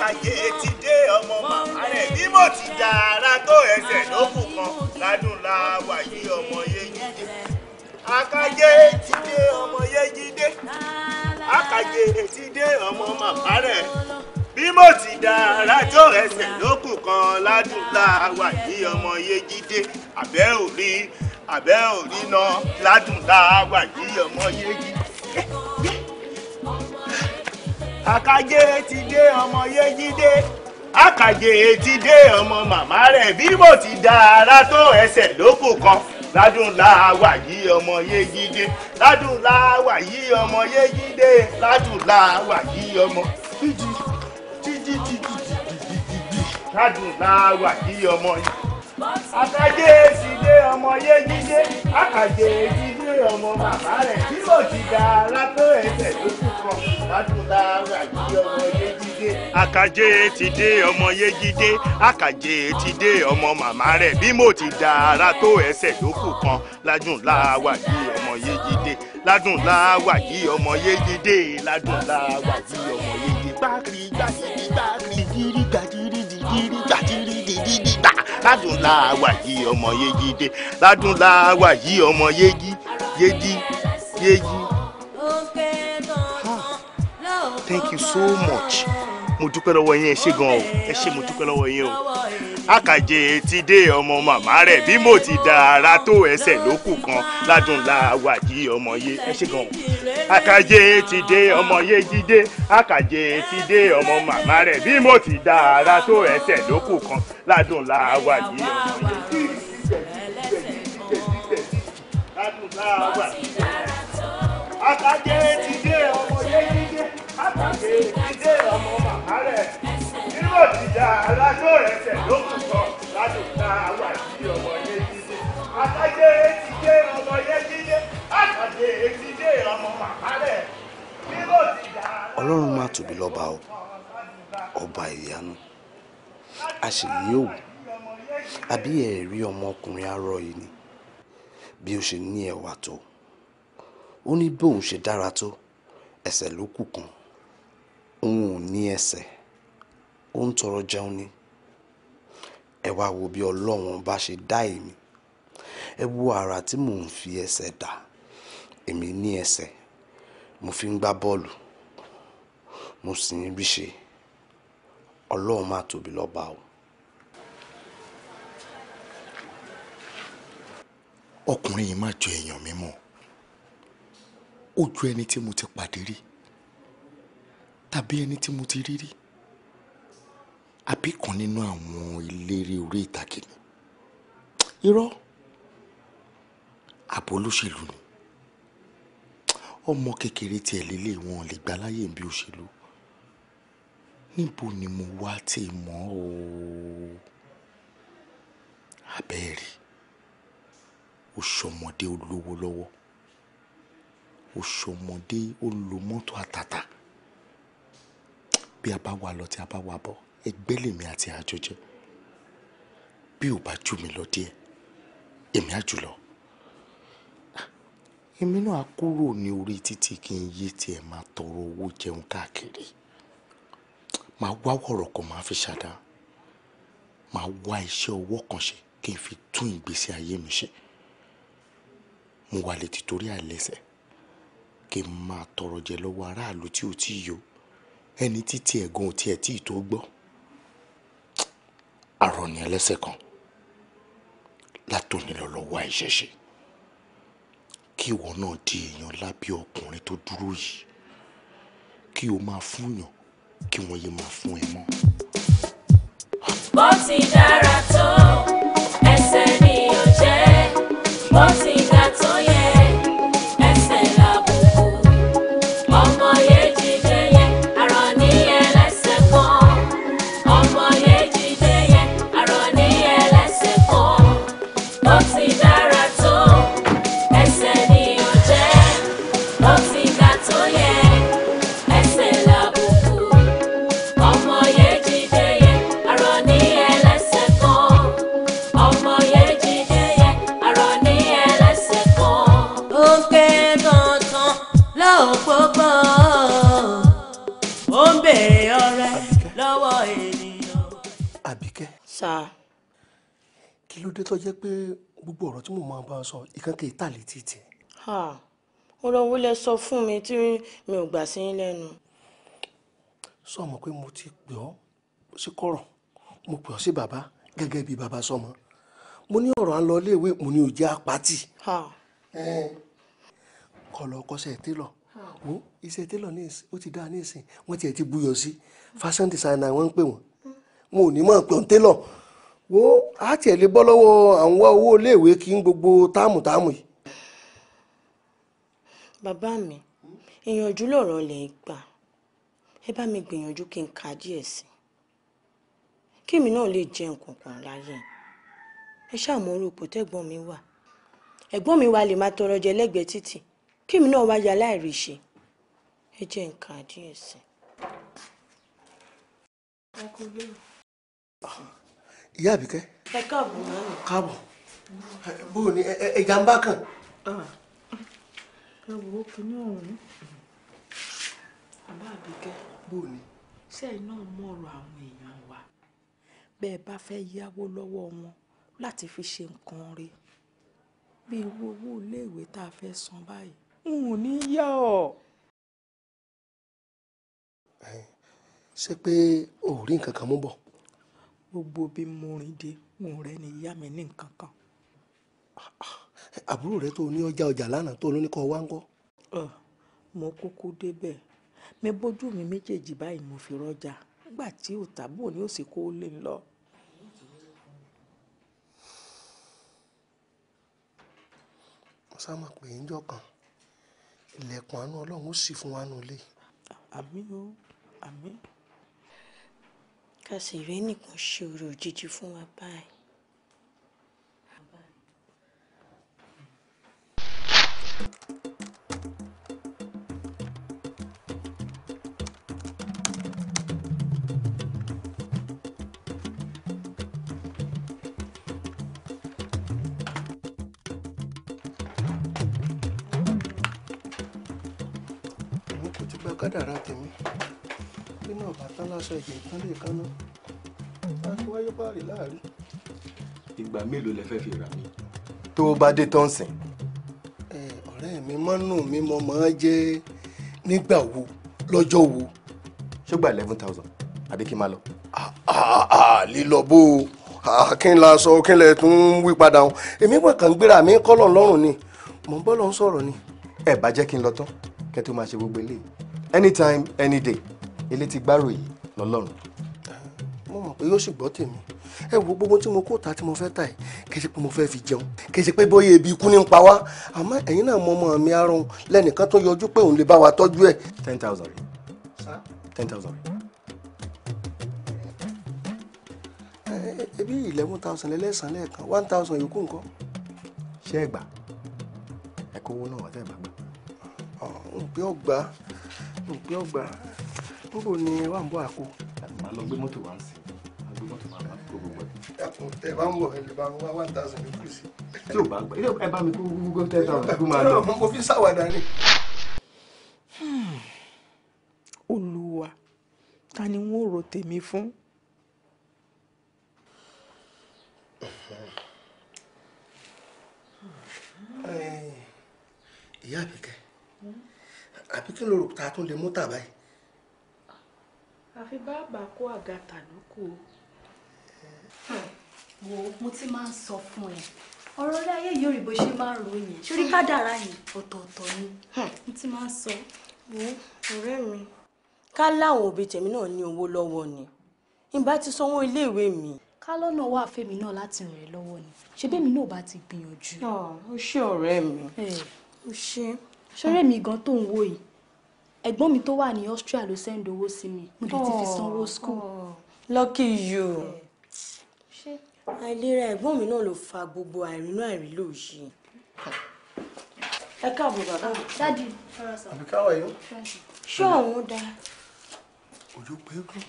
àkàjẹ ti dé ọmọ màmá rẹ̀ bí mo ti dàrá tó ẹsẹ̀ lókùn kan ládùn la wà yí ọmọ Yéjídé àkàjẹ ti dé ọmọ Yéjídé àkàjẹ ti dé ọmọ màmá rẹ̀ bí mo ti dàrá tó ẹsẹ̀ lókùn kan ládùn la wà yí ọmọ Yéjídé àbẹ́ òrí àbẹ́ òrí náà ládùn la wà yí ọmọ Yéjídé. àkàjẹ́ ti dé ọmọ yéjídé àkàjẹ́ ti dé ọmọ màmá rẹ̀ bí mo ti dá ara tó ẹsẹ̀ lókù kan ládùn láwà yìí ọmọ yéjídé ládùn láwà yìí ọmọ yéjídé ládùn láwà yìí ọmọ títí títí títí títí ládùn láwà yìí ọmọ yìí. àkàjẹ́ èsìlé ọmọ yé jíjé àkàjẹ́ èsìlé ọmọ bàbá rẹ̀ tí kò ti dá látó ẹsẹ̀ tó kù kan látúndà àkàjẹ́ ọmọ yé jíjé. àkàjẹ́ ti dé ọmọ yé jíjé àkàjẹ́ ti dé ọmọ màmá rẹ̀ bí mo ti dá látó ẹsẹ̀ tó kù kan lájúńlá wà ní ọmọ yé jíjé ládùn láwà yìí ọmọ yéjídé ládùn láwà yìí ọmọ yéjídé gbákiri gbákiri gbákiri gírí gbákiri yegidi ládùn láwà yìí ọmọ yegide ládùn láwà yìí ọmọ yegi yedi yegi. Thank you so much mo dúpẹ́ lọ́wọ́ yín ẹ ṣé gan o ẹ ṣé mo dúpẹ́ lọ́wọ́ yín o àkàjẹ́ ti dé ọmọ màmá rẹ̀ bí mo ti da ara tó ẹsẹ̀ lókù kan ládùn la wà ọmọ yé ẹ ṣé gan o àkàjẹ́ ti dé ọmọ yé jíde àkàjẹ́ ti dé ọmọ màmá rẹ̀ bí mo ti da ara tó ẹsẹ̀ lókù kan ládùn la wà ọmọ yé. ládùn ti dé ọmọ yé jíde àtàkè ìdílé ọmọ màmá rẹ̀ nínú òtìjà alájọ rẹ̀ tẹ̀ ló kù sọ ládùúgbà àwọn àti ọmọ yẹn jíde àtàkè ètìdé ọmọ yẹn jíde àtàkè ètìdé ọmọ màmá rẹ̀ nínú òtìjà. ọlọ́run máa tóbi lọ́ba o ọba ìyanu a sì yí òwú àbí ẹ̀rí ọmọkùnrin arọ yìí ni bí ó ṣe ní ẹwà tó ó ní bóun ṣe dára tó ẹsẹ̀ ló kù kan òun ò ní ẹsẹ̀ ó ń tọrọ jẹun ni ẹ wá wo bí ọlọ́run bá ṣe dá èmi ẹ wo ara tí mò ń fi ẹsẹ̀ dà èmi ní ẹsẹ̀ mo fi ń gbá bọ́ọ̀lù mo sì ń rí ṣe ọlọ́run máa tóbi lọ́ba o. ọkùnrin yìí má jọ èèyàn mímọ́ ó ẹni tí mo ti pàdé rí tàbí ẹni tí mo ti rí rí àbí kan nínú àwọn eléré orí ìtàgé ni irọ́ àbò olóṣèlú ni ọmọ kékeré tiẹ̀ lélẹ̀ wọn lè gbà láyè bí òṣèlú níbo ni mo wá tí mọ́ o abẹ́rẹ́ ó olówó lọ́wọ́ ó ṣọmọdé àtàtà bí a bá wà lọ tí a bá wà bọ̀ ẹgbẹ́ lèmi àti àjọ jẹ́ bí ò bá jù mí lọ díẹ̀ èmi á jù lọ èmi náà á kúrò ní orí títì kí n yé tiẹ̀ máa tọrọ owó jẹun káàkiri máa wá wọ̀rọ̀ kan máa fi ṣàdá máa wá iṣẹ́ ọwọ́ kan ṣe kí n fi tún ìgbésí ayé mi ṣe mo wà lè ti torí àìlẹ́sẹ̀ kí n máa tọrọ jẹ lọ́wọ́ aráàlú tí ò tí ì ẹni títí ẹ̀gùn ò tiẹ̀ tí ì tó gbọ́ àrọ̀ ni ẹlẹ́sẹ̀ kan látòní lọ lọ kí ìwọ náà di èèyàn lábẹ́ ọkùnrin tó dúró yìí kí o máa fúnyàn kí wọ́n yé máa fún ẹ mọ́. bó ti dára tó ẹsẹ̀ ni ò jẹ́ bó ti. sà. kí ló dé tó jẹ́ pé gbogbo ọ̀rọ̀ tí mo máa bá a sọ ìkan kì í tà létí tì. ọ̀rọ̀ wo lẹ sọ fún mi tí mi ò gbà sí lẹ́nu. sọ mọ̀ pé mo ti pè ọ́ sí kọ̀rọ̀ mo pè ọ́ sí bàbá gẹ́gẹ́ bí bàbá sọmọ mo ní ọ̀rọ̀ à ń lọ iléèwé mo ní òjì apátì. kọ̀ lọ kọ́sẹ̀ télọ̀ wo iṣẹ́ télọ̀ ní ìsìn ó ti dáa ní ìsìn wọ́n tiẹ̀ ti buyọ̀ sí fashion designer wọ́n ń pè wọ́n wọn ò ní mọ̀ pé ń télọ̀ wo á tiẹ̀ lè bọ́ lọ́wọ́ àwọn wá owó iléèwé kí n gbogbo táàmù táàmù yìí. bàbá mi ìyànjú lọ̀rọ̀ lẹ̀ gbà ẹ bá mi gbìyànjú kí n ka díẹ̀ sí i kí èmi náà lè jẹ nǹkan kan láyé ẹ ṣàmú orúkọ tẹ́gbọ́n mi wà ẹ̀gbọ́n mi wà lè máa tọrọ jẹ lẹ́gbẹ̀ẹ́ títì kí èmi náà wá ya ẹ jẹ́ nǹkan díẹ̀ sí i ìyá àbíkẹ́. ẹ káàbọ̀ náà nù. káàbọ̀ bó o ní ẹja ń bá kàn. Ah. ẹ wo kinní ọ̀hún bàbá àbíkẹ́. bó o ní. sẹ́yìn náà mọ àwọn èèyàn wa bẹ́ẹ̀ bá fẹ́ yáwó lọ́wọ́ wọn láti fi ṣe nǹkan rí bí irú owó iléèwé tá a fẹ́ san báyìí n ò ní yá ọ. ṣé pé o ò rí nǹkan kan mú bọ̀. Gbogbo bí mo rìn dé, n ò rẹ́ni yá mi ní nǹkan kan. Àbúrò rẹ tó ní ọjà ọjà lánàá tó ní kọ́ wá ń kọ́? mo kúkú dé bẹ̀. Mo bójú mi méjèèjì báyìí mo fi rọ́jà. Nígbà tí ò tà bó ni ó ṣe kó lè lọ. Mo sá mọ̀ pé ńjọ́ kan, ilẹ̀kùn àánú Ọlọ́run ó ṣí fún wa nínú ilé. Àmín o, àmín ká sì rí ẹnìkan ṣe oore òjijì fún wa báyìí. kádàrá tèmi bínú ọ̀bá tán láṣọ ìgbẹ́ tán lè kánná á ti wáyé páàrí láàrin. ìgbà mélòó lẹ fẹ́ fi rà mí. tó o bá dé tán sìn. ọ̀rẹ́ mi mọ́nù mi mọ́ mọ́ jẹ́ nígbà wo lọ́jọ́ wo. ṣó eleven thousand àbí kí n máa lọ. lílọ bó o kí n la sọ kí n lè tún wí padà o èmi wà kàn gbéra mi kọ́ lọ́n lọ́rùn ni mò ń bọ́ lọ́n sọ̀rọ̀ ni. ẹ bá jẹ́ kí n lọ tán kẹ́ tó máa ṣe gbogbo eléyìí anytime any day elétí gbárò yìí lọ́lọ́run. mo mọ̀ pé yóò sì gbọ́ tèmi ẹ wo gbogbo tí mo kó ta tí mo fẹ́ tà yìí kì í ṣe pé mo fẹ́ fi jẹun kì í ṣe pé bóyá ebi ikú ní ń pa wá àmọ́ ẹ̀yin náà mọ ọmọ mi arun lẹ́nìkan tó yọjú pé òun lè bá wa tọ́jú ẹ̀. ten thousand rẹ ten thousand rẹ. ebi eleven thousand lẹ́lẹ́sàn lẹ́ẹ̀kan one thousand yòókù nǹkan. ṣé ẹ gbà ẹ kówó náà wọ́n tẹ́ ẹ bá gbà. ǹpẹ́ ọgbà ǹpẹ́ ọgbà kúrò ní wàǹbọ àkó. màá lọ gbé mọ́tò wá ń sìn máa gbé mọ́tò máa bá kó gbogbo ẹ̀. ẹkùn tẹ bá ń bọ ẹ bá ń wá one thousand ní kùsì. tí o bá gbẹ ẹ bá mi kó gbogbo ten thousand kó máa lọ. mo fi ṣàwàdà ni. Hmm. olùwà ta ni wọn ò rò tèmi fún. ìyá àbíkẹ́ àbíkẹ́ ló rò ta tún lè mú tàbá àfi bàbá kó àga tànúkù o. Hmm. wo mo ti máa ń sọ fún ẹ ọ̀rọ̀ orí ayé yìí ò rí bó ṣe máa ń ro yẹn sórí kádàrá yẹn ọ̀tọ̀ọ̀tọ̀ ni hmm. mo ti máa ń sọ. wo ọ̀rẹ́ mi. ká láwọn òbí tèmi náà ní owó lọ́wọ́ ni ìbá ti sanwó iléèwé mi. ká lọ́nà wà fẹ́mi náà láti ràn ẹ́ lọ́wọ́ ni ṣé bẹ́mi náà bá ti gbìyànjú. ó ṣé ọ̀rẹ́ mi. ó ṣé. ṣọ́rẹ́ mi gan tó ń wò yìí ẹ̀gbọ́n mi tó wà ní Austria ló send owó sí mi mo dẹ̀ ti fi sanwó school. lucky you. àìlera ẹ̀gbọ́n mi náà ló fa gbogbo àìrínú àìrílò yìí. ẹ káàbọ̀ bàbá. Ah, dádì àbíká wà yó. ṣé àwọn da. òjò pé gùn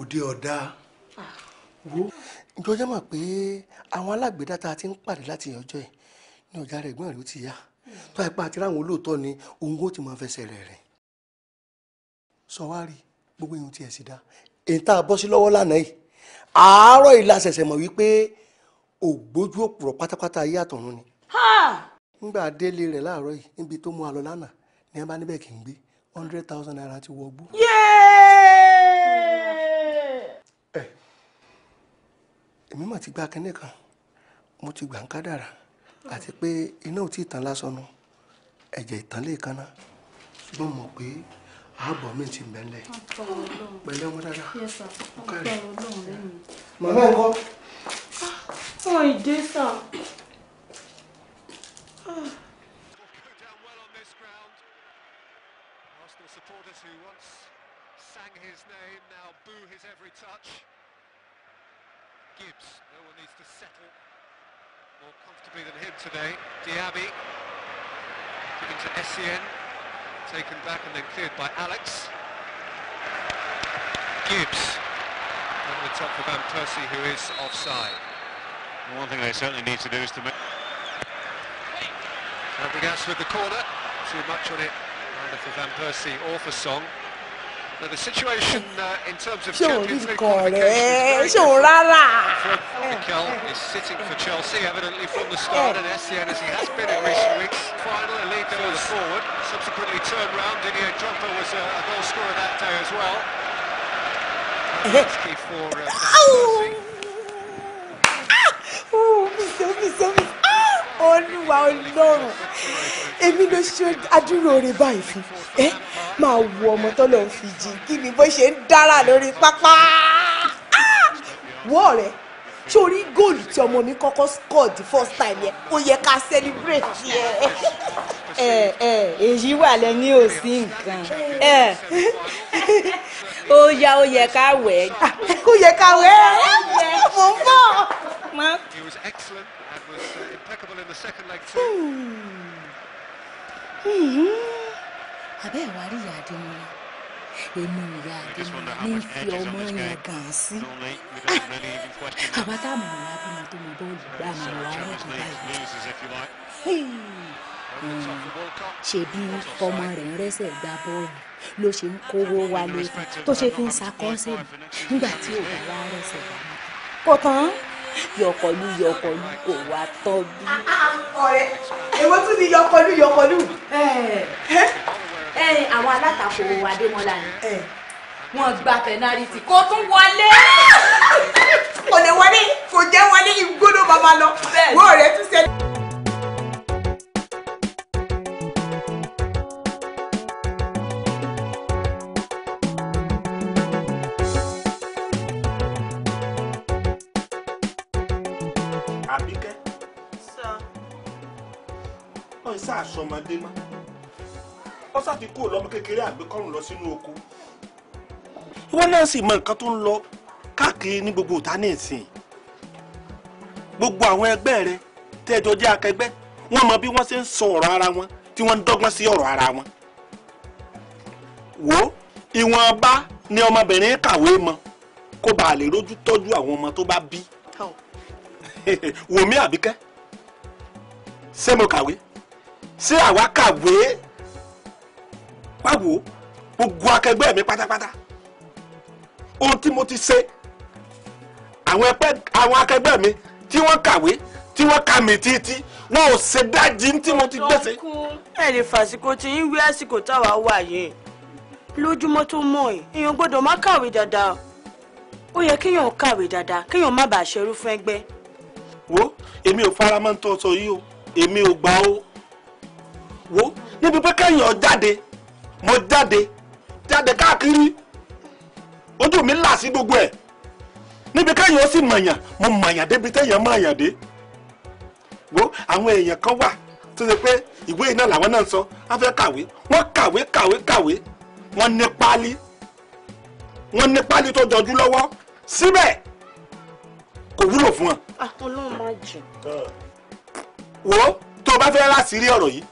òde ọ̀dà ah. wo ìjọ jẹ́ mọ̀ pé àwọn alágbèédá tá a ti ń pàdé láti ọjọ́ ẹ̀ ní ọjà rẹ̀ ẹ̀gbọ́n rẹ̀ ó ti yá. tó àìpá àti ráwọn olóòótọ́ ni òun ó ti máa fẹsẹ̀ rẹ̀ rìn sọ wá rí gbogbo ìhun tiẹ̀ sì dá èyí tá a bọ́ sí lọ́wọ́ lánàá yìí àárọ̀ ìlà ṣẹ̀ṣẹ̀ mọ̀ wípé ògbójú òpùrọ̀ pátápátá ayé àtọ̀run ni. nígbà délé rẹ̀ láàárọ̀ yìí níbi tó mú a bá níbẹ̀ kì í gbé hundred thousand mo ti gbà ń àti pé iná ò tí ì tán lásán nu ẹ̀jẹ̀ ìtàn lè kaná ṣùgbọ́n mọ̀ pé ààbọ̀ mi ti bẹ̀ lẹ̀ pẹ̀lú ọmọ dáadáa ó kárí màmá ẹ̀ ń kọ́. ọ̀ ìdè sà. supporters who once sang his name now boo his every touch. Gibbs, no one needs to settle More comfortably than him today. Diaby given to Essien, taken back and then cleared by Alex. Gibbs over the top for Van Persie, who is offside. One thing they certainly need to do is to make... Fabregas with the corner. Too much on it, either for Van Persie or for Song the situation uh, in terms of Champions League qualification is very Mikel is sitting for Chelsea, evidently from the start, and Essien, as he has been in recent weeks, finally lead to the forward, subsequently turned round, Didier Drogba was a, uh, a goal scorer that day as well. Uh, ah! Oh, oh, key oh, uh, oh, Olúwa Ọlọ́run èmi ló ṣe àdúró rẹ̀ báyìí fún ẹ́ máa wo ọmọ tọ́lọ̀ ń fi jì kí ni bó ṣe ń dára lórí pápá wọ́ ọ̀rẹ́ sórí góòlù tí ọmọ mi kọ́kọ́ score the first time yẹn ó yẹ ká celebrate yẹ. ẹ ẹ èyí wà lẹ́yìn ò sí nǹkan ẹ ó yá ó yẹ ká wẹ̀. ó yẹ ká wẹ̀ ẹ́ ń bọ̀. was excellent uh, impeccable in the second leg too. Mm-hmm abẹ́ ìwà rí ìyá Adémọ́lá èmi ìyá Adémọ́lá ní fi ọmọ yẹn gàn sí ah, ah. àwa tá a mọ̀ wá bí mo tó mọ bọ́ọ̀lù gbá àmọ̀ wá lọ́dún báyìí ṣebí ọmọ rẹ̀ ń rẹ́sẹ̀ gba bọ́ọ̀lù ló ṣe ń kówó wálé tó ṣe fi ń sakọ́sẹ̀ nígbà tí ò bá wá rẹ́sẹ̀ gbà mọ́ kò tán yọkọlú yọkọlú kò wá tọ́ bí. Ah, ọ̀rẹ́ èwo tún ni yọkọlú yọkọlú àwọn alátakò adémọlá ni wọn gba pẹnariti kó tún wọlé. kò lè wọlé kò jẹ́ wọlé igbódò bàbá lọ wọ́n rẹ̀ tún sẹ́ni. àbíkẹ́. sọ. ọ̀ ń sá àṣọmọdé mọ́ ó sá ti kúrò lọ́mọ kékeré àgbékọ́rùn lọ sínú oko ìwọ náà sì mọ nǹkan tó ń lọ káàkiri ní gbogbo ìta ní ìsìn gbogbo àwọn ẹgbẹ́ rẹ tẹ́jọ jẹ́ akẹgbẹ́ wọ́n mọ bí wọ́n ṣe ń sọ ọ̀rọ̀ ara wọn tí wọ́n ń dọ́gbọ́n sí ọ̀rọ̀ ara wọn wo ìwọ̀nba ni ọmọbìnrin kàwé mọ kó bàa lè rójú tọ́jú àwọn ọmọ tó bá bí oh. wòmí àbíkẹ́ ṣé mo kàwé ṣé àwa kàwé báwo gbogbo akẹgbẹ́ mi pátápátá ohun tí mo ti ṣe àwọn akẹgbẹ́ mi tí wọ́n kàwé tí wọ́n kà mí títí wọn ò ṣe dájí tí mo ti gbèsè. ẹ lè fàsìkò tí ń wí àsìkò táwa wà yìí lójúmọ́ tó mọ̀ ẹ́ èèyàn gbọ́dọ̀ má kàwé dáadáa ó yẹ kéèyàn kàwé dáadáa kéèyàn má bàa ṣerú fún ẹgbẹ́. wo èmi ò faramọ́ tó sọ yìí o èmi ò gbà o wo níbi pé kéèyàn jáde mo jáde jáde káàkiri ojú mi là sí gbogbo ẹ̀ níbi káyọ̀ sì mọ̀yàn mo mọ̀yàn débi téèyàn mọ̀yàn dé wo àwọn èèyàn kan wà tó ṣe pé ìwé iná làwọn náà ń sọ wọ́n fẹ́ kàwé wọ́n kàwé kàwé kàwé wọ́n ní páálí wọ́n ní páálí tó jọjú lọ́wọ́ síbẹ̀ kò wúlò fún wọn. Ah, ọlọ́run máa jù. wo tó o bá fẹ́ láti rí ọ̀rọ̀ yìí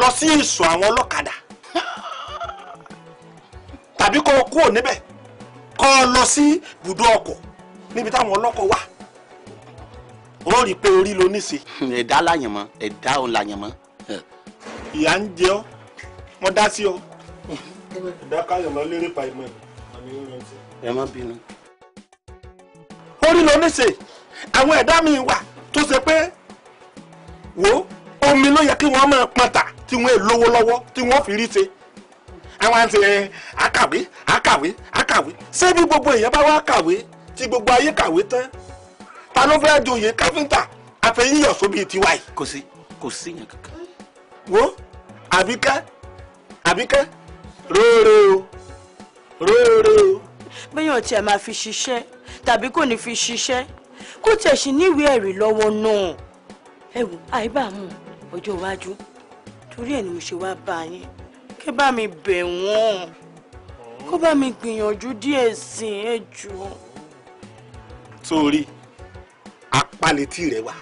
lọ sí ìsọ̀ àwọn ọlọ́kadà tàbí kọ́ kúrò níbẹ̀ kọ́ ọ lọ sí ibùdó ọkọ̀ níbi táwọn ọlọ́kọ̀ wà wọ́n rí i pé orí ló ní sí. ẹ̀dá làyàn mọ́ ẹ̀dá òun làyàn mọ́. ìyá ń jẹ ọ mo dá sí ọ. ẹ̀dá káyọ̀ lọ lérè pa ìmọ̀ ẹ̀ má bínú. orí ló ní sí àwọn ẹ̀dá mi wà tó ṣe pé wo omi ló yẹ kí wọ́n máa pọn ta tí wọ́n lówó lọ́wọ́ tí wọ́n fi rí ṣe àwọn àti akàwé akàwé akàwé ṣé bí gbogbo èèyàn bá wá kàwé tí gbogbo ayé kàwé tán ta ló fẹ́ joyè káfíńtà àfẹ́yíyọ̀ sóbì tiwa yìí. kò sí kò sí yẹn kankan. wo àbíkẹ́ àbíkẹ́ róore o róore o. bẹ́yàn tí a máa fi ṣiṣẹ́ tàbí kò ní fi ṣiṣẹ́ kó tẹ̀sí níwèé ẹ̀rí lọ́wọ́ náà ẹ̀wù àìbámu ọjọ́ iwájú torí ẹ̀ ni mo ṣe wá bá yín kẹ́ bá mi bẹ̀ wọ́n kó bá mi gbìyànjú díẹ̀ sí ẹ jù. sórí apá létí rẹ wà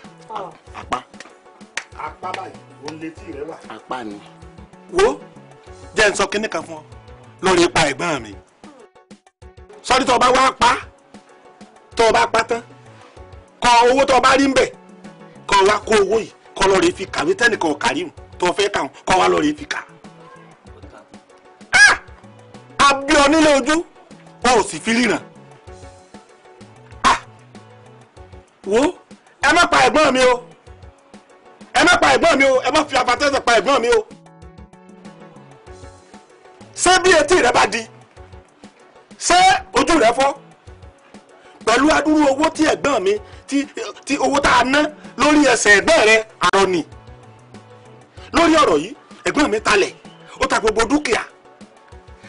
apá. apá báyìí òun létí rẹ wà. apá ni. wo jẹ́ n sọ kinní kan fún ọ lórí ipa ẹ̀gbọ́n mi sọ́rí tó o bá wá pa tó o bá pa tán kọ owó tó o bá rí ń bẹ̀ kọ wá kó owó yìí kọ lọ rè fi kàwé tẹ́nìkan ò tó fẹ́ tàn kọ́ wa lọ́ọ́ rí fìkà. abíọ́ ah! nílé ojú wọn ò sì fi ríran. Ah! wo ẹ má pa ẹ̀gbọ́n mi o ẹ má pa ẹ̀gbọ́n mi o ẹ má fi abatẹ́sẹ̀ pa ẹ̀gbọ́n mi o. ṣé bí etí rẹ bá di ṣé ojú rẹ fọ́ pẹ̀lú adúrú owó tí ẹ̀gbọ́n mi tí owó tá a ná lórí ẹsẹ̀ ẹ̀gbọ́n rẹ àrọ̀ lórí ọ̀rọ̀ yìí ẹ̀gbọ́n mi talẹ̀ ó ta gbogbo dúkìá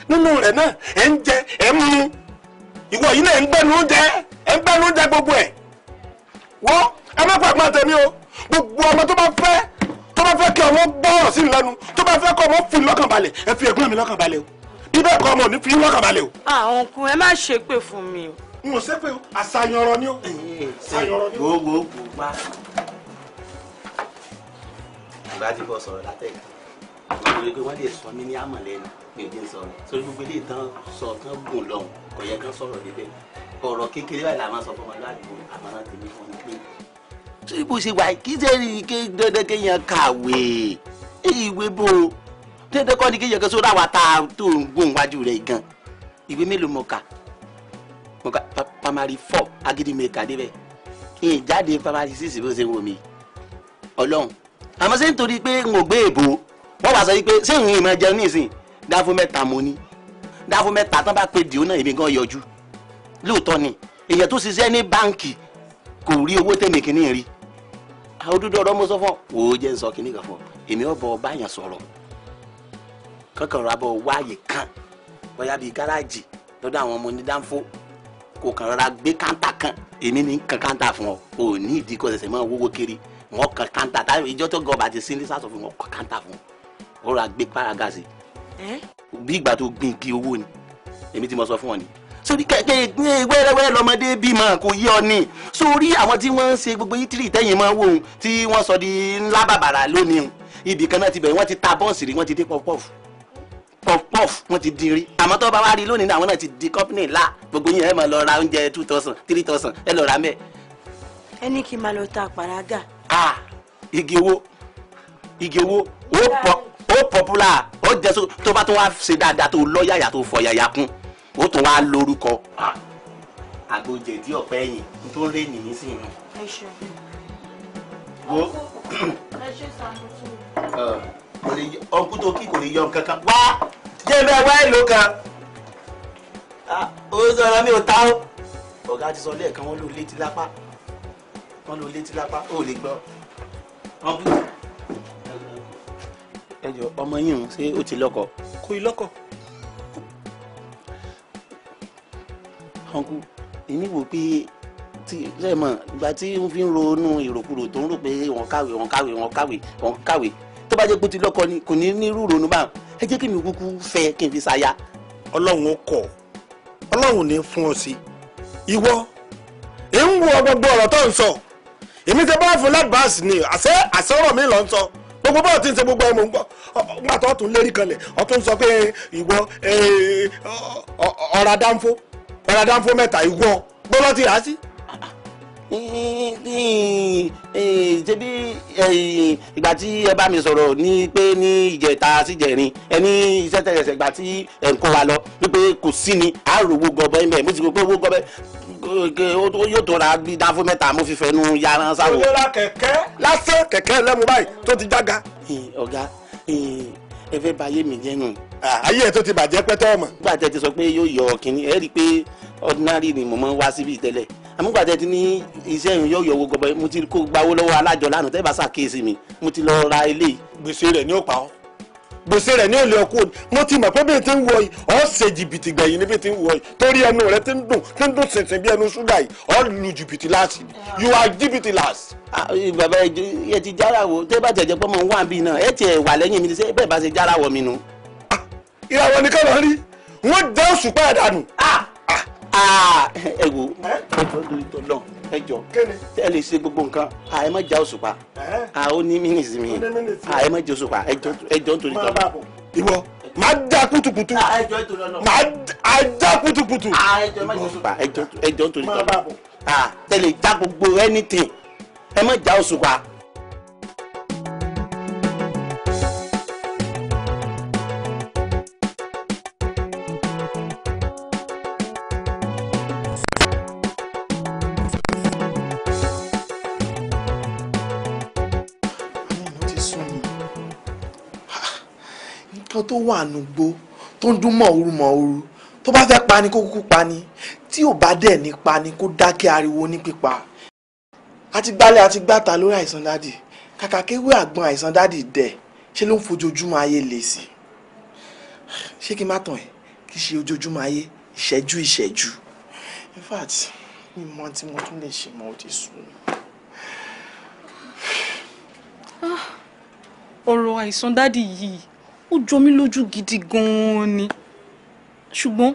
nínú rẹ̀ náà ẹ̀ ń jẹ ẹ̀ ń mu ìwọ yìí náà ń gbẹ́nu oúnjẹ ẹ̀ ń gbẹ́nu oúnjẹ gbogbo ẹ̀ wọ́ ẹ má pa ẹ̀gbọ́n tèmi o gbogbo ọmọ tó bá fẹ́ tó bá fẹ́ kí ọmọ gbọ́rọ̀ sí lẹ́nu tó bá fẹ́ kọ́ ọmọ fi lọ́kàn balẹ̀ ẹ fi ẹ̀gbọ́n mi lọ́kàn balẹ̀ o bí bẹ́ẹ̀ kọ́ ọmọ ò ní fi lọ́kàn balẹ̀ o. àwọn ah, kun ẹ má ṣépè fún mi o. n ò ṣépè o àṣàyàn ọ̀rọ̀ ni o. àṣàyàn ọ̀rọ̀ ni o. gbogbo gbogbo ìbá ti bọ̀ sọ̀rọ̀ látẹ̀kọ̀ wọ́n lè pé wọ́n lè sọ mí ní àmọ̀lẹ́nu mi ò dé sọ̀rọ̀ sórí gbogbo ilé ìtàn sọ tán gùn lọ́hùn kò yẹ kán sọ̀rọ̀ níbẹ̀ ọ̀rọ̀ kékeré báyìí làwọn sọ fún ọmọlúwàbí àmọ́ràn tèmi fún mi pé. sórí bó ṣe wà kí sẹ́ni ké dandan kéèyàn kàwé ìwé bò ó dandan kọ́ ni kéèyàn kan sórí àwa tá a tó ń gbóhùn wájú rẹ̀ gan ìwé mélòó mo kà mo kà pamari four agídí mi kà débẹ̀ kí n jáde pamari six bó ṣe wò mí ọlọ́run àmọ́ ṣé nítorí pé n ò gbé èbò wọ́n wá sọ wípé ṣé n ìmọ̀ jẹun nísìn dáfó mẹ́ta mo ní dáfó mẹ́ta tán bá pe dìó náà èmi gan yọjú lóòótọ́ ni èèyàn tó ṣiṣẹ́ ní báǹkì kò rí owó tèmi kìíní rí òdodo ọ̀rọ̀ mo sọ fún ọ wò ó jẹ́ nsọ kìíní kan fún ọ èmi ò bọ ọba yẹn sọ̀rọ̀ kankan rà bọ̀ wáyé kan bóyá bíi gáràjì lọ́dọ̀ àwọn ọmọ onídàáfó kò kàn rà gbé káńtà kan èmi ní kankan tà fún ọ ò ní ìdí kọ́ ṣẹ̀ṣẹ̀ máa wówó kiri wọn kàn kanta táyọ ìjọ tó gọba àti sílẹ sàtọ fún wọn kàn kanta fún ọ̀rọ̀ àgbẹ paragasi bí ìgbà tó gbin igi owó ni èmi ti mọ sọ fún ọ ni sórí kẹkẹ wẹrẹwẹrẹ lọmọdé bímọ kò yé ọ ni sórí àwọn tí wọn ń ṣe gbogbo ítírì tẹyìn máa wò ó tí wọn sọ di ńlá bàbàrà lónìí ibì kan náà ti bẹ̀rẹ̀ wọn ti ta bọ́ọ̀sì rí wọn ti dé pọfupọfu pọfupọfu wọn ti dín rí àmọ́ tó bá wá rí lónìí náà àwọn náà ti di kọ́pínì ńlá gbogbo yín ẹ máa lọ ra oúnjẹ two thousand three thousand ẹ lọ ra mẹ́ẹ̀. ẹni kí n máa lọ ta àpàràgà ah igi owó igi owó ó pọ ó pọpúlà ó jẹ so tó bá tó wá ṣe dáadáa tó lọ yàyà tó fọ yàyà kún ó tún wá lórúkọ àgbòjè tí ọ̀pẹ yìí tó ń rè nìyí sí inú. wo ọkùn tó kí kò lè yọ nǹkan kan wá jẹ́ bẹ́ẹ̀ wá èlò kan ah, ó sọ̀rọ̀ mi ò ta ó ọ̀gá ti sọ lẹ́ẹ̀kan wọn lò létí lápá wọn lò létí lápá ó lè gbọ́. ẹ jọ ọmọ yìí ń ṣe ó ti lọ́kọ. kò í lọ́kọ. ọ̀nkú èmi wò pé tí ṣe mọ̀ ìgbà tí n fi ń ronú ìròkurò tó ń rò pé wọ́n kàwé wọ́n kàwé wọ́n kàwé wọ́n kàwé tó bá jẹ́ pé ó ti lọ́kọ ni kò ní ní rúurú ní báwọn ẹ jẹ́ kí mi kúkú fẹ́ kí n fi ṣaya. ọlọ́run ó kọ̀ ọlọ́run ní fún ọ sí ìwọ ẹ ń wo gbogbo ọ̀rọ̀ tó ń sọ èmi ti bá fún lábàásì ni àṣẹ àṣọrọ mi lọ ń sọ gbogbo bọ́ọ̀ tí ń ṣe gbogbo ẹ̀ mò ń gbọ́ nígbà tó tún lérí kanlẹ̀ ó tún sọ pé ìwọ ọ̀rá dánfó ọ̀rá dánfó mẹ́ta ìwọ gbọ́dọ̀ ti rà á sí. ṣé bí ìgbà tí ẹ bá mi sọ̀rọ̀ ní pé ní ìjẹta síjẹrin ẹ ní iṣẹ́ tẹ̀sẹ̀ ìgbà tí ẹ̀ ń kó wa lọ wípé kò sí ni àárò owó gọbọ ẹ̀ mẹ́ mo sì rò pé owó gọbọ yóò tó ra bí dáfó mẹ́ta mo fi fẹnu yàrá sáwọ. olè ra kẹ̀kẹ́. lásán kẹ̀kẹ́ lẹ́mu báyìí tó ti jága. ọ̀gá ẹ fẹ́ báyé mi jẹ́ nù. ayé ẹ tó ti bàjẹ́ pẹ́tọ́ ọmọ. nígbà tẹ ti sọ pé yóò yọ kínní ẹ rí i pé ordinary ni mo máa ń wá síbi tẹ́lẹ̀ àmúgbà tẹ ti ní iṣẹ́ yìí yóò yọ owó gọbọ mo ti kó gbawó lọ́wọ́ alájọ lánàá tẹ́ bá ṣàkíyèsí mi mo ti lọ ra eléyìí. gbèsè rẹ̀ ni ó pa ọ́ gbèsè rẹ̀ ní òlè ọkọ ni mo ti mọ̀ pé bí n ti ń wọ yìí ọ́ ṣe jìbìtì gbẹ̀yìn níbi ti ń wọ yìí torí ẹnu rẹ̀ ti ń dùn ti ń dùn sìnsìn bí ẹnu ṣúgà yìí ọ́ lu jìbìtì láàsì you are jìbìtì láàsì. Ah, eh, bàbá ẹ ti jára wo tẹ́ bá jẹ̀jẹ̀ pé mo ń bíi náà ẹ tiẹ̀ wà lẹ́yìn mi ni ṣé bá ṣe jára wọ̀ mi nu. Ah, ìràwọ̀ nìkan lọ rí wọ́n dẹ́ òṣùpá ẹ̀dánù. Ah, ẹ wo ọdún ìtọ́lọ́ọ̀ ẹ jọ ẹ lè ṣe gbogbo nǹkan àyè má já òṣùpá àwọn ní mínísì mi àyè má já òṣùpá ẹ jọ nítorí tọ́lá. ìwọ máa dá kutukutu máa dá kutukutu. ẹ jọ nítorí tọ́lá tẹ̀lé já gbogbo anything ẹ má já òṣùpá. àwọn tó wà nùgbó tó ń dún mọ̀ òru mọ̀ òru tó bá fẹ́ pani kó kúkú pani tí ò bá dẹ̀ ní pani kó dákẹ́ ariwo ní pípa àti gbálẹ̀ àti gbàtà lórí àìsàn dádì kàkà kéwé àgbọn àìsàn dádì dẹ̀ ṣé ló ń fojoojúmọ́ ayé lè sí ṣé kí n má tàn ẹ́ kí ṣe ojoojúmọ́ ayé ìṣẹ́jú ìṣẹ́jú in fact mi mọ tí mo tún lè ṣe mọ ó sùn ah, ọ̀rọ̀ àìsàn dádì yìí ó jọ mí lójú gidi gan-an ni ṣùgbọ́n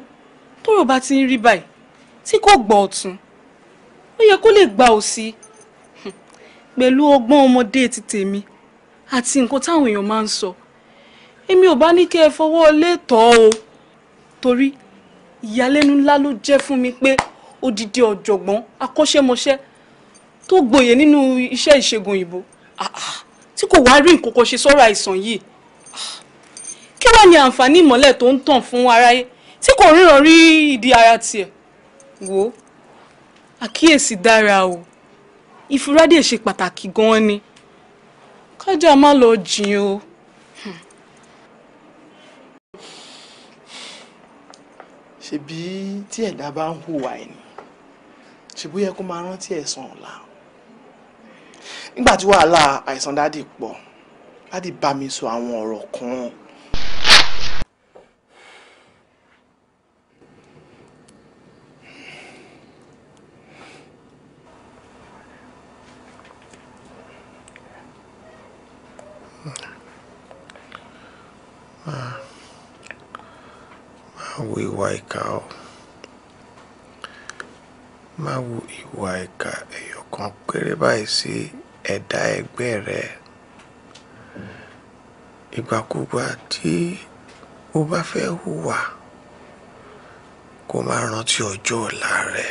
tọ́rọ̀ bá ti ń rí báyìí tí kò gbọ́ ọ̀tún ó yẹ kó lè gba òsì pẹ̀lú ọgbọ́n ọmọdé ti tèmi àti nǹkan táwọn èèyàn máa ń sọ èmi ò bá ní kí ẹ fọwọ́ lé tọ́ o torí ìyàlẹ́nu ńlá ló jẹ́ fún mi pé odidi ọ̀jọ̀gbọ́n akọ́ṣẹ́mọṣẹ́ tó gboyè nínú iṣẹ́ ìṣègùn òyìnbó tí kò wá rí nǹkan kan ṣe sọ́rọ̀ àìsàn yìí kí wàá ní àǹfààní ìmọ́lẹ̀ tó ń tàn fún aráyé tí kò ríran rí ìdí ara tiẹ̀ wò ó àkíyèsí dára o ìfúrádìí ṣe pàtàkì gan-an ni kájà má lọ jìn o. ṣebí tí ẹ̀dá bá ń hùwà ẹ̀ ni ṣebí yẹ kó máa rántí ẹ̀san ọ̀la nígbà tí wàhálà àìsàn dádì pọ̀ dádì bá mi sọ àwọn ọ̀rọ̀ kan ìka o má wu ìwà ìka ẹ̀yọ̀kan péré báyìí sí ẹ̀dá ẹgbẹ́ rẹ ìgbàkúgbà tí o bá fẹ́ hùwà kó má rántí ọjọ́ ọ̀la rẹ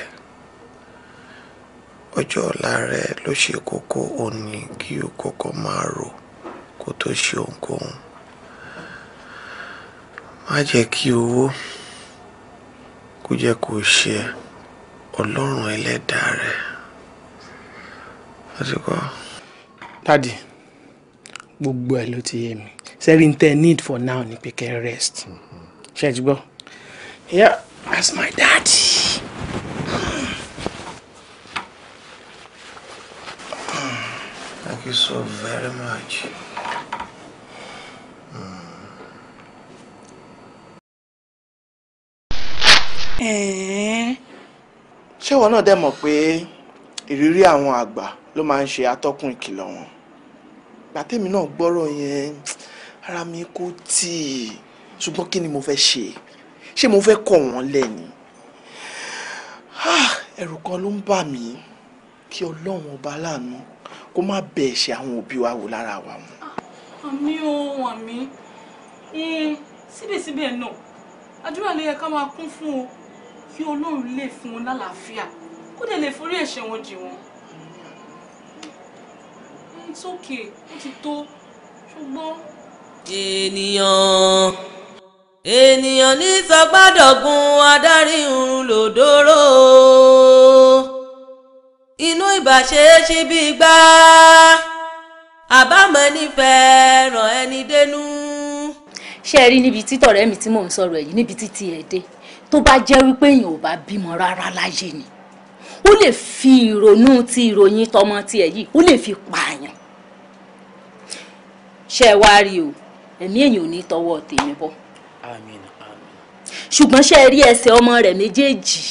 ọjọ́ ọ̀la rẹ ló ṣe kókó òní kí o kọ́kọ́ máa rò kó tó ṣe ohunkóhun má jẹ́ kí owó kó jẹ́ kó ṣe ọlọ́run ẹlẹ́dàá rẹ̀ àtìkọ́. dadi gbogbo ẹ ló ti yé mi sẹ́rí n need for now ni pé kẹ́ rest ṣe é ti gbọ́ yeah that's my daddy. Thank you so very much. Eh. ṣé ìwọ náà dẹ̀ mọ̀ pé ìrírí àwọn àgbà ló máa ń ṣe atọ́kùn ìkìlọ̀ wọn gbàtẹ́mi náà gbọ́rọ̀ yẹn ara mi kò tì í ṣùgbọ́n kí ni mo fẹ́ ṣe ṣé mo fẹ́ kọ̀ wọ́n lẹ́ni ah, ẹ̀rù kan ló ń bà mí kí ọlọ́run ọba láàánú kó má bẹ ẹ̀ṣẹ̀ àwọn òbí wa wò lára wa wọn. àmì o àmì hmm, síbẹ̀síbẹ̀ náà àdúrà ló yẹ ká máa kún fún o kí Ọlọ́run lè fún wọn lálàáfíà kó dẹ̀ lè forí ẹ̀ṣẹ̀ wọn jì wọ́n. it's okay ó ti tó ṣùgbọ́n. ènìyàn ènìyàn ní sọgbádọ̀gùn adarí ń lòdòrò inú ìbàṣe ṣí bí gbá àbámọ̀ nífẹ̀ẹ́ ràn ẹni dénú. ṣé ẹ rí níbi títọ̀rẹ́ mi tí mò ń sọ̀rọ̀ yìí níbi títí ẹ̀ dé tó bá jẹ́ wípé èèyàn ò bá bímọ rárá láyé ni ó lè fi ìrònú ti ìròyìn tọmọ tiẹ̀ yìí ó lè fi pààyàn ṣe é wá rí o ẹ̀mí èèyàn ò ní tọwọ́ tèmi bọ́ àmín àmín ṣùgbọ́n ṣe é rí ẹsẹ̀ ọmọ rẹ̀ méjèèjì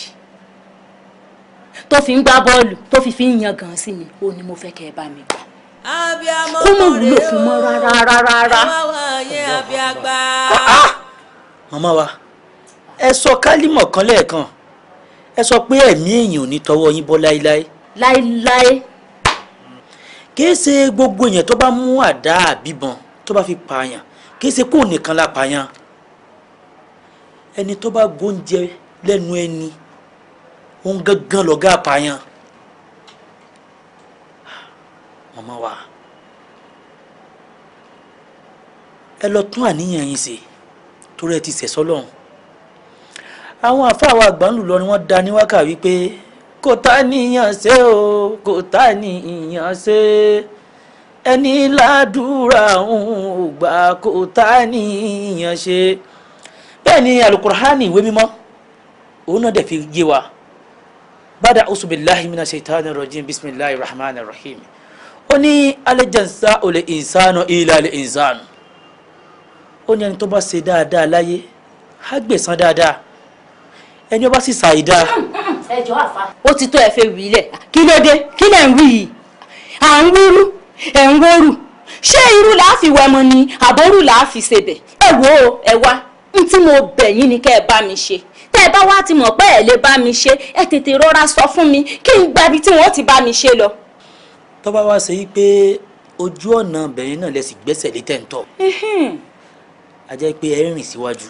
tó fi ń gbá bọ́ọ̀lù tó fi fi ń yan gan sí mi ó ní mo fẹ́ kẹ́ ẹ bá mi gbà kó mọ̀ wúlò fún mọ́ rárá rárá rárá. Ah, ah. màmá wa ẹ sọ kálímọ̀ kan lẹ́ẹ̀kan ẹ sọ pé ẹ̀mí èèyàn ò ní tọwọ́ yín bọ́ láéláé. láéláé. kìí ṣe gbogbo èèyàn tó bá mú àdá àbíbọn tó bá fi pààyàn kìí ṣe kó nìkan la pààyàn ẹni tó bá gbóúnjẹ lẹ́nu ẹni òun gangan lọ̀gá pààyàn. màmá wa ẹ lọ tún àníyàn yín ṣe torí ẹ ti ṣẹ̀ sọ́lọ́run àwọn àfáàwọ̀ àgbàǹlù lọ ni wọ́n da níwákà wípé kò tá níyàn ṣe o kò tá níyàn ṣe ẹni ládùúrà òun ò gbà kò tá níyàn ṣe bẹ́ẹ̀ ni alukur'ani ìwé mímọ́ òun náà dẹ̀ fi yé wa bada usubilahi mina shaitani rajim bisimilahi rahman rahim ó ní alẹ́jẹ̀nsá olè ìsánú ilẹ̀ alẹ́ ìsánú ó ní ẹni tó bá ṣe dáadáa láyé á dáadáa ẹni ọba sì ṣàìdá. ẹjọ àfa. ó ti tó ẹ fẹ́ wí lẹ̀ kí ló dé kí lẹ̀ ń wí yìí à ń wúrú ẹ̀ ń wóru ṣé irú làá fi wẹ̀ mọ́ ni àbórú làá fi ṣebẹ̀ ẹ wò ó ẹ wá n tí mo bẹ̀ yín ni kẹ́ ẹ bá mi ṣe tẹ́ ẹ bá wá ti mọ̀ pé ẹ lè bá mi ṣe ẹ tètè rọra sọ fún mi kí n gbabi tí wọ́n ti bá mi ṣe lọ. tó bá wá ṣe yí pé ojú ọ̀nà bẹ̀yìn náà lẹ gbẹ́sẹ̀ lé tẹ̀ ń tọ̀ a jẹ́ pé ẹ rìn síwájú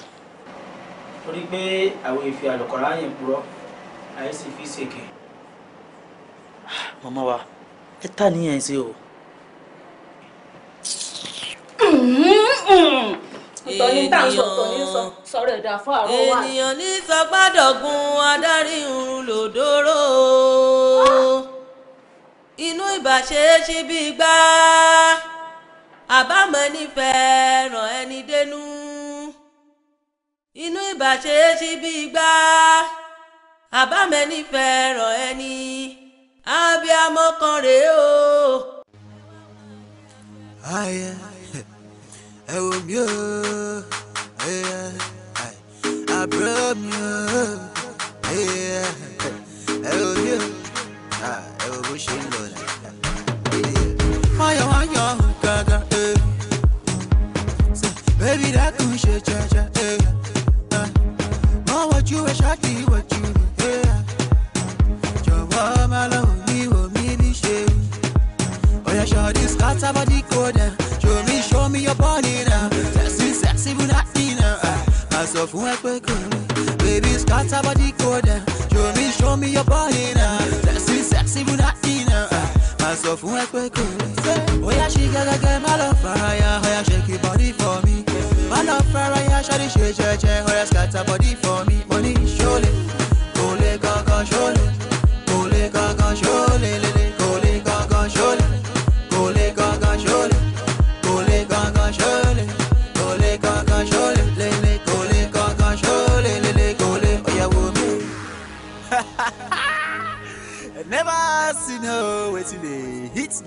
torí pé àwọn ìfi àlùkọ́rá yẹn purọ́ àyè sì fi ṣèké. màmá wa ẹ tà níyẹn ṣe o. ènìyàn ní sọgbádọ̀gùn adarí irun lòdòrò inú ìbàṣe ṣí bí gbá àbámọ̀ nífẹ̀ẹ́ ràn ẹni dénú inú ìbàṣe ṣí bí gbá àbámẹ́ni fẹ́ràn ẹni abiyamọ kan rèé o. ayẹ ẹ wò mí o àbúrò mi o ẹ wò mí o ah, ẹ wò bó ṣe ń. sọ fún ẹ pé kò ní. baby scatter body go dẹ̀ show me show me your body now. sexy sexy buna ina. máa sọ fún ẹ pé kò ní. bóyá ṣe gẹ́gẹ́gẹ́ má lọ faraya ọ̀yà shake your body for me. má lọ faraya ṣáde ṣe jẹ́jẹ́ ọ̀yà scatter body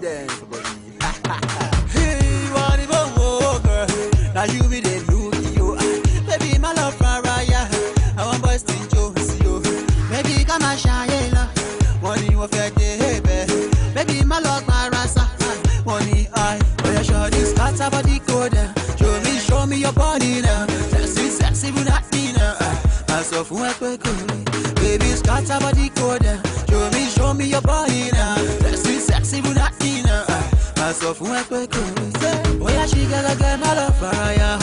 dance for me. hey, what about oh, girl? Now you be the lucky, oh. Baby, my love from Raya. I want boys to Jones, you. Baby, come and shine, love. Money will fit, hey, baby. Baby, my love, my rasa. Money, I. When you show this, that's about the code. Show me, show me your body now. Sexy, sexy, but not me now. Myself, who I could Baby, scatter body sọ fún ẹ pé kò ní sẹ́ bóyá ṣì gẹ́gẹ́ má lọ fara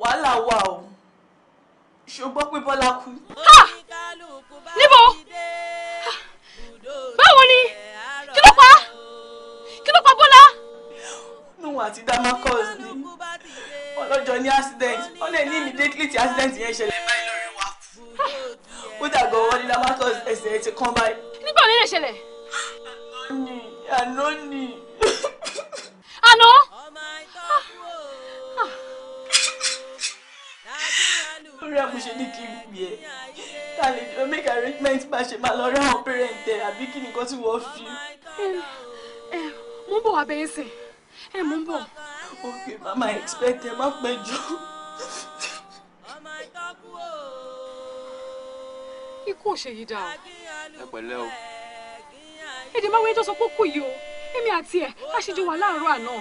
wàhálà wà o ṣùgbọ́n pé Bọ́lá kú. níbo báwo ni kí ló pa kí ló pa Bọ́lá. nùwà àti Damakos ni ọlọ́jọ́ ní accident ó lè ní immediately tí accident yẹn ṣẹlẹ̀ báyìí lórí wa kú. ó dàgbọ́ wọn ní Damakos ẹsẹ̀ ti kán báyìí. nígbà wo ni lè ṣẹlẹ̀. àná ni àná ni. torí àmúṣe ní kí n pè é ká lè jọ make arrangement bá ṣe máa lọ rí àwọn parent ẹ àbí kí nìkan tí wọ́n fi. mo ń bọ̀ wá bẹ́ẹ̀ sìn ẹ mo ń bọ̀. ok mama expect ẹ má pẹ́ jù. ikú ò ṣe yí dáa. ẹ pẹ̀lẹ́ o. èdè máa wẹ́n tó sọ pé kú yìí o èmi àti ẹ̀ á ṣe jọ wà láàárọ̀ àná.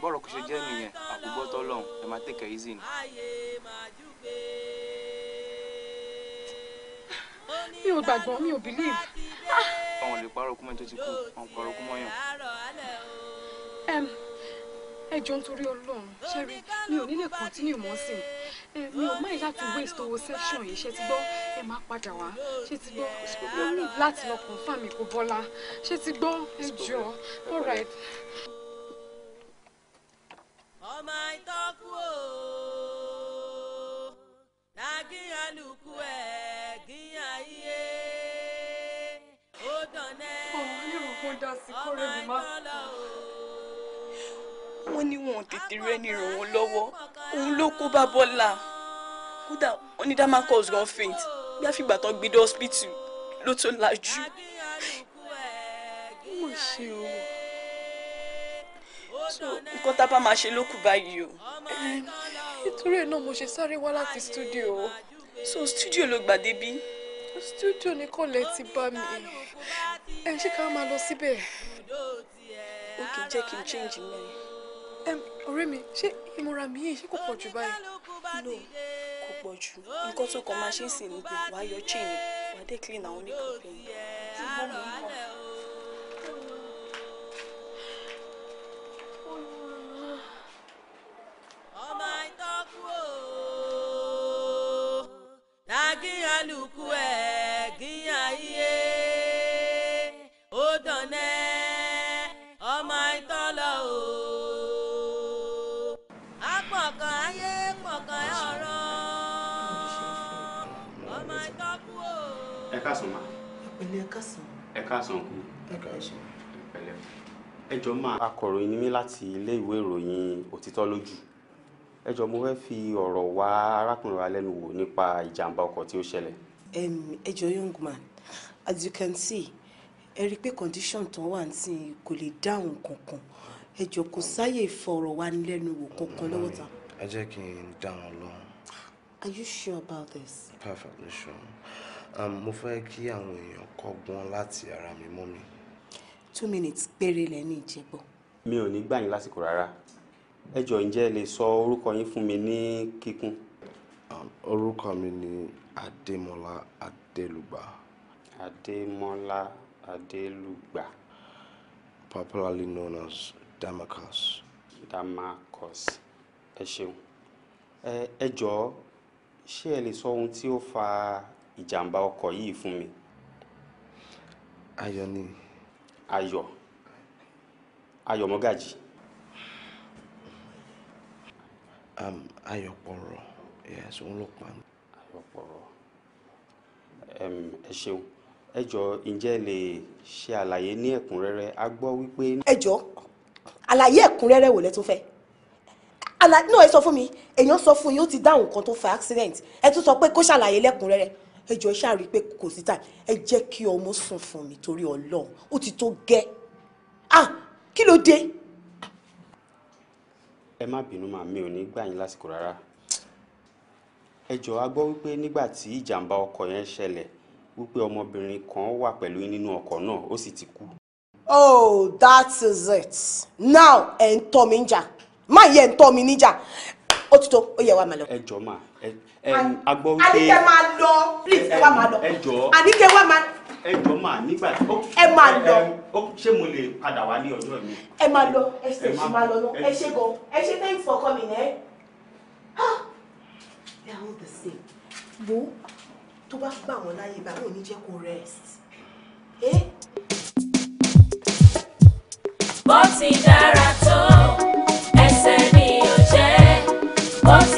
bọ́rọ̀ kò ṣe jẹ́ nìyẹn àkúgbọ́tọ́ lọ́hùn ẹ máa tẹ̀kẹ̀ easy ni mi ò gbàgbọ́ mi ò believe. Ah! àwọn lè parọ́ kúmọ́ tó ti kú àwọn parọ́ kúmọ́ yàn. ẹ jọ nítorí ọlọ́run ṣẹ́rí mi ò nílé continue mọ́ sí i mi ò máyì láti waste owó section yìí ṣe ti gbọ́ ẹ máa padà wá ṣe ti gbọ́ mo ní láti lọ confirm mi kò bọ́lá ṣe ti gbọ́ ẹ jọ all right. ọmọ ìtọ́kù ooo agíyanlùkù ẹ̀ gíyan yíyé ó dànẹ́ ọmọ ìjọlọ o. wọ́n ní wọn ò tètè rẹ́ni ràn wọ́n lọ́wọ́ òun ló kó bá bọ́lá kódà wọ́n ní damakos gan faint bí àfìgbà tó gbé dé hospital ló tó lajú. mo ṣe o so nǹkan tá a bá máa ṣe ló kù báyìí o nítorí ẹ̀ náà mo ṣe sáré wá láti studio so studio ló gbà débi. studio ni kọ́lẹ̀ ti bá mi ẹ ṣé ká máa lọ síbẹ̀. ó kì í jẹ́ kí n change mi. ọ̀rẹ́ mi ṣé ìmúra mi yìí ṣé kò pọ̀ jù báyìí. no kò pọ̀ jù nǹkan tó kàn máa ṣe é sì ní pé wàá yọ chain wàá dé clean àwọn oníkọ̀ọ́pẹ́ yìí. gíyàn lùkù ẹ̀ gíyàn iye ó dọ̀nẹ́ ọmọ ìtọ́lọ o. apọ̀kan ayé pọ̀kan ọ̀rọ̀ ọmọ ìtọ́kù o. ẹ káàsán ma. ìpínlẹ̀ ẹ káàsán. ẹ káàsán kú. ẹ káàsán. ẹ jọ máa. akọ̀ròyìn ni láti ilé ìwé ìròyìn òtítọ́ lójú ẹ jọ mo fẹ́ fi ọ̀rọ̀ wá arákùnrin wa lẹ́nu wò nípa ìjàmbá ọkọ̀ tí ó ṣẹlẹ̀. ẹ jọ young man as you can see ẹ rí i pé condition tán wà ní kò lè dáhùn kankan ẹ jọ kò sáyè ìfọ̀rọ̀wánilẹ́nuwò kankan lọ́wọ́ ta. ẹ jẹ́ kí n dá wọn are you sure about this? perfectly sure um, mo fẹ́ kí àwọn èèyàn kọ́gbọ́n láti ara mi mọ́ mi. two minutes péré lẹ́ni ìjẹ́bọ̀. mi ò ní gbà yín lásìkò rárá ẹ jọ ǹjẹ́ ẹ lè sọ orúkọ yín fún mi ní kíkún. Um, orúkọ mi ni adémọlá adélùgbà. adémọlá adélùgbà. popularly known as damakos. damakos ẹ ṣeun ẹ jọ ṣé ẹ lè sọ ohun tí ó fa ìjàmbá ọkọ̀ yìí fún mi. ayọ̀ ni. ayọ̀ ayọ̀ mọ́gàjì um, Ayọ̀pọ̀rọ̀ yes òun ló pa mí. Ayọ̀pọ̀rọ̀ um, ẹ ṣeun ẹ jọ ǹjẹ́ lè ṣe àlàyé ní ẹ̀kúnrẹ́rẹ́ a gbọ́ wípé. ẹ jọ àlàyé ẹ̀kúnrẹ́rẹ́ wò lẹ tún fẹ́ àlàyé náà ẹ sọ fún mi èèyàn sọ fún yín ti dáhùn nǹkan tó fa accident ẹ tún sọ pé kó ṣàlàyé lẹ́kùnrẹ́rẹ́ ẹ jọ ṣáà rí i pé kò sí tà ẹ jẹ́ kí ọmọ sùn fún mi torí Ọlọ́run ó ti tó gẹ́ ah kí ló dé ẹ má bínú màá mi ò ní gbà yín lásìkò rárá ẹ jọ a gbọ́ wípé nígbà tí ìjàmbá ọkọ̀ yẹn ṣẹlẹ̀ wípé ọmọbìnrin kan wà pẹ̀lú nínú ọkọ̀ náà ó sì ti kú. oh that is it now ẹ̀ ń tọ́ mi níjà má yẹ ń tọ́ mi níjà ó ti tó ó yẹ wá máa ẹ jọ máa ẹ ẹ a wípé. àníkẹ́ máa lọ please ẹ wá máa lọ. ẹ àníkẹ́ wá máa ẹ jọ máa nígbà tí ẹ máa lọ ṣé mo lè padà wá ní ọjọ́ mi. ẹ máa lọ ẹ ṣe ṣe máa lọ náà ẹ ṣe gan ẹ ṣe thanks for coming ẹ. Eh? they are all the same wo tó bá gbà wọ́n láyè bá wọn ò ní jẹ́ kó rest. bó ti dára tó ẹsẹ̀ ni ò jẹ́ bó ti.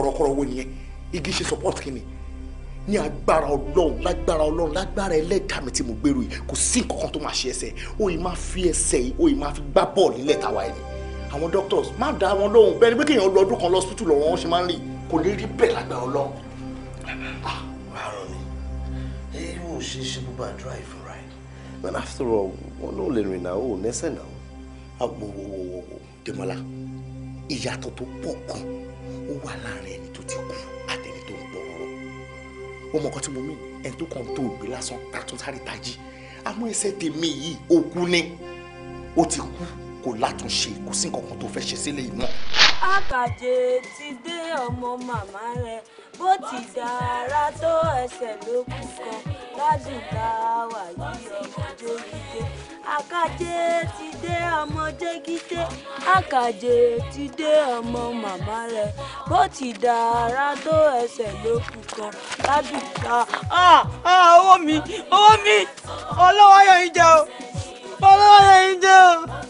ọ̀rọ̀kọ̀rọ̀ wo nìyẹn igi ṣe support kí ni ní agbára ọlọ́run lágbára ọlọ́run lágbára ẹlẹ́dàá mi tí mo gbèrò yìí kò sí nǹkan kan tó máa ṣe ẹsẹ̀ ó yìí máa fi ẹsẹ̀ yìí ó yìí máa fi gbá bọ́ọ̀lù nílẹ̀ tàwa ẹni àwọn doctors má dá wọn lóhùn bẹ́ẹ̀ ni pé kéèyàn lọ ọdún kan lọ hospital lọ́wọ́ wọn ṣe máa ń rí kò ní rí bẹ́ẹ̀ lágbára ọlọ́run. Ah. àrùn mi irú ṣe ṣe bó bá drive fún ra ẹ man after all wọn náà lè rìn náà ó nẹ́sẹ̀ náà. àwòwòwòwò ah, Dèmọ́lá ìyàtọ̀ tó pọ̀ kan ó wà láàrin ẹni tó ti kú àtẹni tó ń pọ̀ rọ̀rọ̀ ó mọ nǹkan tí mo mí ẹni tó kàn tó ògbé lásán tá tají àmọ́ ẹsẹ̀ tèmi yìí òkú ni ó ti kú kò látúnṣe kò sí nǹkan kan tó fẹ́ ṣe sílé yìí náà. àkàjẹ ti dé ọmọ màmá rẹ bó ti dára tó ẹsẹ̀ ló kù kan ládùn wà yí ọmọ jẹ́gídé àkàjẹ ti dé ọmọ jẹ́gídé àkàjẹ ti dé ọmọ màmá rẹ bó ti dára tó ẹsẹ̀ ló kù kan ládùn tá a owó mi owó mi olówó ayọ̀ yìí jẹ́ o olówó ayọ̀ yìí jẹ́ o.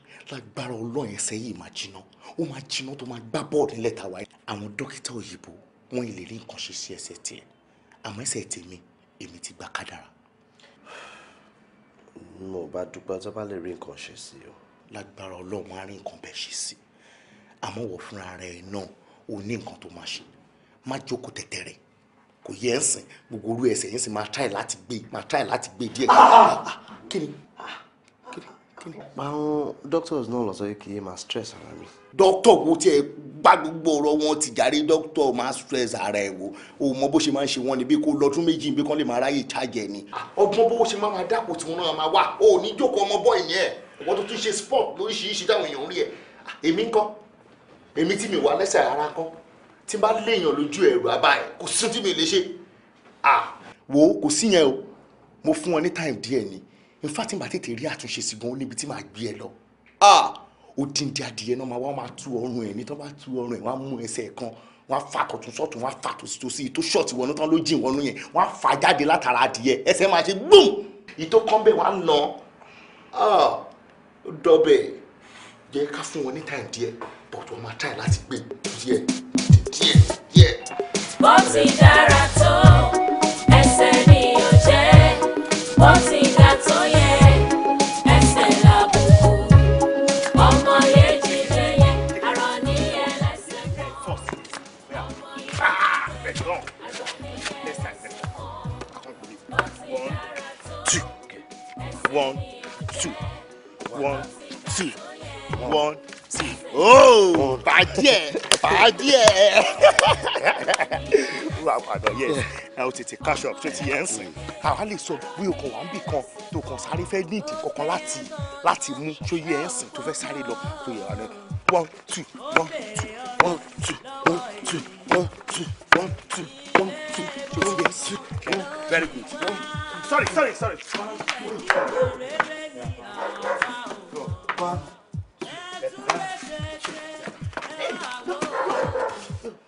lágbára ọlọ́run ẹsẹ̀ yìí máa jiná ó máa jiná tó máa gbá bọ́ọ̀lù nílẹ̀ tàwa yìí. àwọn dókítà òyìnbó wọn lè rí nǹkan ṣe sí ẹsẹ̀ tiẹ̀ àmọ́ ẹsẹ̀ tèmi èmi ti gba kádàrà. mo bá dúpẹ́ tó bá lè rí nǹkan ṣe sí o. lágbára ọlọ́run á rí nǹkan bẹ́ẹ̀ ṣe sí àmọ́ wọ fúnra rẹ̀ náà ò ní nǹkan tó máa ṣe má jókòó tẹ̀tẹ̀ rẹ̀ kò yẹ ẹ̀sìn gbogbo orú ẹsẹ̀ yẹn sì máa tráì láti gbé máa tráì láti gbé díẹ̀ kí ni kíni. àwọn doctors náà lọ sọ pé kì í máa stress ara mi. doctor wo tiẹ̀ gbá gbogbo ọ̀rọ̀ wọn ti jàre doctor máa stress ara ẹ̀ wo o mọ bó ṣe máa ń ṣe wọn níbi kó lọ́dún méjì níbi kan lè máa ráyè charge ni. ọgbọ́n bó ṣe máa máa dápò tí wọn náà máa wà o ní jókòó ọmọ bọ́ ìyẹn ọ̀pọ̀ tó tún ṣe sport lóríṣiríṣi táwọn èèyàn rí ẹ̀ ah, èmi ńkọ́ èmi tí mi wà lẹ́sẹ̀ ara kan tí bá léèyàn lójú ẹ̀rù àbá kò sí ah, o mo fún wọn time díẹ̀ ni nfàtí màá tètè rí àtúnṣe sí gan níbi tí màá gbé ẹ lọ odindi ah! adìyẹ náà wọn máa tú ọrùn ẹ ní tó bá tú ọrùn ẹ wọn á mú ẹsẹ̀ kan wọn á fa tọ̀tún sọ́tún wọn á fa tòsí tòsí tó ṣọ́ọ̀tì wọnú tán ló jìn wọnú yẹn wọn á fa jáde látara adìyẹ ẹsẹ̀ máa ṣe gbùm ìtò kọ́ńbẹ̀ wọn á nà ah! ó dọ̀bẹ̀ jẹ́ ká fún wọn ní táìm díẹ̀ but wọn máa táì láti gbé díẹ̀ díẹ̀ díẹ̀. bọ́sì dára tó ẹsẹ̀ ni ò jẹ́ bọ́sì. one two one two one two oh bàjẹ́ bàjẹ́ wúrà àbàdàn yẹ ẹ o tètè cash up twenty yẹn ń sìn àwa lè sọ bí o kàn wá ń bì kan tó kàn sáré fẹ́ níìdì kankan láti láti mú tó yẹ ẹ ń sìn tó fẹ́ sáré lọ tó yẹ wà lọ one two one two one two one two one two one two one two tó yẹ very good sorry, sorry, sorry.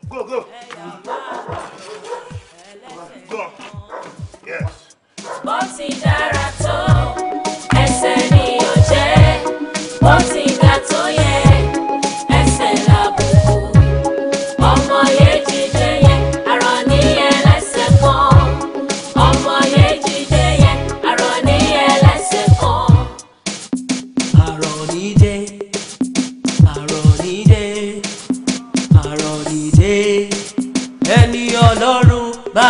Go, go. Go. Yes. Bọ́sì dára tó, ẹsẹ̀ bá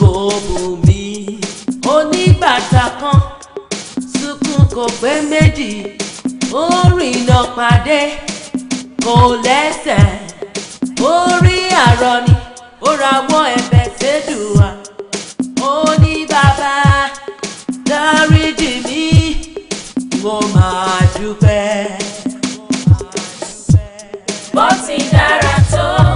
kò bù mí. oníbàtà kan sunkún kò pé méjì ó rìnà pàdé kò lẹ́sẹ̀ ó rí àrọ̀ ni ó rawọ́ ẹ̀bẹ̀ sẹ́dùwà ó bàbá dáríjì mi mo máa dúpẹ́. bó ti dára tó.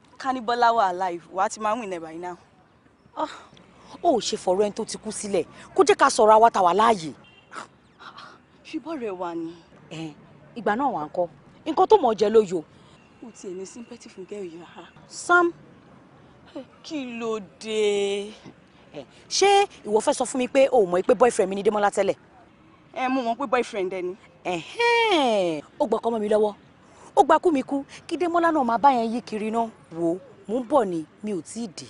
Kanibola were alive, wàá ti máa ń by now. Oh, ṣe fọ̀rọ̀ ẹni tó ti kú sílẹ̀ kó jẹ́ ká sọ̀rọ̀ àwa tàwa láàyè. Ṣùgbọ́n rẹ̀ wà ní. Ìgbà náà wà ń kọ́, nǹkan tó mọ̀ jẹ ló yọ. Mo tiẹ̀ ní sympathy fún gẹ́rù yìí rárá. Sam. Kí ló dé? Ṣé ìwọ fẹ́ sọ fún mi pé o mo pé boyfriend mi ni Démọ́lá tẹ́lẹ̀? Ẹ mo mọ̀ pé boyfriend ẹ ni. Ó gbọ́kọ́ mọ́ mi lọ́wọ́ ó gba kú mi kú kí Démọ́lá náà máa bá yẹn yí kiri náà wò ó bọ̀ ni mi ò tí ì dé.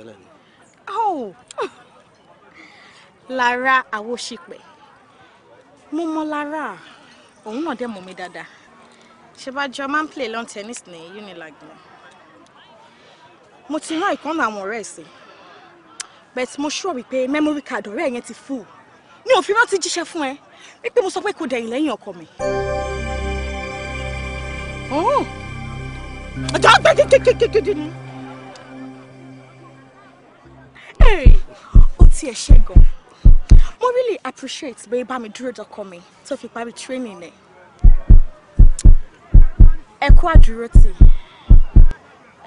tẹ́lẹ̀ ni. Oh. lára àwòṣepẹ̀ mo mọ lára òun náà dẹ̀ mọ̀ mi dáadáa ṣe bá jọ máa ń play lawn tennis ní unilag ni mo ti rán ìkànnà àwọn ọ̀rẹ́ sí but mo sure wípé memory card ọ̀rẹ́ yẹn ti full mi ò fi rántí jíṣẹ́ fún ẹ wípé mo sọ pé kò dẹ̀yìn lẹ́yìn ọkọ mi. Oh. ọjọ́ gbẹ́gẹ́gẹ́gẹ́gẹ́ ni. appreciate bẹ́ẹ̀ bá mi dúró dọ́kọ mi tó fi parí training ẹ̀ ẹ kú àdúró tì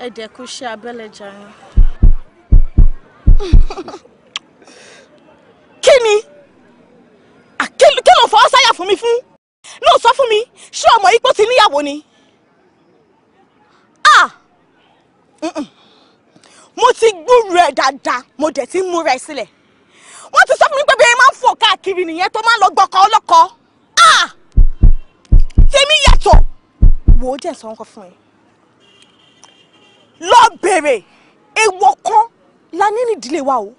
ẹ dẹ̀ kú ṣe abẹ́lẹ̀ jàre. kí ni kí ló fọwọ́ sáyà fún mi fún náà sọ fún mi ṣé ọmọ yìí pé ó ti níyàwó ni mo ti gbúrú ẹ̀ dáadáa mo dẹ̀ ti múra ẹ̀ sílẹ̀ wọ́n ti sọ fún mi pé bẹ́ẹ̀ máa ń fò káàkiri nìyẹn tó máa ń lọ gbọ́kọ ọlọ́kọ ah! tèmi yàtọ̀ wò ó jẹ́ ìsọ̀nkọ fún ẹ lọ bèrè èèwọ̀ kan la ní ní ìdílé wa o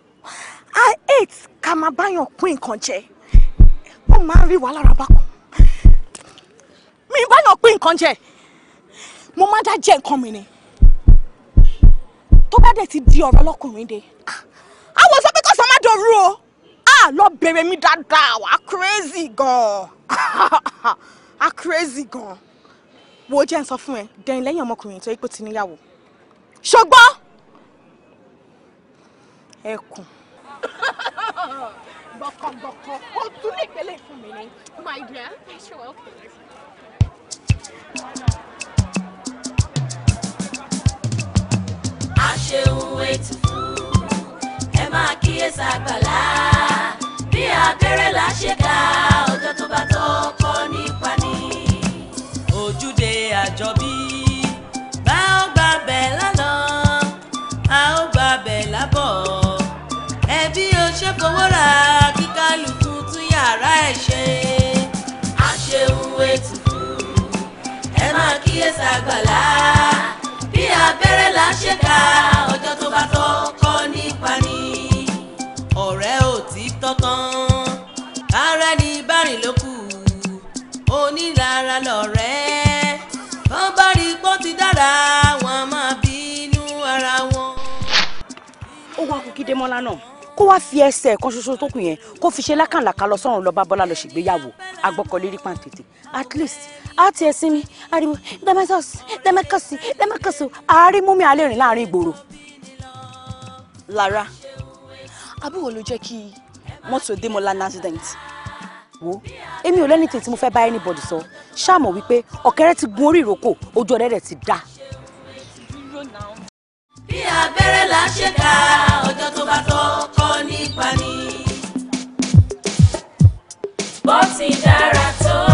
i hate ká máa báyàn pín nǹkan jẹ ó máa ń rí wa lára bákan mi báyàn pín nǹkan jẹ mo máa dá jẹ nǹkan mi ni tó bá dẹ̀ ti di ọ̀rọ̀ ọlọ́kùnrin de ah! àwọn sọ pé kọ́sọ́ má dọ̀rú o lọ bèrè mi dáadáa wà á crazy gan A crazy gan-an wo jẹ́ ń sọ fún ẹ dẹ̀yìn lẹ́yìn ọmọkùnrin tó yẹ pé ó ti níyàwó ṣùgbọ́n ẹkùn. bọ̀kọ̀bọ̀kọ̀ ó tún lè gbélé fún mi ni my dear I sure welcome. a ṣeun ètùtù máa kíyèsí àgbàlá bí abẹ́rẹ́ là ṣe ká ọjọ́ tó bá tó kọ́ nípa ni. ojúde àjọbí bá ó gbà bẹ̀ lánà a ó gbà bẹ̀ lábọ̀ ẹbí o ṣe fowó ra kíkálukú tún yàrá ẹ̀ ṣe. a ṣeun ètùtù ẹ máa kíyèsí àgbàlá bí abẹ́rẹ́ là ṣe ká ọjọ́ tó bá tó kọ́. dára lọ̀rẹ́ wọ́n bá rí pọ́ ti dára wọ́n máa bínú ara wọn. ó wá kú kí Démọ́lá náà kó wá fi ẹsẹ̀ kan ṣoṣo tó kù yẹn kó fi ṣe lákàlàkà lọ sọ́run lọ Bọ́lá lọ ṣègbéyàwó agbọ́kọ̀lé rí pàǹtẹ̀tẹ̀ at least a tiẹ̀ sinmi ariwo dẹ́mẹ́sọ̀s demekasi dẹ́mẹ́kọ̀sì àárín mú mi alẹ́ rìn láàrin ìgboro. Lára àbúrò ló jẹ́ kí mọ́tò Démọ́lá ní accident wo èmi ò lẹ́ni tètè mo fẹ́ bá anybody sọ ṣáàmọ̀ wípé ọ̀kẹ́rẹ́ ti gun orí ìrókò ojú ọ̀rẹ́ rẹ̀ ti dá. bí abẹ́rẹ́ la ṣe ká ọjọ́ tó bá tọ́ kọ́ nípa ni bó ti dára tó.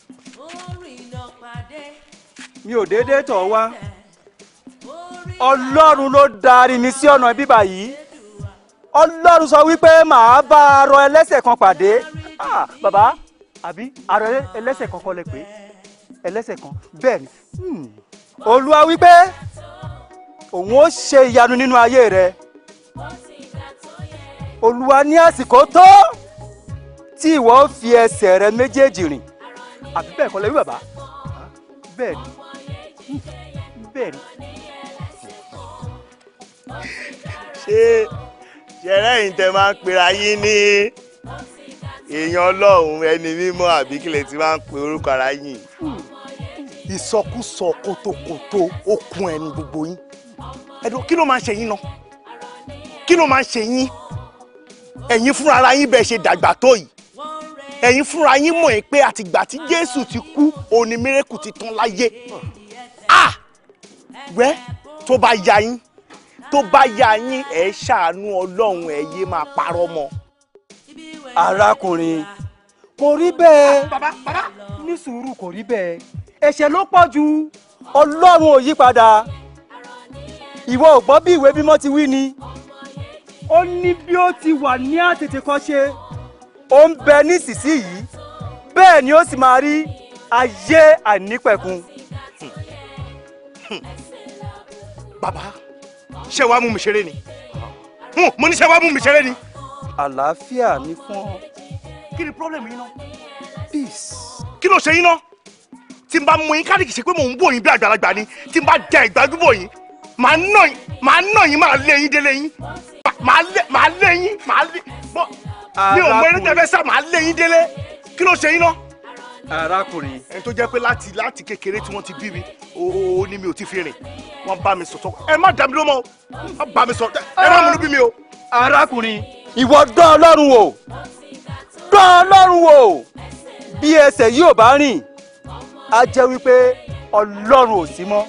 mi ò déédéé tọ̀ wá ọlọ́run ló darí mi sí ọ̀nà bíbà yìí ọlọ́run sọ wípé màá bá arọ ẹlẹ́sẹ̀ kan pàdé ah, bàbá àbí arọ ẹlẹ́sẹ̀ kan kọ́ lẹ pé ẹlẹ́sẹ̀ kan bẹ́ẹ̀ ni hmm. olúwa wípé òun ó ṣe ìyanu nínú ayé rẹ olúwa ní àsìkò tó tí ìwọ fi ẹsẹ̀ rẹ méjèèjì rìn àbí bẹ́ẹ̀ kọ́ lẹ́yìn bàbá bẹ́ẹ̀ ni bẹ́ẹ̀ ni. ṣé ṣẹ̀rẹ́ yìí tẹ máa ń pera yín ní èèyàn ọlọ́run ẹni mímọ́ àbí kílẹ̀ tí máa ń pe orúkọ ara yín. Hmm. ìsọkúsọ kótókótó okun ẹni gbogbo yín ẹ̀dùn kí ló máa ń ṣe yín náà kí ló máa ń ṣe yín ẹ̀yin fúnra ara yín bẹ́ẹ̀ ṣe dàgbà tó yìí ẹ̀yin fúnra yín mọ̀ pé àtìgbà tí jésù ti kú òní mírèkù ti tán láyé ah wẹ́ tó bá ya yín tó bá ya yín ẹ̀ ṣàánú ọlọ́run ẹ̀ yé máa parọ́ mọ́. arákùnrin kò rí bẹ́ẹ̀ ah, ní sùúrù kò rí bẹ́ẹ̀ ẹ̀ṣẹ̀ ló pọ̀ jù ọlọ́run ò yí padà ìwọ ò gbọ́ bí ìwé mímọ́ ti wí ni ó ní bí ó ti wà ní àtètèkọ́ṣe ó ń bẹ nísinsìnyí bẹ́ẹ̀ ni ó sì máa rí ayé àìnípẹ̀kun. bàbá ṣé wàá mú mi ṣeré ni mo ní ṣé wàá mú mi ṣeré ni. àlàáfíà ni fún ọ. kí ni pírọ́blẹ̀mù yín náà. peace. kí ló ṣe yín náà tí n bá mú yín káàdì kì í ṣe pé mò ń bò yín bí àgbàlagbà ni tí n bá jẹ ìgbàdúgbò yín màá nà yín màá nà yín màá lé yín délé yín màá lé yín màá lé bọ́ mi ò mọ eré tẹ́fẹ́ sá màá lé yín délé kí ló ṣe yín náà. arákùnrin. ẹni tó jẹ́ pé láti láti kékeré tí wọ́n ti bí mi ó ní mi ò ti fi rìn wọ́n bá mi sọ̀tọ̀ ẹ má dàbí ló mọ́ ọ bá mi sọ̀tọ̀ ẹ má múnú bí mi o. arákùnrin ìwọ dán ọlọ́run wò dán ọlọ́run wò bí ẹsẹ̀ yìí ò bá rìn á jẹ́ wípé ọlọ́run ò sí mọ́.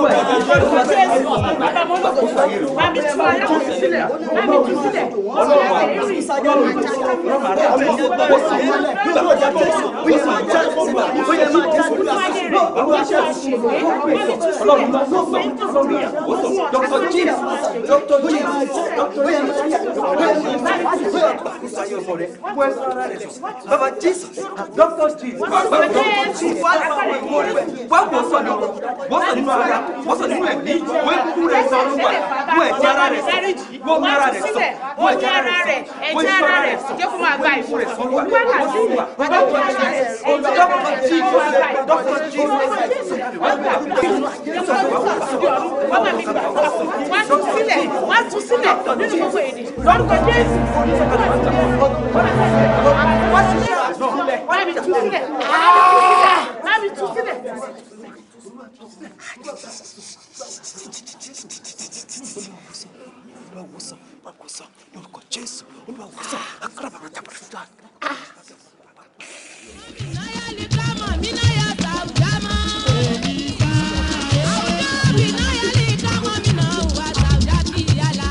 Doctor Jesus, Doctor Jim, Dr. Jim, Baba Jesus, Dr. Jim, Baba Jesus, wọ́n wọ́n sọ̀rọ̀ wọ́n sọ̀rọ̀ wọ́n sọ nínú ẹ̀mí wọ́n kúkú rẹ̀ sọ ló wà wọ́n ẹ̀jẹ̀ ara rẹ̀ sọ wọ́n mi ara rẹ̀ sọ wọ́n ẹ̀jẹ̀ ara rẹ̀ sọ wọ́n ẹ̀jẹ̀ ara rẹ̀ sọ wọ́n ikú rẹ̀ sọ ló wà wọ́n sọ wà wọ́n dọ́kọ̀ jíìsì dọ́kọ̀ jíìsì wọ́n tún sílẹ̀ wọ́n tún sílẹ̀ nínú gbogbo èdè lórúkọ jésù wọ́n ti tún sílẹ̀ wọ́n mi tún sílẹ̀ wọ́n mi tún sílẹ̀ olúwa wòsàn olúwa wòsàn lórúkọ jésù olúwa wòsàn akara bàbá tàbí fúdà. náyà lè ká mọ̀ mí náyà tà ó já mọ́. àwùjọ mi náyà lè ká mọ̀ mí náà wà tà ó já kí yàrá.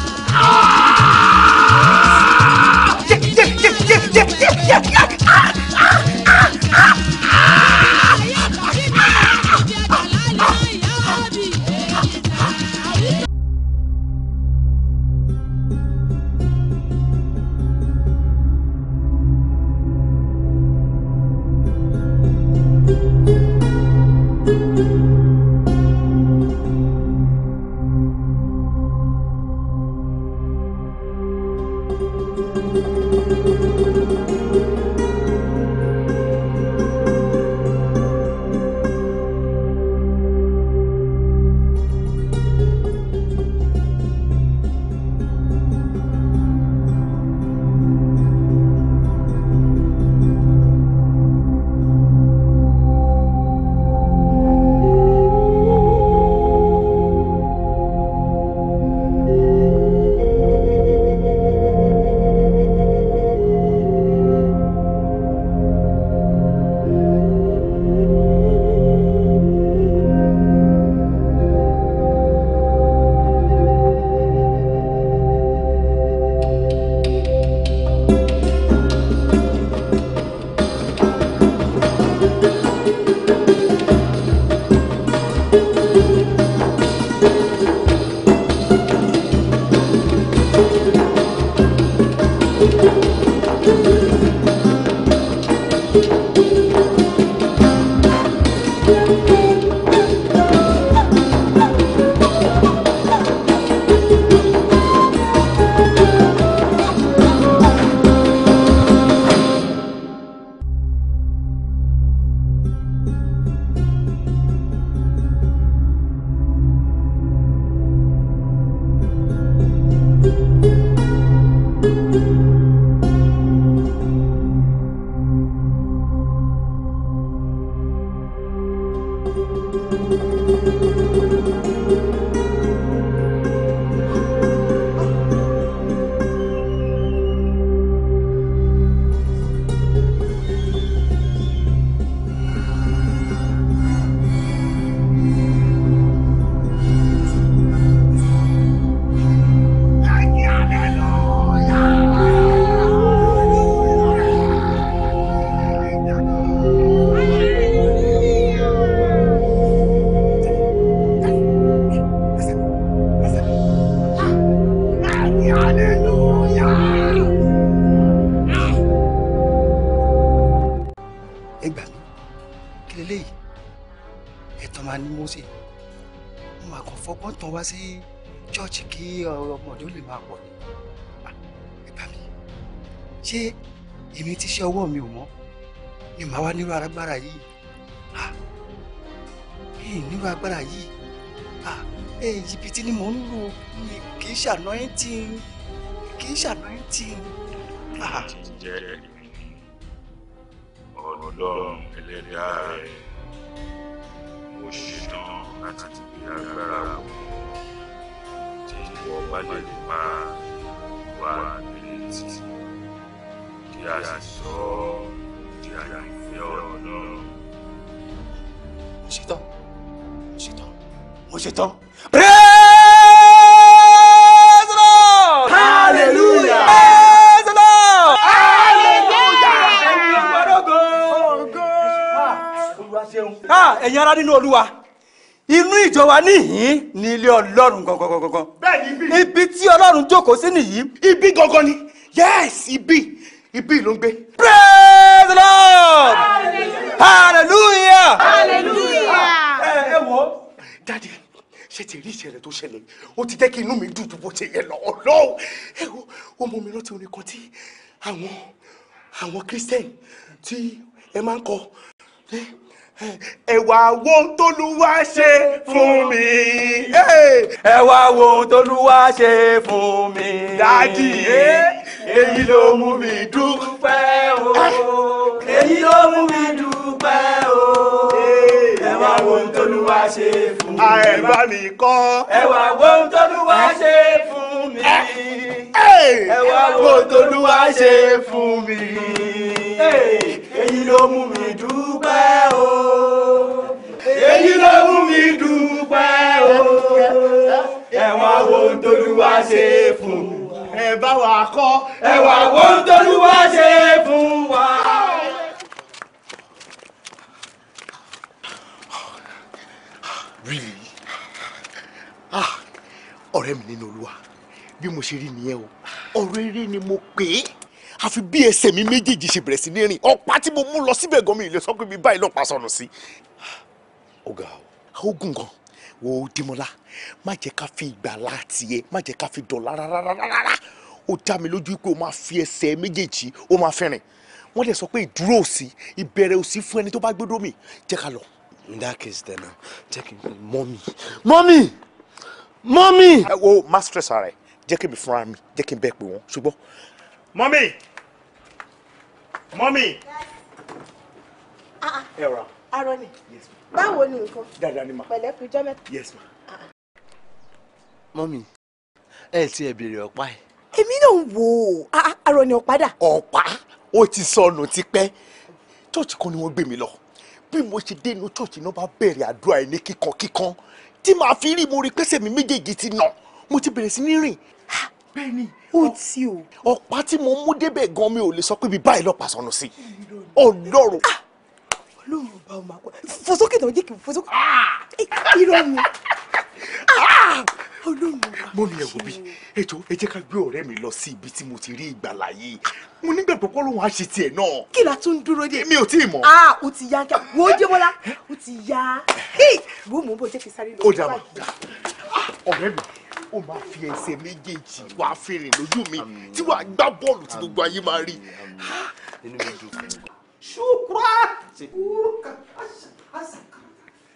anointing kì í ṣe anointing. jíjẹ ah. ọlọ́run ẹlẹ́dàá rẹ̀ mo ṣetán láti gbé agbára wò tí ìwọ bá lè máa wà nílétí kí a sì sọ ọ́ di àyànfẹ́ ọlọ́run. mo ṣetán mo ṣetán mo ṣetán. Lord. Hallelujah. Praise the Lord. Hallelujah. Ẹ̀yin ará nínú Olúwa inú ìjọ wa níhìn ní ilé Ọlọ́run gangan gangan. Bẹ́ẹ̀ni ibi tí Ọlọ́run jókòó sí nìyí. Ibi gangan ni yes ibi ibi ló ń gbé. praise the lord hallelujah hallelujah. ẹ ẹ wo dadi ṣé ti rí ìṣẹ̀lẹ̀ tó ṣẹlẹ̀ ó ti jẹ́ kí inú mi dùn ju bó ṣe yẹ lọ ọlọ́wọ́ ẹ wo ọmọ mi rántí orin kan tí àwọn àwọn christian tí ẹ máa ń kọ ẹ wá wo ohun tólúwa ṣe fún mi. ẹ wá wo ohun tólúwa ṣe fún mi. dádì eh? èyí ló mú mi dúpẹ́ o. Ah! èyí ló mú mi dúpẹ́ o. Eh! ẹ wá wo ohun tólúwa ṣe fún mi. Ah, ẹ bá mi kọ́. ẹ wo ohun ṣe fún mi. Eh! ẹ wá wo tolúwa ṣe fún mi èyí ló mú mi dúpẹ́ o èyí ló mú mi dúpẹ́ o ẹ wá wo tolúwa ṣe fún mi ẹ bá wa kọ́ ẹ wo tolúwa ṣe fún wa. Really? Ah, ọ̀rẹ́ mi nínú Olúwa bí mo ṣe rí nìyẹn o ọ̀rọ̀ eré ni mo pè é àfi bí ẹsẹ̀ mi méjèèjì ṣe bẹ̀rẹ̀ sí ní rìn ọ̀pá tí mo mú lọ síbẹ̀ gan mi ìlẹ̀ sọ pé mi báyìí lọ́pàá sọnù sí. ọ̀gá o ogun gan wo Dìmọ́lá má jẹ́ ká fi ìgbà láti ẹ má jẹ́ ká fi dọ̀la rárá ó dá mi lójú pé o máa fi ẹsẹ̀ méjèèjì o máa fẹ́ rìn wọ́n dẹ̀ sọ pé ìdúró òsì ìbẹ̀rẹ̀ òsì fún ẹni tó bá gbódò mi jẹ́ ká lọ. in that case then uh, jẹ́ kí n mọ́ mi mọ́ mi mọ́ mi. ẹ wo má stress ara ẹ jẹ́ kí mi fúnra mi jẹ́ kí n bẹ́ẹ̀ pè wọ́n ṣùgbọ́n. mọ́mì mọ́mì. Ah, ah. ẹ rà. arọ ni báwo ni nǹkan. dáadáa ni ma pẹ̀lẹ́ kú jọ́ mẹ́ta. yes ma. Ah, mọ́mì ẹ ti ẹ béèrè ọ̀pá ẹ̀. èmi náà ń wò ó arọ ni ọ̀pá dà. ọ̀pá ó ti sọnù tipẹ́ chọ́ọ̀chì kan ni wọ́n gbé mi lọ bí mo ṣe dé inú chọ́ọ̀chì náà bá bẹ̀rẹ̀ àdúrà ẹ̀ ní kíkan kíkan tí màá fi rí mo rí pẹ́sẹ̀ mi méjèèjì ti nà mo ti bẹ̀rẹ̀ sí ní rìn bẹ́ẹ̀ni. ó ti o. ọ̀pá tí mo mú débẹ̀ gan mi ò lè sọ pé ibi báyìí lọ́pàá sọnù sí ọlọ́run. Ah! ọlọ́run ọba ọmọ àpò fòsókè náà jẹ́ kí n fòsókè. Ah! irọ́ mi ah! ọlọ́run ọba. mọ́mí ẹ̀ wò bí ẹ jọ ẹ jẹ́ ká gbé ọ̀rẹ́ mi lọ sí ibi tí mo ti rí ìgbàlà yìí mo nígbàgbọ́ pé ọlọ́run á ṣe tiẹ̀ náà. kí la tún dúró dé. mi ò tí ì mọ̀. a o ti ya nkẹ́ wo eh, jẹ́wọ́lá eh, eh. o ti ya. wo mò ń bọ̀ jẹ́ kí sáré lọ. ó dà mà ọ̀rẹ́ mi ó máa fi ẹsẹ̀ méjèèjì wá fèrè lójú mi tí wàá gbá bọ́ọ̀lù tí gbogbo ayé máa rí. inú mi dùn. ṣùkúrà kúrúkà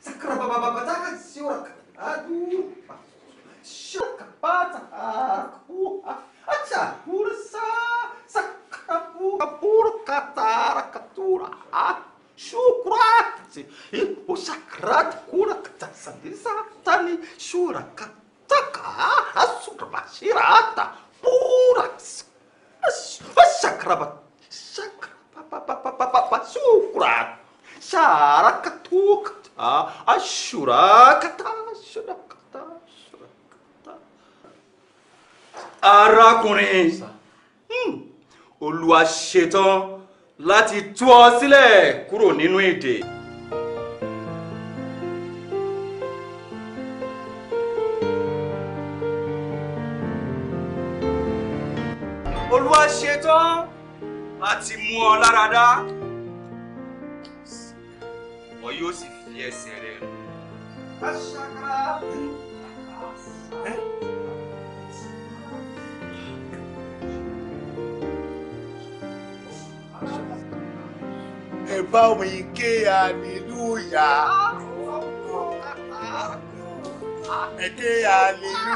sàkàrà bàbà bàbà tákà sí ọ̀rà àdúrà ṣàkà bàtà àkúhà àṣà kúrúsà sàkàrà bùrùkà tààrà kàtúrà شكرا وشكرا كورك تسديسا تاني شورك saka asura shirata pura shakraba shakraba sukra sharakatukta ashurakata ashurakata ashurakata. arákùnrin hmm. olùwàṣetán láti tú ọ sílẹ̀ kúrò nínú èdè. ṣetán láti mú ọ láradá wọn yóò sì fi ẹsẹ̀ rẹ̀ rìn. ẹ bá omi ké aleluya ẹ aleluya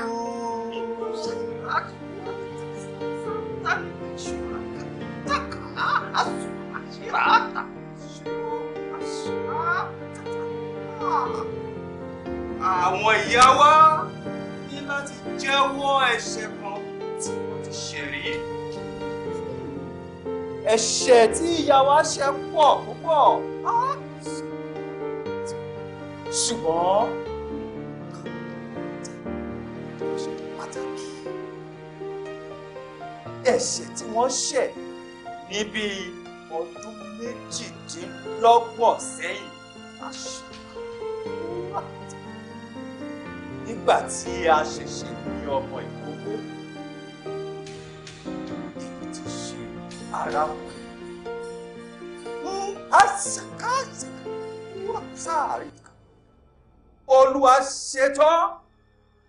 àwọn ìyá wa ní láti jẹ́wọ́ ẹ̀ṣẹ̀ kan tí wọ́n ti ṣe rí. ẹ̀ṣẹ̀ tí ìyá wa ṣe pọ̀ púpọ̀ ṣùgbọ́n pàtàkì ẹ̀ṣẹ̀ tí wọ́n ṣẹ̀ ní bíi ọdún méjìdínlọ́gbọ̀n sẹ́yìn nígbà tí a ṣẹ̀ṣẹ̀ ní ọmọ ìkókó èyí ti ṣe arákùnrin àṣàkáṣàká wọ́n sáà rí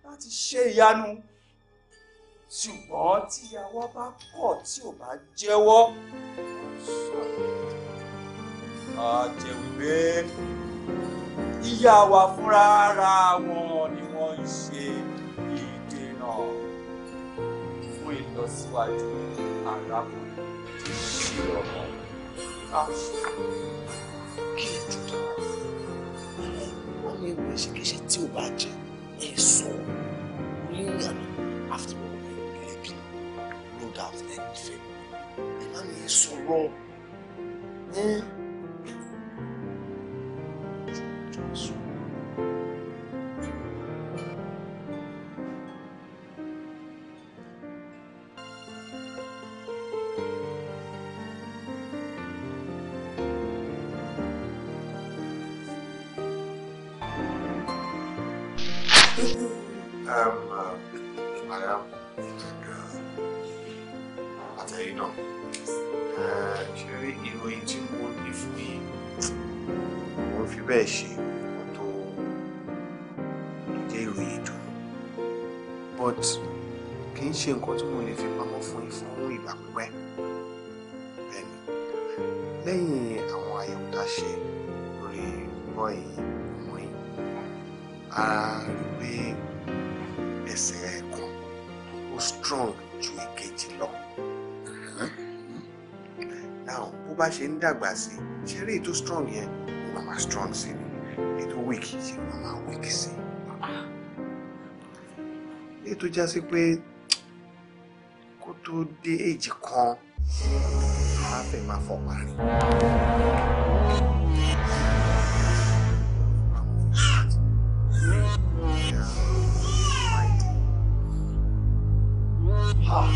láti ṣe ìyanu ṣùgbọ́n tíyàwó bá kọ̀ tí ò bá jẹ́wọ́ a jẹ́ wípé ìyá wa fúnra ara wọn ni wọ́n ń ṣe ìdènà fún ìlọsíwájú arákùnrin tí ṣe ọmọ káṣí kí ìjọba wọn ní ìwé ṣekéṣe tí ò bá jẹ èso oníyàrá after all without anything ìmọ̀ mi sọ̀rọ̀ ẹ́. Jọ̀ọ́ sọ̀rọ̀. ṣe nǹkan tí mo lè fi pamọ́ fún yín fún ìgbà pípẹ́ bẹ́ẹ̀ni lẹ́yìn àwọn àyẹ̀wò tá a ṣe lórí bọ́ yìí ọmọ yìí a rí pé ẹsẹ̀ ẹ̀kan ó strong ju èkejì lọ now bó bá ṣe ń dàgbà sí ṣe eré ètò strong yẹn ó máa máa strong sí ni ètò weak yìí ó máa máa weak sí i ètò já sí pé kó tó dé èjì kan á fẹ́ máa fọ parí. Ah.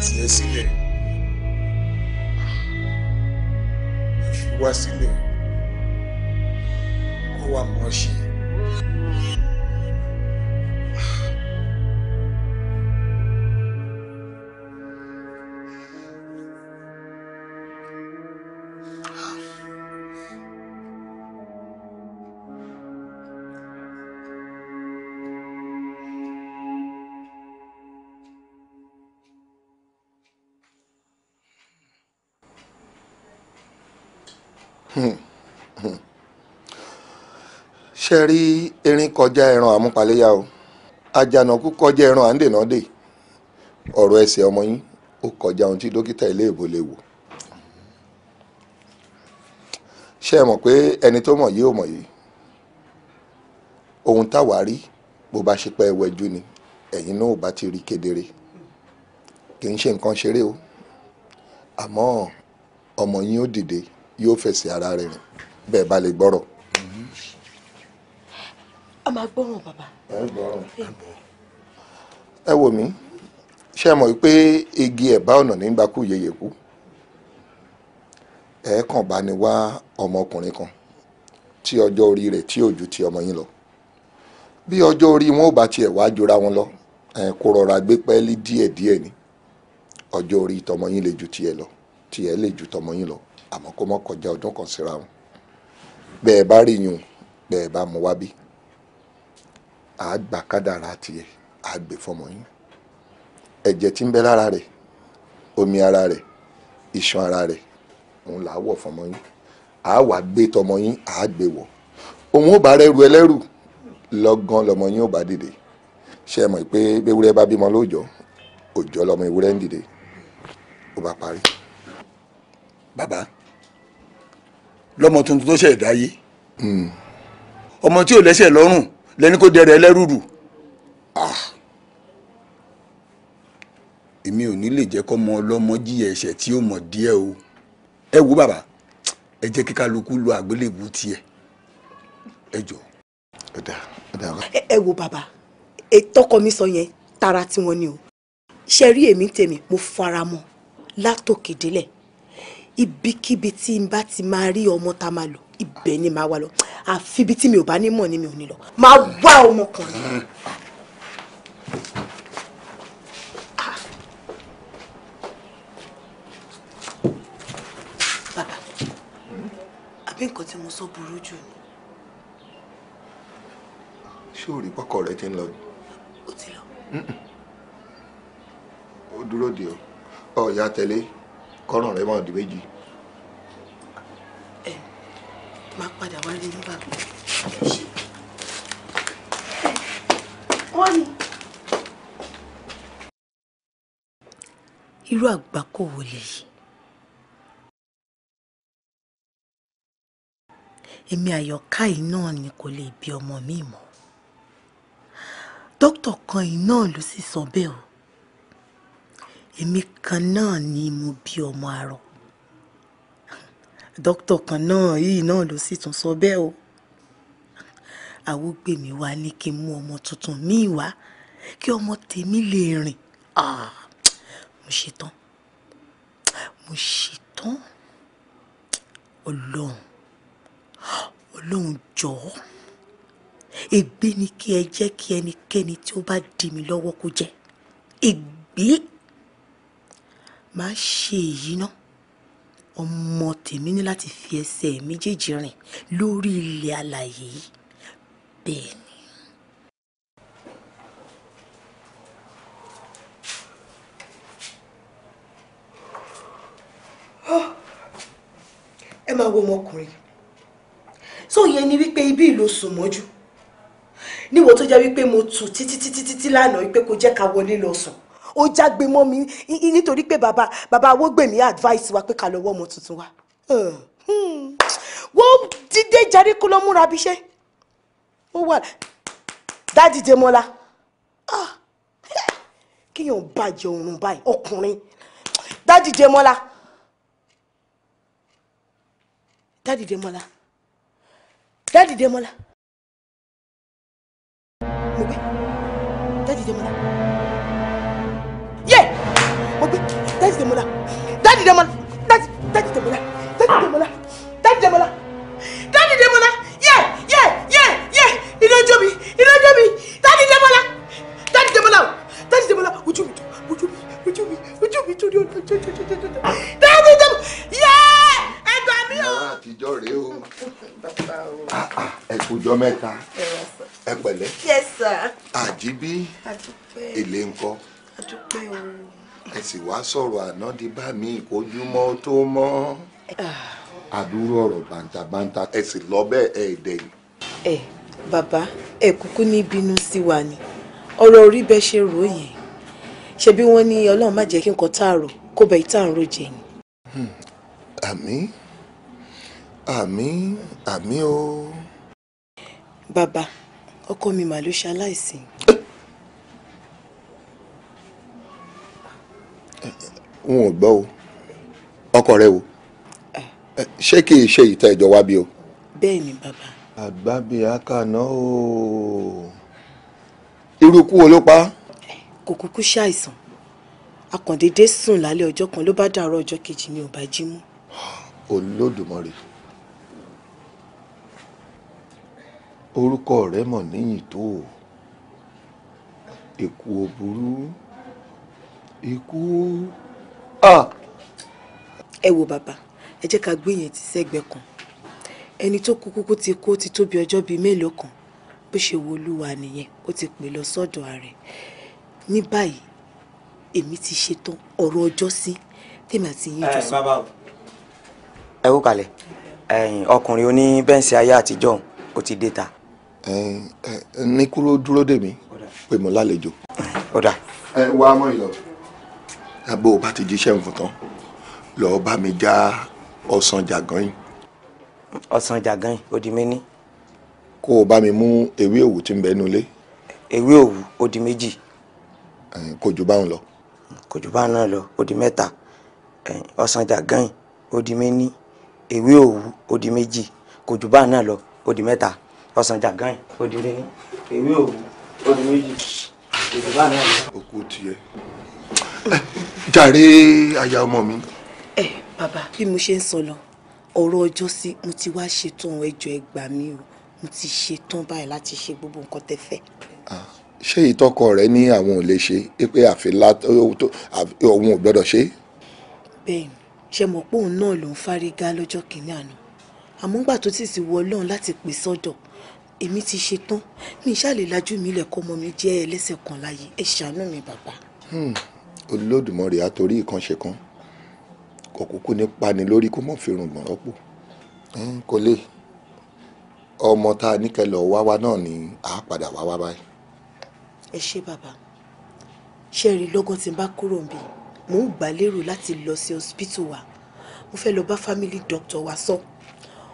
Yes, see did. Hmm. Hmm. Hmm. ṣe rí erin kọjá ẹran àmúpaléyà o àjànàkú kọjá ẹran àǹdènàdè ọ̀rọ̀ ẹsẹ̀ ọmọ yín ó kọjá ohun tí dókítà iléèbó lè wò ṣe mọ̀ pé ẹni tó mọ̀ yìí ò mọ̀ yìí ohun táwa rí bó bá ṣe pẹ́ wẹjú ni ẹ̀yin náà ò bá ti rí kedere kì í ṣe nǹkan ṣeré o àmọ́ ọmọ yín ó dìde yóò fẹsẹ̀ ara rẹ̀ rìn bẹ́ẹ̀ bá lè gbọ́rọ̀. a máa gbọ́ràn bàbá. ẹ gbọ́ràn ẹ wò mí ṣé ẹ mọ̀ pé igi ẹ̀bá ọ̀nà nígbà kú yeye kú ẹ kàn bá ní wá ọmọkùnrin kan tí ọjọ́ orí rẹ̀ tí ò ju ti ọmọ yín lọ bí ọjọ́ orí wọn ò bá tiẹ̀ wá jura wọn lọ ẹ kó rọra gbé pẹ́ẹ́lí díẹ̀díẹ̀ ni ọjọ́ orí tọmọ yín lè ju tiẹ̀ lọ tiẹ̀ lè ju tọmọ yín lọ àmọ́ kó mọ́ kọjá ọdún kan síra wọn bẹ́ẹ̀ bá rí yun bẹ́ẹ̀ bá mú wá bí àgbà kádàrá tiẹ̀ àgbè fọmọ yín ẹ̀jẹ̀ tí ń bẹ lára rẹ̀ omi ara rẹ̀ iṣan ara rẹ̀ òun là á wọ̀ fọmọ yín à á wà gbé tọmọ yín à gbé wọ̀ òun ó bá rẹ́rù ẹlẹ́rù lọ́gán lọmọ yín ó bá dìde ṣe mọ̀ pé ewúrẹ́ bá bímọ lóòjọ́ òòjọ́ lọmọ ewúrẹ́ ń dìde ó bá parí bàbá lọ́mọ tuntun tó ṣẹ̀ dáyé ọmọ tí ò lẹ́sẹ̀ lọ́rùn lẹ́ni kó dẹrẹ ẹlẹ́rùrù ah! èmi ò ní lè jẹ́ kọ́mọ ọlọ́mọ jìyà ẹ̀ṣẹ̀ tí ó mọ̀ díẹ̀ o ẹ wo bàbá ẹ jẹ́ kí kálukú lo àgbélébù tiẹ̀ ẹ jọ. ẹ wo bàbá tọkọ mi sọ yẹn tara tiwọn ni o ṣe rí èmi tèmi mo fara mọ́ látòkè délẹ̀ ibikíbi tí n bá ti máa rí ọmọ tá a máa lò ibẹ̀ ni màá wá lọ àfi ibi tí mi ò bá ní mọ̀ ni mi ò ní lọ màá wá ọmọkùnrin. Ah! bàbá àbí nǹkan tí mo sọ burú jù ni. ṣé o rí pọkọ rẹ ti ń lọ ni. ti lọ. ó dúró de ọ ọ ìyá tẹ̀lé kọ́ràn rẹ máa di méjì. ẹ máa padà wá rí yín bàbá. wọ́n ní. irú àgbákò wo lèyí. èmi àyọ̀ká yìí náà ni kò lè bí ọmọ mi mọ́ dókítà kan yìí náà ló sì sọ bẹ́ẹ̀ o èmi kan náà ni mo bí ọmọ arọ dókítà kan náà yìí náà ló sì tún sọ bẹ́ẹ̀ o àwògbèmí wa ní kí n mú ọmọ tuntun míì wá kí ọmọ tèmi lè rìn ah, mo ṣetán mo ṣetán ọlọ́run ọlọ́run jọ̀ọ́ ègbé ni kí ẹ jẹ́ kí ẹnikẹ́ni tí ó bá dì mí lọ́wọ́ kó jẹ́ ègbé màá ṣe èyí ná ọmọ tèmi ní láti fi ẹsẹ̀ méjèèjì rìn lórí ilẹ̀ alàyè yìí bẹ́ẹ̀ ni. ẹ máa wo ọmọkùnrin sọ yẹn ni wípé ibi ìlò sùn mọ́jú níwọ̀n tó jẹ́ wípé mo tù títí títí títí lánàá wípé kò jẹ́ ká wọlé lọ sùn ó jágbe mọ́ mi nítorí pé bàbá bàbá awógbèmí advice wa pé ká lọ wọ́ ọmọ tuntun wa hmm. wọ́n dídé jáde kó lọ múra bíṣẹ́ ó wà dáàdì Démọ́lá ah. kíyàn bàjẹ́ òrùn báyìí ọkùnrin dáàdì Démọ́lá dáàdì Démọ́lá dáàdì Démọ́lá mo gbé dáàdì Démọ́lá. Demola daddy daddy Demola daddy Demola daddy Demola daddy Demola yẹ yẹ yẹ yẹ iná jó mi iná jó mi daddy Demola daddy Demola o daddy Demola ojú mi ojú mi ojú mi ojú mi torí ọdún tó tó tó tó tó daddy Demola yẹ ẹgbà mi o. àwọn àtijọ́ rèé o ah, ah. ẹ kújọ mẹ́ta ẹ pẹ̀lẹ́ àjíbí èlé ńkọ́. àdúpẹ́ o ẹ sì wá sọ̀rọ̀ àná di bá mi ìkójúmọ́ tó mọ́ àdúrò ọ̀rọ̀ bàǹtàbàǹtà ẹ sì lọ bẹ́ẹ̀ ẹ dẹ̀ ni. ẹ bàbá ẹ kúkú ní bínú sí wa ni ọ̀rọ̀ orí bẹ́ẹ̀ ṣe rò yẹn ṣebí wọ́n ní ọlọ́run má jẹ́ kí nǹkan tá a kó bẹ ìta àrùn jẹ yìí. àmín àmín o. bàbá ọkọ mi mà ló ṣaláìsí n ò gbọ́ o ọkọ rẹ o ah. eh, ṣé kì í ṣe ìtẹ́ ìjọ wá bí o. bẹ́ẹ̀ ni bàbá. àgbàbí àkànná o irú ikú wo ló pa á. kò kúkú ṣàìsàn akàndéédé sùn lálẹ́ ọjọ́ kan ló bá dàárọ̀ ọjọ́ kejì ni ò bá jí mú. olódùmarè orúkọ rẹ mọ̀ níyìn tó èkó burú ikú. Ah! ẹ wo bàbá ẹ jẹ́ ká gbé yẹn ti sẹ́gbẹ̀ẹ́ kan ẹni tó kú kúkú ti kó ti tó bí ọjọ́ bíi mélòó kan bó ṣe wo olúwa nìyẹn ó ti pè lọ sọ́dọ̀ ààrẹ ní báyìí èmi ti ṣetán ọ̀rọ̀ ọjọ́ sí tèmi àti yín jọ eh, sọ. ẹ kú kalẹ̀ ọkùnrin oní bẹ́ǹsì ayé àtijọ́ ó ti dé ta. ní kúrò dúró dè mí pé mo lálejò. ó dà. ẹ wá mọ́ ìlọ abó bá ti jíṣẹ́ nǹkan tán lọ́ọ́ bá mi já ọsàn jàgán yìí. ọsàn jàgán yìí ó di méní. kó o bá mi mú ewé òwú tí ń bẹ nínú ilé. ewé òwú ó di méjì. kò jù báwọn lọ. kò jù báwọn náà lọ ó di mẹ́ta ọsàn jàgán yìí ó di méní ewé òwú ó di méjì kò jù báwọn náà lọ ó di mẹ́ta ọsàn jàgán yìí ó di méní ewé òwú ó di méjì kò jù jàre aya ọmọ mi. ẹ bàbá bí mo ṣe ń sọ lọ ọ̀rọ̀ ọjọ́ sí mo ti wá ṣetán ẹjọ́ ẹ gbà mí o mo ti ṣetán báyìí láti ṣe gbogbo nǹkan tẹ́ fẹ́. ṣé ìtọ́kọ rẹ ní àwọn ò lè ṣe é pé àfilá òun ò gbọ́dọ̀ ṣe é. bẹ́ẹ̀ ṣe mọ̀ pé òun náà ló ń fárígá lọ́jọ́ kìíní àná àmọ́ ńgbà tó ti sì wọ ọlọ́run láti pè sọ́dọ̀ èmi ti ṣetán mi ṣáà lajú mi lẹ̀kọ́ ọmọ mi jẹ́ ẹlẹ́sẹ̀ kan láyé ẹ ṣàánú mi bàbá. Hmm. Olódùmarè á torí ìkànṣe kan kò kúkú ní pani lórí kó mọ̀ fi rùngbọ̀n rọ́pò kò lè ọmọ tá a níkẹlọ wá wá náà ni a padà wá wá báyìí. ẹ ṣe bàbá ṣe rí lọ́gán tí n bá kúrò ń bì mò ń gbà lérò láti lọ sí hospital wa mo fẹ́ lọ bá family doctor wa sọ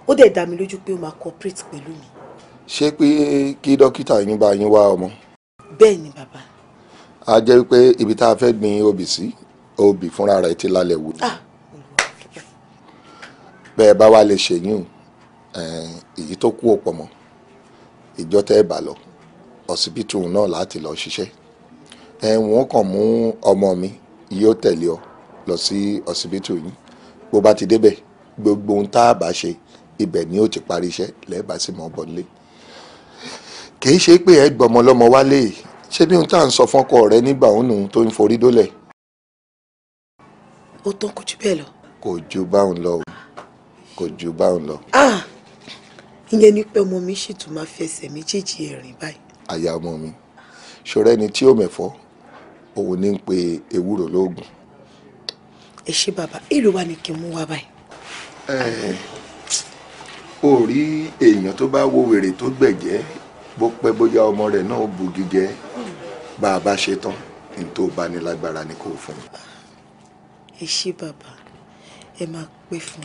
ó dẹ̀ dá mi lójú pé ó máa cooperate pẹ̀lú mi. ṣé pé kí dókítà yín bá yín wá ọmọ. bẹ́ẹ̀ bàbá a jẹ́ wípé ibi tá a fẹ́ gbin obì sí obì fúnra rẹ̀ ti lálẹ́ wò ni ah! bẹ́ẹ̀ bá wà lè ṣèyún èyí tó kú òpọ̀ mọ́ ìjọ tẹ́ ẹ bá lọ ọsibítù náà láti lọ ṣiṣẹ́ ẹ wọ́n kàn mú ọmọ mi yóò tẹ̀lé ọ lọ sí ọsibítù yìí bó bá ti débẹ̀ gbogbo ohun tá a bá ṣe ibẹ̀ ni ó ti parí iṣẹ́ lẹ́ẹ̀bá sì mọ́ bọ́lé kì í ṣe pé ẹ gbọ́mọ lọ́mọ wálé ṣé bí ohun tá à ń sọ fọ́kọ rẹ nígbà òun nù tó ń forí dólẹ̀. ó tán kò jù bẹ́ẹ̀ lọ. kò ju báwọn lọ kò ju báwọn lọ. ìyẹn ni pé ọmọ mi sì tún máa fi ẹsẹ̀ méjèèjì ẹ̀rìn báyìí. àyà ọmọ mi ṣọ̀rọ̀ ẹni tí ó mẹ̀fọ́ òun ní ń pe ewúro lóògùn. ẹ ṣe bàbá èrò wa ni kí n mú wá báyìí. ó rí èèyàn tó bá wo wèrè tó gbẹ̀jẹ́ bó pẹ́ bóyá ọmọ rẹ̀ náà ó gígẹ́ bá a bá ṣe tán ní tó bá ní lágbára ni kò fún mi. ẹ ṣé bàbá ẹ máa pẹ́ fún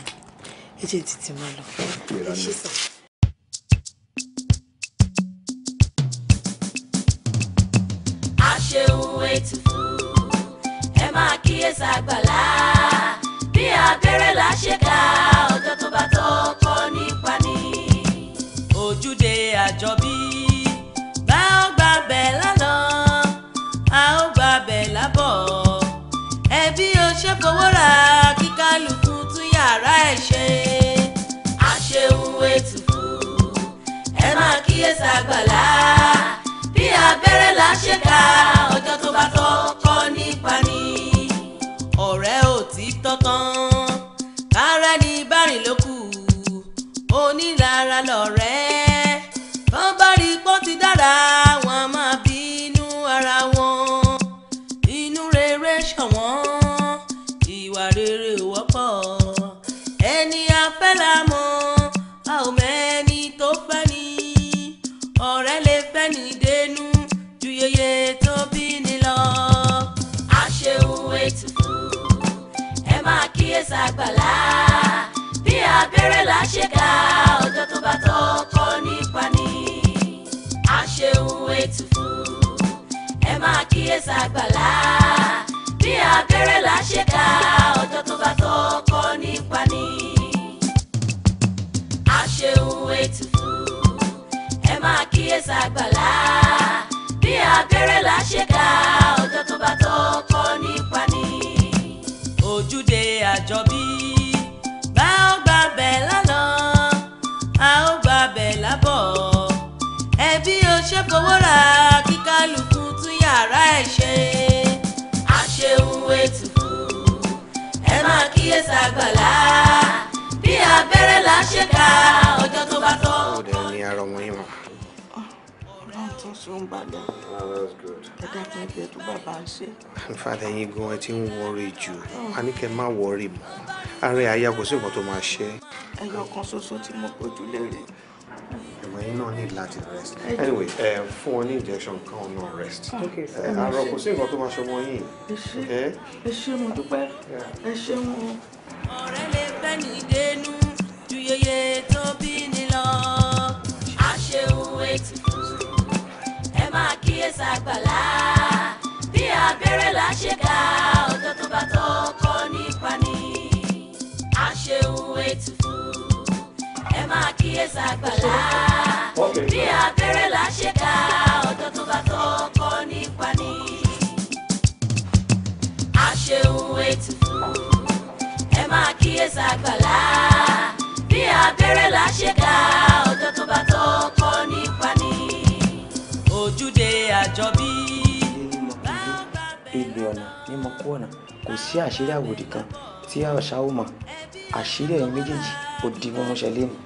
ẹ jẹ́ títí máa lọ ẹ ṣé sà. aṣeun ètùfù ẹ máa kíyèsí àgbàlá bí abẹ́rẹ́ la ká. fowó rà kí kálukú tún yàrá ẹ̀ ṣe. àṣehun ètùfù ẹ máa kíyèsí àgbàlá bí abẹ́rẹ́ là ṣe ká ọjọ́ tó bá tọ́ kọ́ nípa ni. ọ̀rẹ́ ò tí tọ́tán kárẹ́ ní bárìn lókù onílara lọ́rẹ́. àgbàlá bí abẹ́rẹ́ là ṣe ká ọjọ́ tó bá tọ́ kọ́ nípa ni a ṣeun ètùfù ẹ máa kíyèsí àgbàlá bí abẹ́rẹ́ là ṣe ká ọjọ́ tó bá tọ́ kọ́ nípa ni a ṣeun ètùfù ẹ máa kíyèsí àgbàlá bí abẹ́rẹ́ là ṣe ká ọjọ́ tó bá tọ́ kọ́ nípa ni. gbàbẹ̀ lánà a ó gbàbẹ̀ lábọ̀ ẹbí o ṣe fowó ra kíkálukú tún yàrá ẹ̀ ṣe àṣehun ètùkù ẹ máa kíyèsí àgbàlá bí abẹ́rẹ́ là ṣe ká ọjọ́ tó bá tọ́. ọ̀dẹ̀ ni ara ọmọ yín mọ̀ sùn gbádùn. ah that's good. I got ẹ bẹ to bàbá ń ṣe. father, you go. gan ẹ worry you. wọrí jù a ní kẹ́ má wọrí mọ́ ààrẹ àyà kò sí nǹkan tó máa ṣe. ẹyọ kan ṣoṣo tí mo kojú lérè. ìwọ̀n yín náà ní rest anyway fún wọn ní injection káwọn no rest ah, Okay. kò sí nǹkan tó máa ṣọmọ Okay. ẹ ṣé mo dúpẹ́ ẹ ṣé mo. ọ̀rẹ́ lè fẹ́ ní ìdẹ́nu ju yeye tó. ságbàlá bí abẹ́rẹ́ là ṣe ká ọjọ́ tó bá tọ́ kọ́ nípa ni a ṣeun ètùfù ẹ máa kíyè ságbàlá bí abẹ́rẹ́ là ṣe ká ọjọ́ tó bá tọ́ kọ́ nípa ni a ṣeun ètùfù ẹ máa kíyè ságbàlá bí abẹ́rẹ́ là ṣe ká ọjọ́ tó bá tọ́ kọ́ nípa ni àjọbí. ilé ọ̀nà ní mo kú ọ̀nà kò sí àṣírí àwòdì kan tí àṣà ò mọ̀ àṣírí ẹ̀yin méjèèjì ò di mọ́mọ́ṣẹ́ lénìí.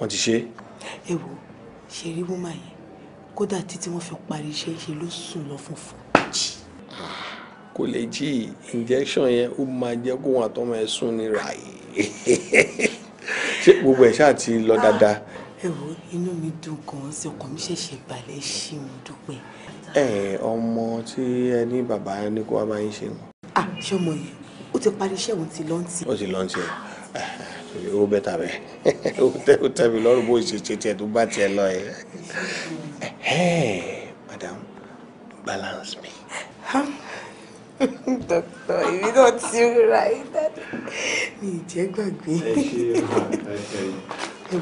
wọ́n ti ṣe. ẹ wo ṣe rí wúmà yẹn kódà títí wọ́n fi parí iṣẹ́ ṣe ló sùn lọ funfun jì. kò lè jí injection yẹn ó máa jẹ́ kó wọn àtọmọ ẹ sùn ní ràì ṣé gbogbo ẹ̀ ṣáà ti lọ ah, dáadáa. ẹ wo inú mi dùn gan-an sí ọkàn mi ṣẹ̀ṣẹ̀ balẹ̀ ṣé mo dúpẹ́. ẹ ọmọ tí ẹ bàbá ní kó wá máa ń ṣe wọn. à ah, ṣé yẹn ó ti parí iṣẹ́ òun ti lọ́ǹtì. ó ti lọ́ǹtì ẹ̀ ó bẹ́tà bẹ́ẹ̀ ó tẹ́ mi lọ́rùn bó ṣe ṣe tiẹ̀ tó bá tiẹ̀ lọ yẹn. madam balance me. dókítà èmi náà ti ra ẹ dáadé mi ì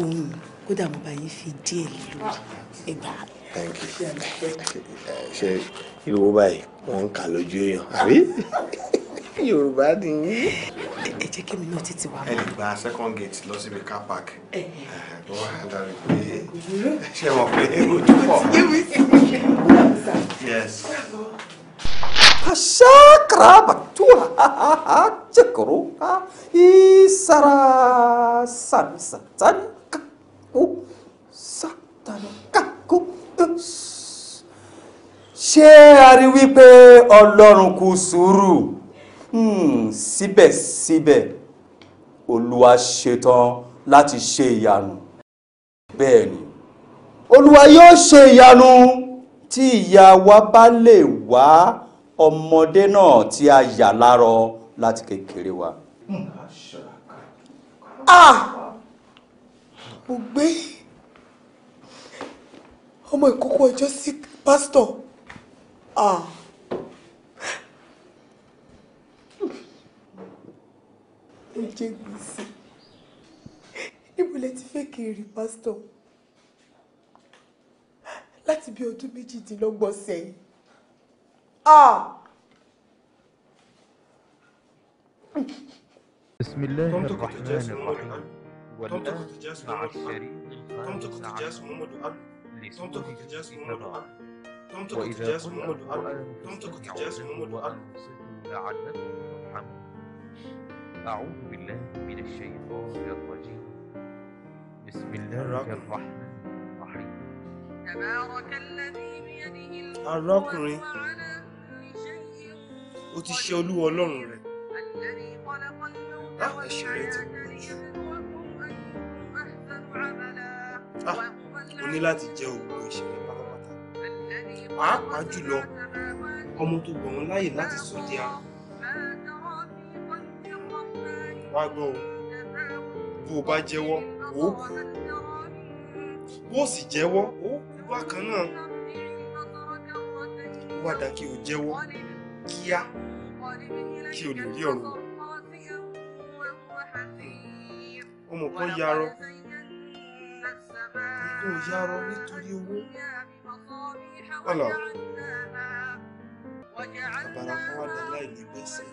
ohun kódà mo bá yín fi díẹ̀ lò ẹgbà. ṣe irú báyìí wọ́n ń kà lójú èèyàn àbí. yorùbá ni yín. ẹ jẹ́ kí mi náà títí wá. ẹ lè gba second gate lọ síbi car park. bó wà á darí pé ṣé wọn pé ojú pọ̀. yes. Shakra batua chekuru isara san satan kaku satan kaku ṣé a rí wípé ọlọ́run kú sùúrù. Hmm, síbẹ̀síbẹ̀ olúwa ṣetán láti ṣe ìyanu bẹ́ẹ̀ ni olúwa yóò ṣe ìyanu tí ìyá wa bá lè wá ọmọdé náà tí a yà lárọ láti kékeré wa. ah mo gbé ọmọ ìkókó ọjọ́ sí pásítọ̀ ah. jẹ́ gbèsè níbo lẹ ti fẹ́ kiri pásítọ̀ láti bí ọdún méjìdínlọ́gbọ̀n sẹ́yìn بسم الله الرحمن الرحيم والآن مع الشريف تمتق تجاس محمد الأرض تمتق تجاس محمد الأرض تمتق تجاس محمد الأرض تمتق تجاس محمد الأرض لعلكم أعوذ بالله من الشيطان الرجيم بسم الله الرحمن الرحيم تبارك الذي بيده الملك وعلى كل شيء ó ti ṣe olúwa ọlọ́run rẹ̀ á ah, ẹ̀ṣẹ̀ rẹ̀ ti pọ̀ jù á ah, o ní láti jẹ òògùn ẹ̀ṣẹ̀ rẹ̀ pátápátá pàápàá jùlọ ọmọ tó gbọ̀n láyè láti sọ di àrùn wá gbọ́ o bó o bá jẹ́wọ́ o kú bó o sì jẹ́wọ́ o kú bákan náà ó wá dá kí o jẹ́wọ́ kíá kí o lè rí ọ̀rọ̀ ọmọ kan yarọ nǹkan yarọ nítorí owó ọlọ àbàrà kan láì ní gbèsè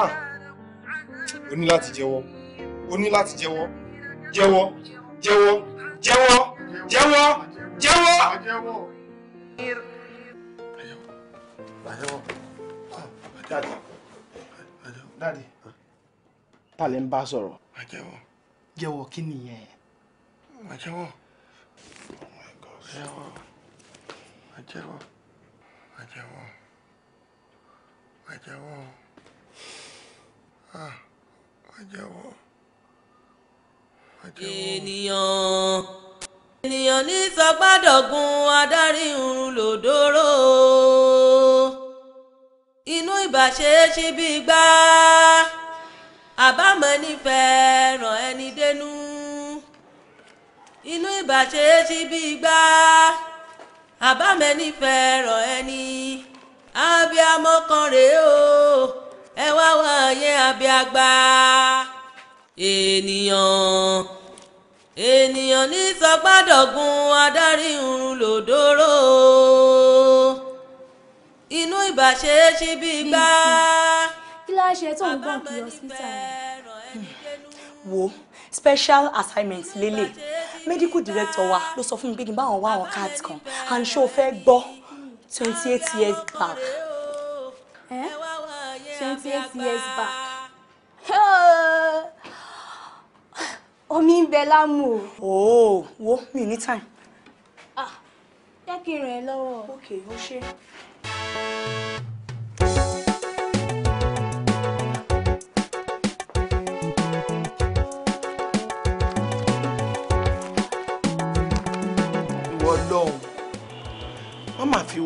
ah ní láti jẹ́wọ́ o ní láti jẹ́wọ́ jẹ́wọ́ jẹ́wọ́ jẹ́wọ́ jẹ́wọ́ jẹ́wọ́. Dadi. Ta lẹ ń bá sọ̀rọ̀? Má jẹ́wọ́. kí nìyẹn? Má jẹ́wọ́. Oh jẹ́wọ́. Má jẹ́wọ́. Má Ah, ènìyàn ènìyàn ní fagbádọ̀gùn adarí irun lòdòrò inú ìbàṣe ṣí bí gbá àbámọ̀ nífẹ̀ẹ́ ràn ẹni dénú inú ìbàṣe ṣí bí gbá àbámọ̀ nífẹ̀ẹ́ ràn ẹni abiyamọ kan rèé o ẹ wá wọ̀nyẹn abiagba ènìyàn ènìyàn ní sọgbádọ̀gùn adarí irun lòdòrò inú ìbàṣẹ ṣí bí gbá. kí tó ń gbọ́ kí hospital wo special assignment lélẹ̀ medical director wa ló sọ fún mi pé kí n bá wọn wá àwọn card kan and ṣó fẹ́ gbọ́ twenty eight years back twenty eight years back. omi ń bẹ lámù o. Oh, ooo wo mi ní time. ah jẹ́ kí n ràn ẹ́ lọ́wọ́. ok ó ṣe.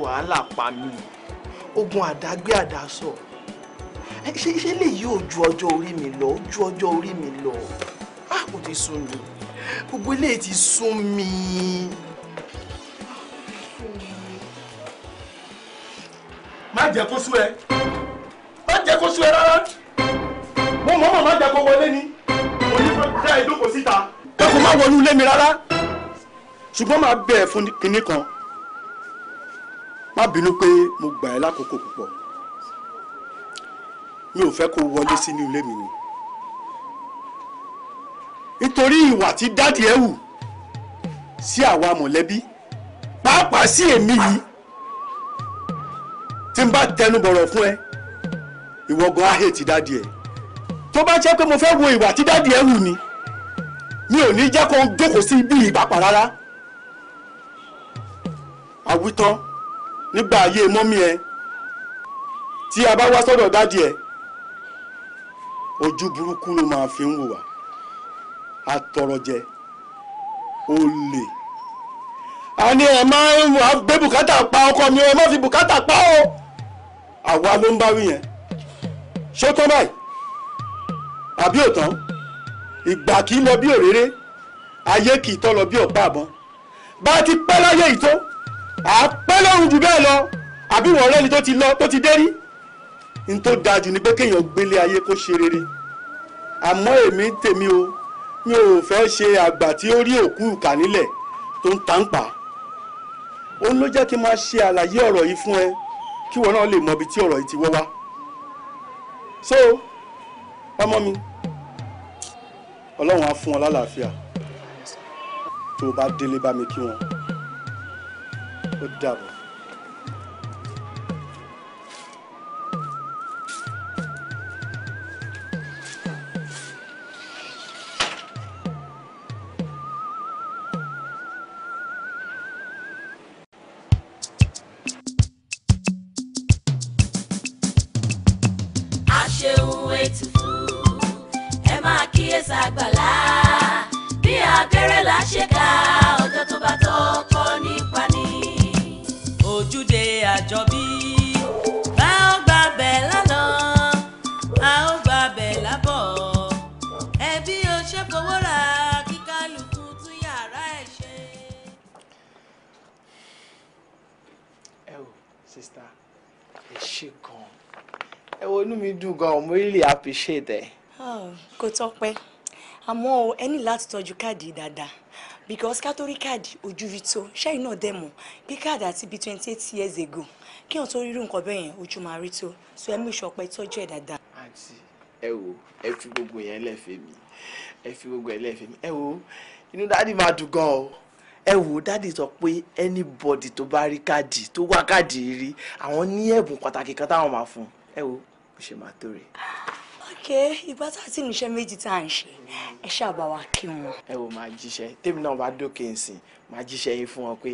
wàhálà pa mí ogun àdágbé àdásọ ṣe lè yí ojú ọjọ́ orí mi lọ ojú ọjọ́ orí mi lọ ah kò ti sún mi gbogbo eléyìí ti sún mi. má jẹ́ kó sú ẹ má jẹ́ kó sú ẹ rárá mo mọ̀ọ́mọ̀ má jẹ́ kó wọlé ni mo ní kó dá ìdókòó síta. ẹ kò má wọnú ilé mi rárá ṣùgbọ́n máa bẹ̀ ẹ́ fún kinní kan má bínú pé mo gbà ẹ́ lákòókò púpọ̀ mi ò fẹ́ kó wọlé sínú ilé mi ni nítorí ìwà tí dáàdì ẹ wù sí àwa mọ̀lẹ́bí pàápàá sí èmi yìí tí n bá tẹnu bọ̀rọ̀ fún ẹ ìwọ gan ahè ti dáàdì ẹ tó bá jẹ́ pé mo fẹ́ wo ìwà tí dáàdì ẹ wù ni mi ò ní jẹ́ kó ń jókòó sí ibi ìbàpà rárá àwítán nígbà ayé mọ́mí ẹ tí a bá wá sọ́dọ̀ dáàdì ẹ ojú burúkú ló máa fi ń wò wá atọrọjẹ olè a ní ẹ máa ń wà gbé bùkátà pa ọkọ mi ẹ má fi bùkátà pa ọ àwa ló ń bá wí yẹn ṣé tán báyìí àbí òtán ìgbà kì í lọ bí òréré ayé kì í tọ́ lọ bí ọ̀pá àbọ̀n bá a ti pẹ́ láyé ìtó à á pẹ́ lọ́rùn jù bẹ́ẹ̀ lọ àbí wọ́n rẹ́ni tó ti lọ tó ti dé rí n tó dáa jù ni pé kéèyàn gbélé ayé kó ṣe rere àmọ́ èmi tèmi o mi ò fẹ́ ṣe àgbà tí ó rí òkú ìkà nílẹ̀ tó ń tà ń pa òun ló jẹ́ kí n máa ṣe àlàyé ọ̀rọ̀ yìí fún ẹ kí wọn náà lè mọ ibi tí ọ̀rọ̀ yìí ti wọ́ wá so ọmọ mi ọlọ́run á fún ọ lálàáfíà tó o bá délé bá mi kí wọn ó dàbọ̀. inú mi dùn gan mo really appreciate ẹ. Ah, kò tọ́pẹ́ àmọ́ ẹ ní láti tọ́jú káàdì dáadáa because kátórí káàdì ojú rí tó ṣẹ́yìn náà dẹ̀ mọ̀ bí káàdì àti bíi twenty eight years ago kí wọ́n tó rírú nǹkan bẹ́ẹ̀ yẹn ojú máa rí tó so ẹ mú ìṣọpẹ́ tọ́jú ẹ̀ dáadáa. àǹtí ẹ wo ẹ fi gbogbo yẹn lẹ́fẹ̀ẹ́ mi ẹ fi gbogbo yẹn lẹ́fẹ̀ẹ́ mi ẹ wo inú dáàdì máa dùn gan o ẹ wò dáàdì sọ pé anybody tó bá rí káàdì tó wá káàdì rí àwọn ní ẹ̀bùn pàtàkì kan táwọn máa fún ẹ wò bó ṣe máa tó rè. ókè ìgbà tá a ti níṣẹ́ méjì tá à ń ṣe ẹ ṣàbà wa kí wọn. ẹ wò máa jíṣẹ́ tèmi náà bá dókè nsìn máa jíṣẹ́ yín fún wọn pé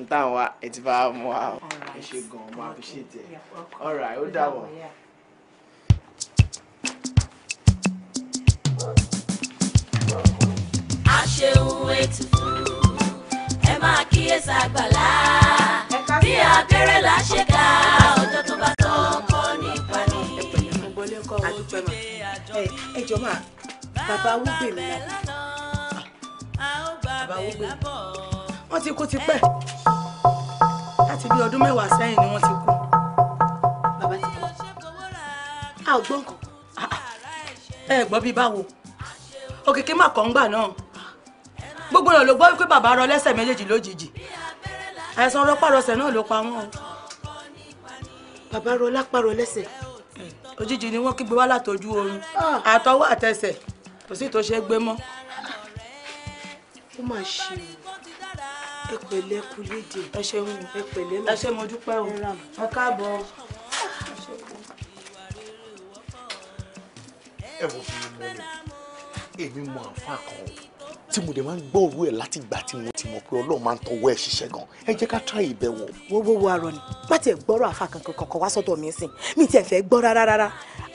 n táwọn wa ẹ ti bá a mú wa ẹ ṣe gan-an máa fi ṣe tẹ ọ̀rọ̀ ó dàbọ̀. aṣeun ètùtù ẹ máa kíyèsí àgbàlá bí abẹ́rẹ́ la ṣe ká o. àdúpẹ́ mà ẹ jọ mà bàbá awúgbè mi náà bàbá awúgbè wọ́n ti kú tipẹ́ láti bí ọdún mẹ́wàá sẹ́yìn ni wọ́n ti kú bàbá ti kú a ò gbọ́n kàn ẹ gbọ́ bí báwo òkìkí mà kàn ń gbà náà gbogbo rẹ̀ ló gbọ́ pé bàbá rọ lẹ́sẹ̀ méjèèjì lójijì àìsàn rọpárọsẹ̀ náà ló pa wọ́n o bàbá rọ lápárọ lẹ́sẹ̀ òjijì ni wọ́n kígbe wá látọjú oorun ah. àtọwọ́ àtẹsẹ̀ kò sí tó ṣe é gbé mọ́. ó mà ṣe o ẹ pẹ̀lẹ́ kú léde ẹ ṣeun ẹ pẹ̀lẹ́ ẹ ṣe mo dúpẹ́ o ẹ káàbọ̀. ẹ wò fi mọ ni èmi mọ àǹfààní kan o tí mo dẹ̀ máa ń gbọ́ òru ẹ̀ láti ìgbà tí mo ti mọ̀ pé ọlọ́run máa ń tọwọ́ ẹ̀ ṣiṣẹ́ gan ẹ jẹ́ ká try ìbẹ̀wò. wo wo wo arọ ni má tiẹ̀ gbọ́rọ̀ àfa kankan kankan wá sọ́dọ̀ mi sìn mi tiẹ̀ fẹ́ gbọ́ rárá rárá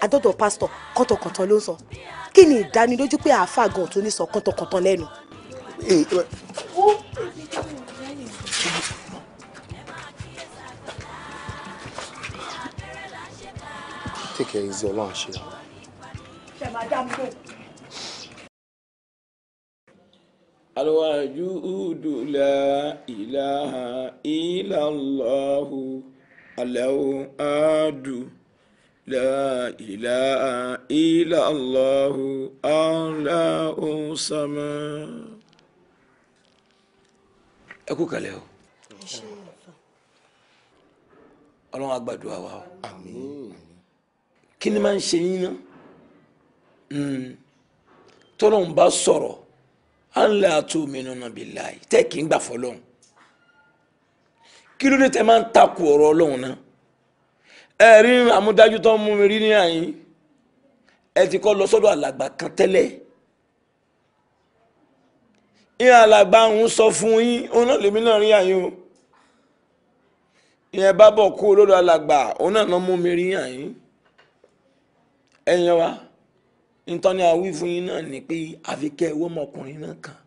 àdọ́dọ̀ pásítọ̀ kọ́tọ̀kọ̀tọ̀ ló ń sọ kí ni ìdánilójú pé àáfà gan tó ní sọ kọ́tọ̀kọ̀tọ̀ lẹ́nu. take care easy ọlọ́run ṣe àwọn. ṣe máa dá mi lóhùn. alwajudu la ilaha illallahu alawadu la ilaha illallahu alahu sama. ẹ kú kalẹ̀ o ọlọ́run á gbàdúrà wa o àmín kí ni máa ń ṣe yín náà hmm. tọ́lọ́run bá sọ̀rọ̀ ànlá tu'minuna billahi tẹ́ kì í gbà fọlọ́hún kí ló dé tẹ́ máa ń takò ọ̀rọ̀ ọlọ́hún náà ẹ̀rí àmúdájú tó ń mú mi rí ní àyín ẹ ti kọ́ lọ sọ́dọ̀ alàgbà kan tẹ́lẹ̀ ìyẹn alàgbà ń sọ fún yín òun náà lèmi náà rí àyín o ìyẹn bá bọ̀ kú lọ́dọ̀ alàgbà òun náà lọ́ mú mi rí àyín ẹ̀yẹn wa nítorí àwí fún yín náà ni pé àfi kẹ́ ẹwọ́ ọmọkùnrin náà kan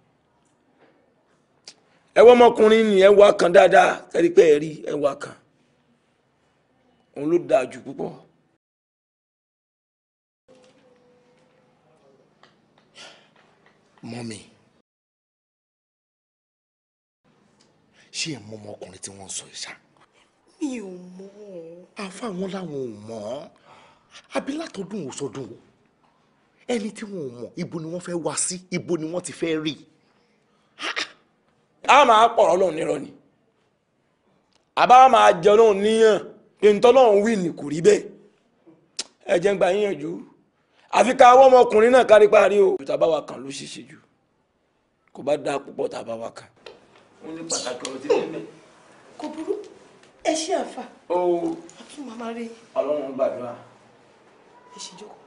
ẹwọ́ ọmọkùnrin ni ẹwà kan dáadáa kẹ́rí pé ẹ̀rí ẹwà kan òun ló dáa jù púpọ̀. mọ́mì ṣé ẹ mọ ọmọkùnrin tí wọ́n ń sọ ìṣá. mi ò mọ̀ ọ́. àfa àwọn làwọn ò mọ̀ ọ́ àbí látọdún òsọdún o ẹni tí wọn ò mọ̀ ibo ni wọ́n fẹ́ wá sí ibo ni wọ́n ti fẹ́ rí i. a máa pọ̀rọ̀ lọ́run nírọ̀ ni àbá máa jẹ ọlọ́run níyàn pé ń tọ́lọ́run wí ni kò rí bẹ́ẹ̀ ẹ jẹ́ ń gba yíyànjú àfi ká wọ́n ọmọkùnrin náà kárí parí o. tàbá wa kan ló ṣeéṣe jù kò bá dáa púpọ̀ tàbá wa kan. ó ní pàtàkì ọ̀rọ̀ tí tẹ́lẹ̀. kò burú ẹ ṣe àfà. ó a tún màmá rí. ọlọ́run gbàdúrà. ẹ ṣe jókòó.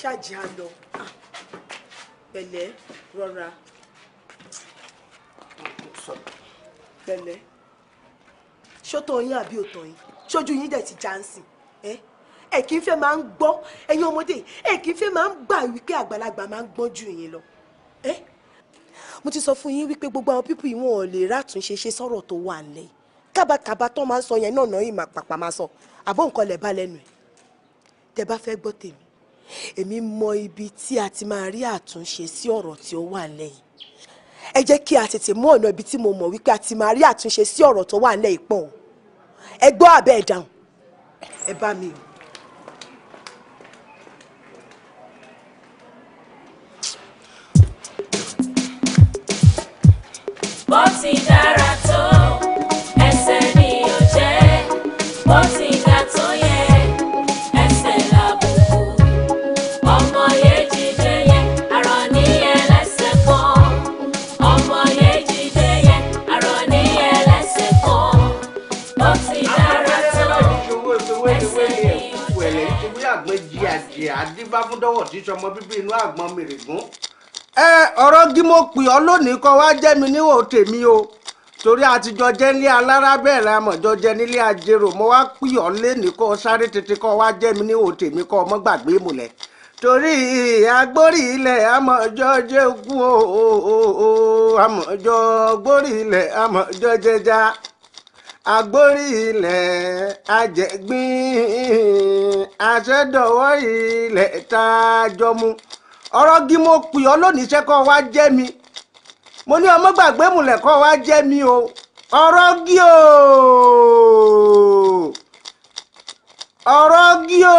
ṣáàjì á lọ ah, pẹ̀lẹ́ rọra pẹ̀lẹ́ ṣótó yín àbí òtọ̀ yín ṣojú yín dẹ̀ ti já ń sìn ẹ́ ẹ̀ kì í fẹ́ máa ń gbọ́ ẹ̀yin ọmọdé ẹ̀ kì í fẹ́ máa ń gbà wípé àgbàlagbà máa ń gbọ́n ju yín lọ ẹ́ mo ti sọ fún yín wípé gbogbo àwọn pípù yìí ò lè rátúnṣe ṣe sọ̀rọ̀ tó wà lẹ̀ kábàkàbà tó máa ń sọ yẹn náà náà yìí pàpà máa sọ àbọ̀ nǹkan lẹ̀ bá lẹ́nu ẹ̀ tẹ́ bá fẹ́ gbọ́ tèmi èmi mọ ibi tí a ti máa rí àtúnṣe sí ọ̀rọ̀ tí ó wà lẹ́yìn ẹ jẹ́ kí a tètè mú ọ̀nà ibi tí mo mọ̀ wípé a ti máa rí àtúnṣe sí ọ̀rọ̀ tó wà lẹ́yìn pọ̀ ẹ gbọ́ abẹ́ ẹ̀ dáhùn ẹ bá mi o. dára tó ẹsẹ̀ ni ò jẹ́ bó kì í ṣọmọ bíbí inú àgbọn mèrègún. ẹ ọ̀rọ̀ gímọ̀ pè ọ́ lónìí kọ́ wá jẹ́ mi níwò tèmi o torí àtijọ́ jẹ́ nílé alára bẹ́ẹ̀ la mọ̀jọ́ jẹ́ nílé ajérò mo wá pè ọ́ lénìí kọ́ sáré tètè kọ́ wá jẹ́ mi níwò tèmi kọ́ ọmọ gbàgbé mulẹ̀ torí agbórí ilẹ̀ amọ̀jọ́ jẹ́ kú o àmọ̀jọ́ gbórí ilẹ̀ amọ̀jọ́ jẹja agbórí ilẹ̀ ajẹ̀gbín àṣẹdọ̀wọ́ ilẹ̀ tá a jọ mu ọ̀rọ̀ gí mo pè ọ́ lónìí iṣẹ́ kọ́ wá jẹ́ mi mo ní ọmọ gbàgbé mùlẹ̀ kọ́ wá jẹ́ mi o ọ̀rọ̀ gí o ọ̀rọ̀ gí o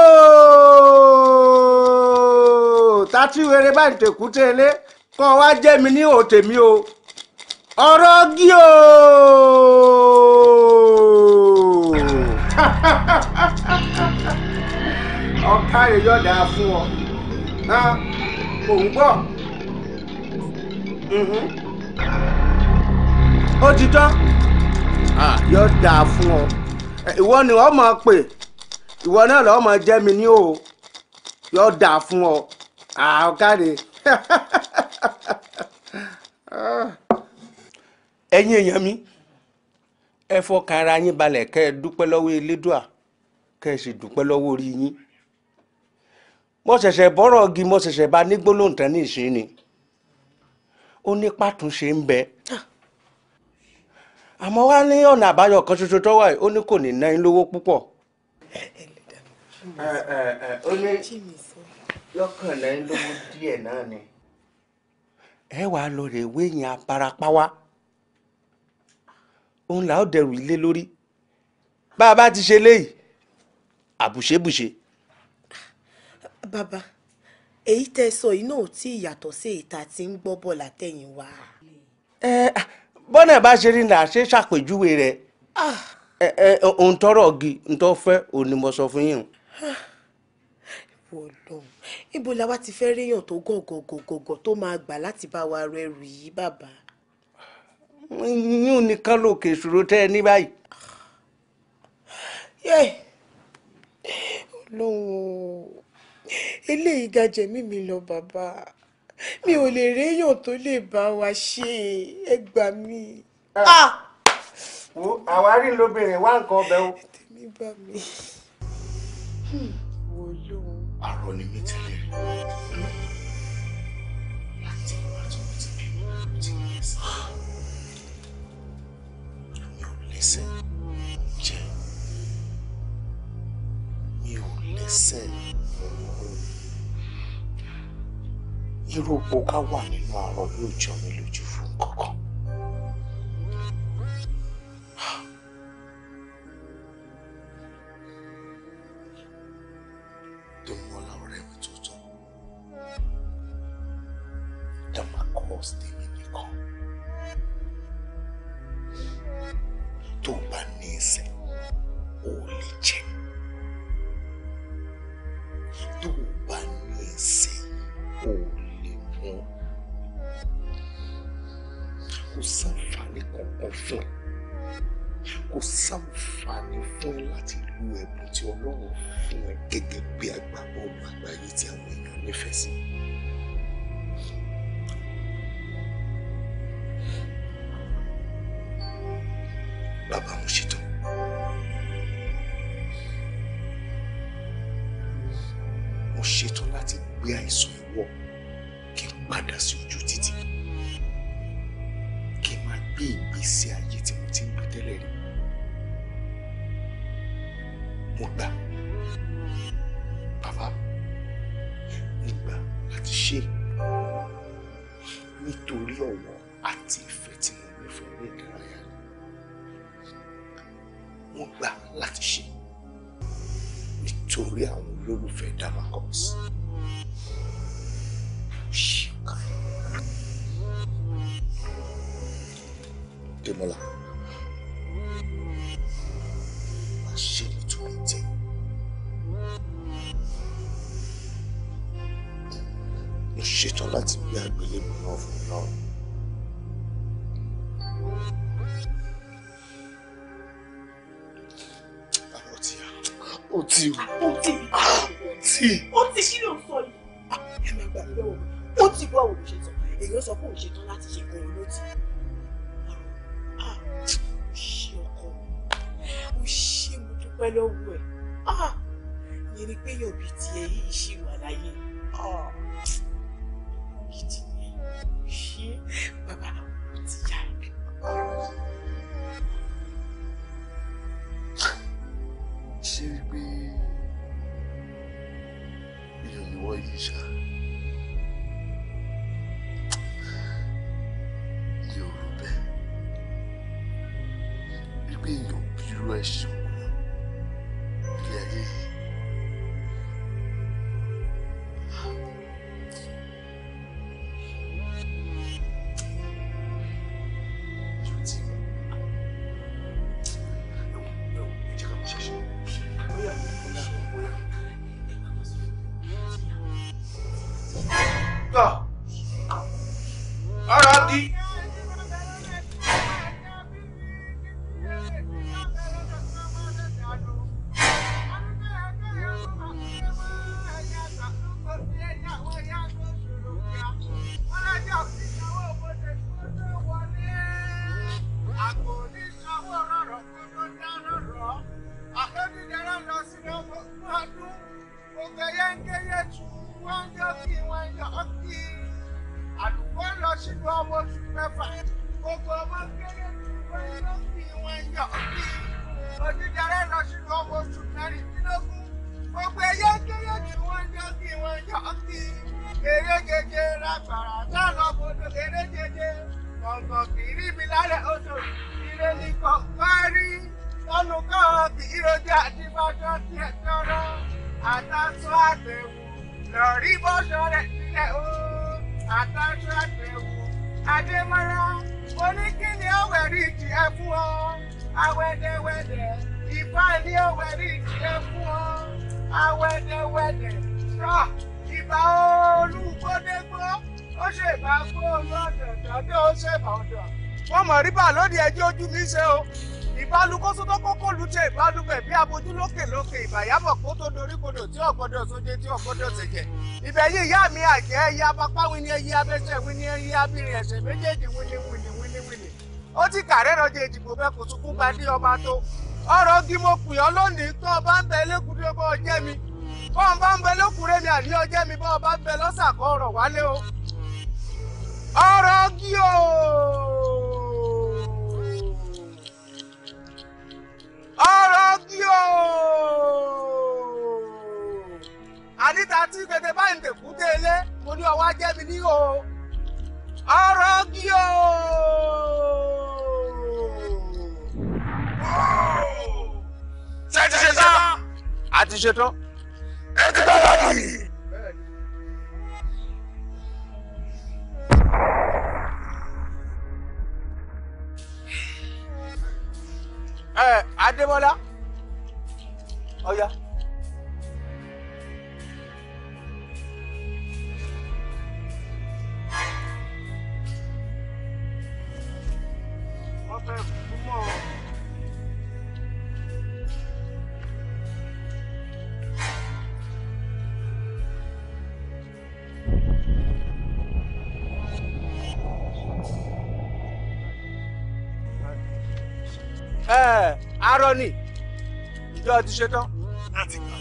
tàtúwèrè bá ń tèkú tẹ́lẹ̀ kọ́ wá jẹ́ mi ní òtèmi o ọ̀rọ̀ gí o. ọ̀ká rẹ̀ yọ̀ dáa fún ọ kò ń bọ̀ mhm. ó ti tán yọ̀ dáa fún ọ ìwọ ni wọ́n máa pè ìwọ náà lọ́ọ́ máa jẹ́ mi ní o yọ̀ dáa fún ọ ọ̀ká rẹ̀. Ah. ẹ̀yin èèyàn mi ẹ fọkàn ara yín balẹ̀ kẹ́ ẹ dúpẹ́ lọ́wọ́ elédùà kẹ́ ẹ sì dúpẹ́ lọ́wọ́ orí yín mo ṣẹ̀ṣẹ̀ bọ́rọ̀ mo ṣẹ̀ṣẹ̀ bá ní ní ni ó ní pàtúnṣe ń bẹ àmọ́ wá ní ọ̀nà àbáyọ kan ṣoṣo tó wà òun là ó dẹrù ilé lórí bá a bá ti ṣe léyìí àbùṣebùṣe. bàbá èyí tẹ sọ yìí náà tí ìyàtọ̀ sí ìta tí ń gbọ́ bọ̀ látẹ̀yìn wá. bọ́nà bá ṣe rí là ṣe ṣàpèjúwe rẹ̀ ah. ohun tọrọ gi ń tọ́ fẹ́ òun ni mo sọ fún yín. Ah. Ọlọ́run ibo la ti fẹ́ ríyàn tó gọ̀gọ̀gọ̀gọ̀ tó máa gbà láti bá wa rẹrù yìí bàbá. yún nìkan lòkè ìṣòro tẹ́ ẹ ní báyìí. yẹ́ẹ̀ lóhùn eléyìí ga jẹ̀mí mi lọ bàbá mi ò lè réyàn tó lè bá wa ṣe ẹ gbà mí. Ah! àwárí lóbìnrin wá nǹkan ọbẹ̀ o. tèmi bá mi hmm. wò lóhùn. àrò ni mi hmm. ti lè rí lẹ́sẹ̀ jẹ mi ò lẹ́sẹ̀ irú opó ká wà nínú àárọ̀ yóò jọ mí lójú fún kankan. jẹ́ tó o bá ní ẹsẹ̀ o lè mú kò sáǹfààní kankan fún kò sáǹfààní fún ẹ láti lu ẹ̀bùn tí Ọlọ́run fún ẹ gẹ́gẹ́ bí agbábọ́ọ̀lù àgbáyé tí àwọn èèyàn nífẹ̀ẹ́ sí. ọ̀gọ́dọ̀ tẹ̀jẹ̀ ibẹ̀ yìí ìyá mi àjẹ́ ẹyẹ apapá wí ni ni ẹyẹ abirin méjèèjì wí ni wí ni ó ti ìdìbò bẹ́ẹ̀ kò ọba tó pè ọ́ lónìí tó ọba mi bọ́ ọba ń àníta tí gbèdé báyìí tẹ̀kú dé ilé mo ní ọwọ́ ajẹ́ mi ní o ọ̀rọ̀ kí o. ṣe ti ṣe tán. a bá bá yìí. ẹ Adébọ́lá ọya. Oh, yeah. fẹ́ kú mọ́. ẹ arọ ni ìjọ ti ṣetán. láti gbà.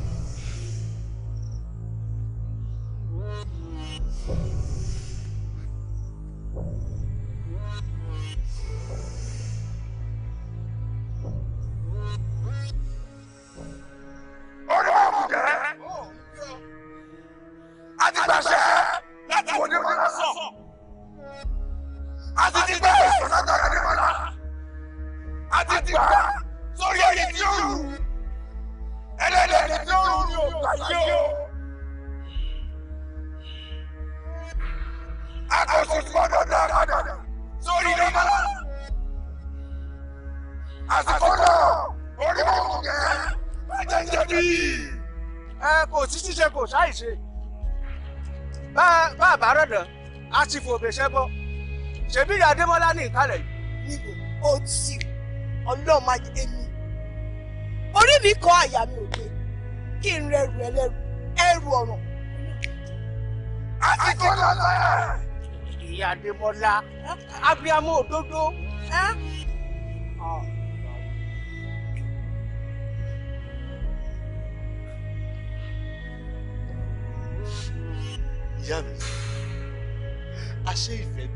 ti fòbè ṣẹ́bọ̀ ṣèbí ìyá adémọ́lá ní ìkàlẹ̀ yìí. mi ò ó ti ọlọ́run máa jẹ mí orí mi kọ àyà mi ò gbé kí n rẹrù ẹlẹ́rù ẹrù ọ̀ràn. àtìkọ́lá lọ́yà. ìyá adémọ́lá abiyamọ òdodo.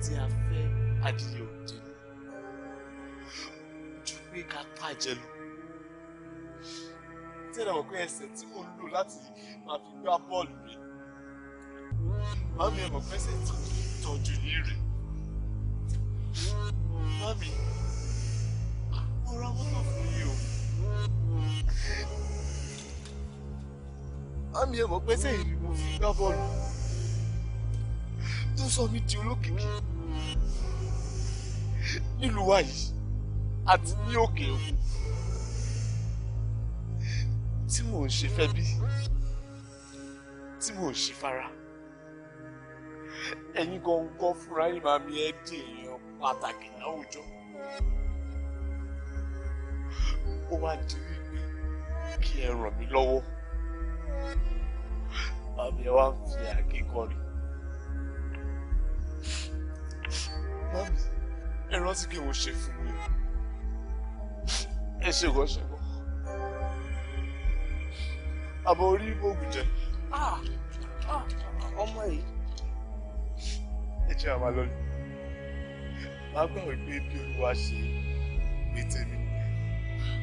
tí a fẹ́ adìyẹ òde ni ju pé ká pàjẹ lọ tí ẹ̀rọ ọ̀gbẹ́ ẹsẹ̀ tí mò lò láti máa fi gbá bọ́ọ̀lù rẹ̀ mami ẹ̀rọ ọ̀gbẹ́ ẹsẹ̀ tí tọ́jú yìí rẹ̀ mami mo ra mọ́tò fún yìí o mami ẹ̀rọ ọ̀gbẹ́ yìí ni mo fi gbá bọ́ọ̀lù tó sọ mí di olókìkí nílùú wa yìí àti ní òkè òkun tí mò ń ṣe fẹ́ bí tí mò ń ṣe fara ẹ̀yin gangan fúnra yìí máa mi ẹ́ di èèyàn pàtàkì láwùjọ ó wá di wípé kí ẹ ràn mí lọ́wọ́ àmì ẹ wá fi àgé kọrin mọ́mí ẹ rántí kí n ò ṣe fún mi ẹ ṣe kàn ṣe kàn àbọ̀ orí oògùn jẹ. Ah, ah, ọmọ yìí. ẹ jẹ́ àwa lọ́lẹ̀ máa gbà wípé bí olúwa ṣe wí tèmi.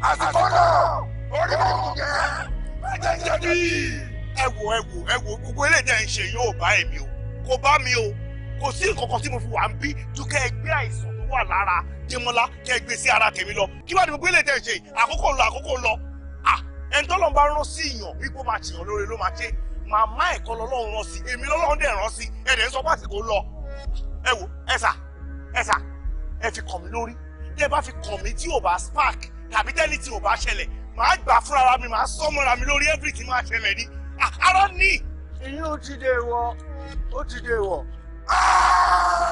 àsìkò náà orí oògùn jẹ ẹ̀jẹ̀ jẹ bí. ẹ wo ẹ gbogbo eléyìí ẹ̀ ń ṣe yóò bá èmi o kò bá mi o kò sí nǹkan kan tí mo fi wà ń bí dúkẹ́ ẹgbẹ́ àìsàn wà lára Démọ́lá kẹ́ gbé sí ara tèmi lọ kí wàá ní gbogbo ilé tẹ̀ ṣe àkókò lọ àkókò lọ à ah, ẹni tó lọ́n bá rán sí ìyàn wípé máa tìyàn lóore ló máa ṣe màmá ẹ̀kọ́ lọ́lọ́run rán sí èmi lọ́lọ́run dẹ̀ rán sí ẹ̀dẹ̀ ń sọ pàṣípò lọ ẹ wò ẹ sà ẹ sà ẹ fi kàn mí lórí tẹ bá fi kàn mí tí ò bá spark tàbí tẹ́lí tí ò bá ṣẹlẹ̀ màá gbà fúnra mi màá sọ mọ́ra mi lórí everything máa ṣẹlẹ̀ ni ah, ara ní. èyí ti dé wọ ó ti dé wọ. Ah!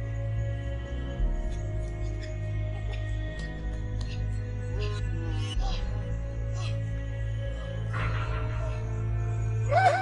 Yeah.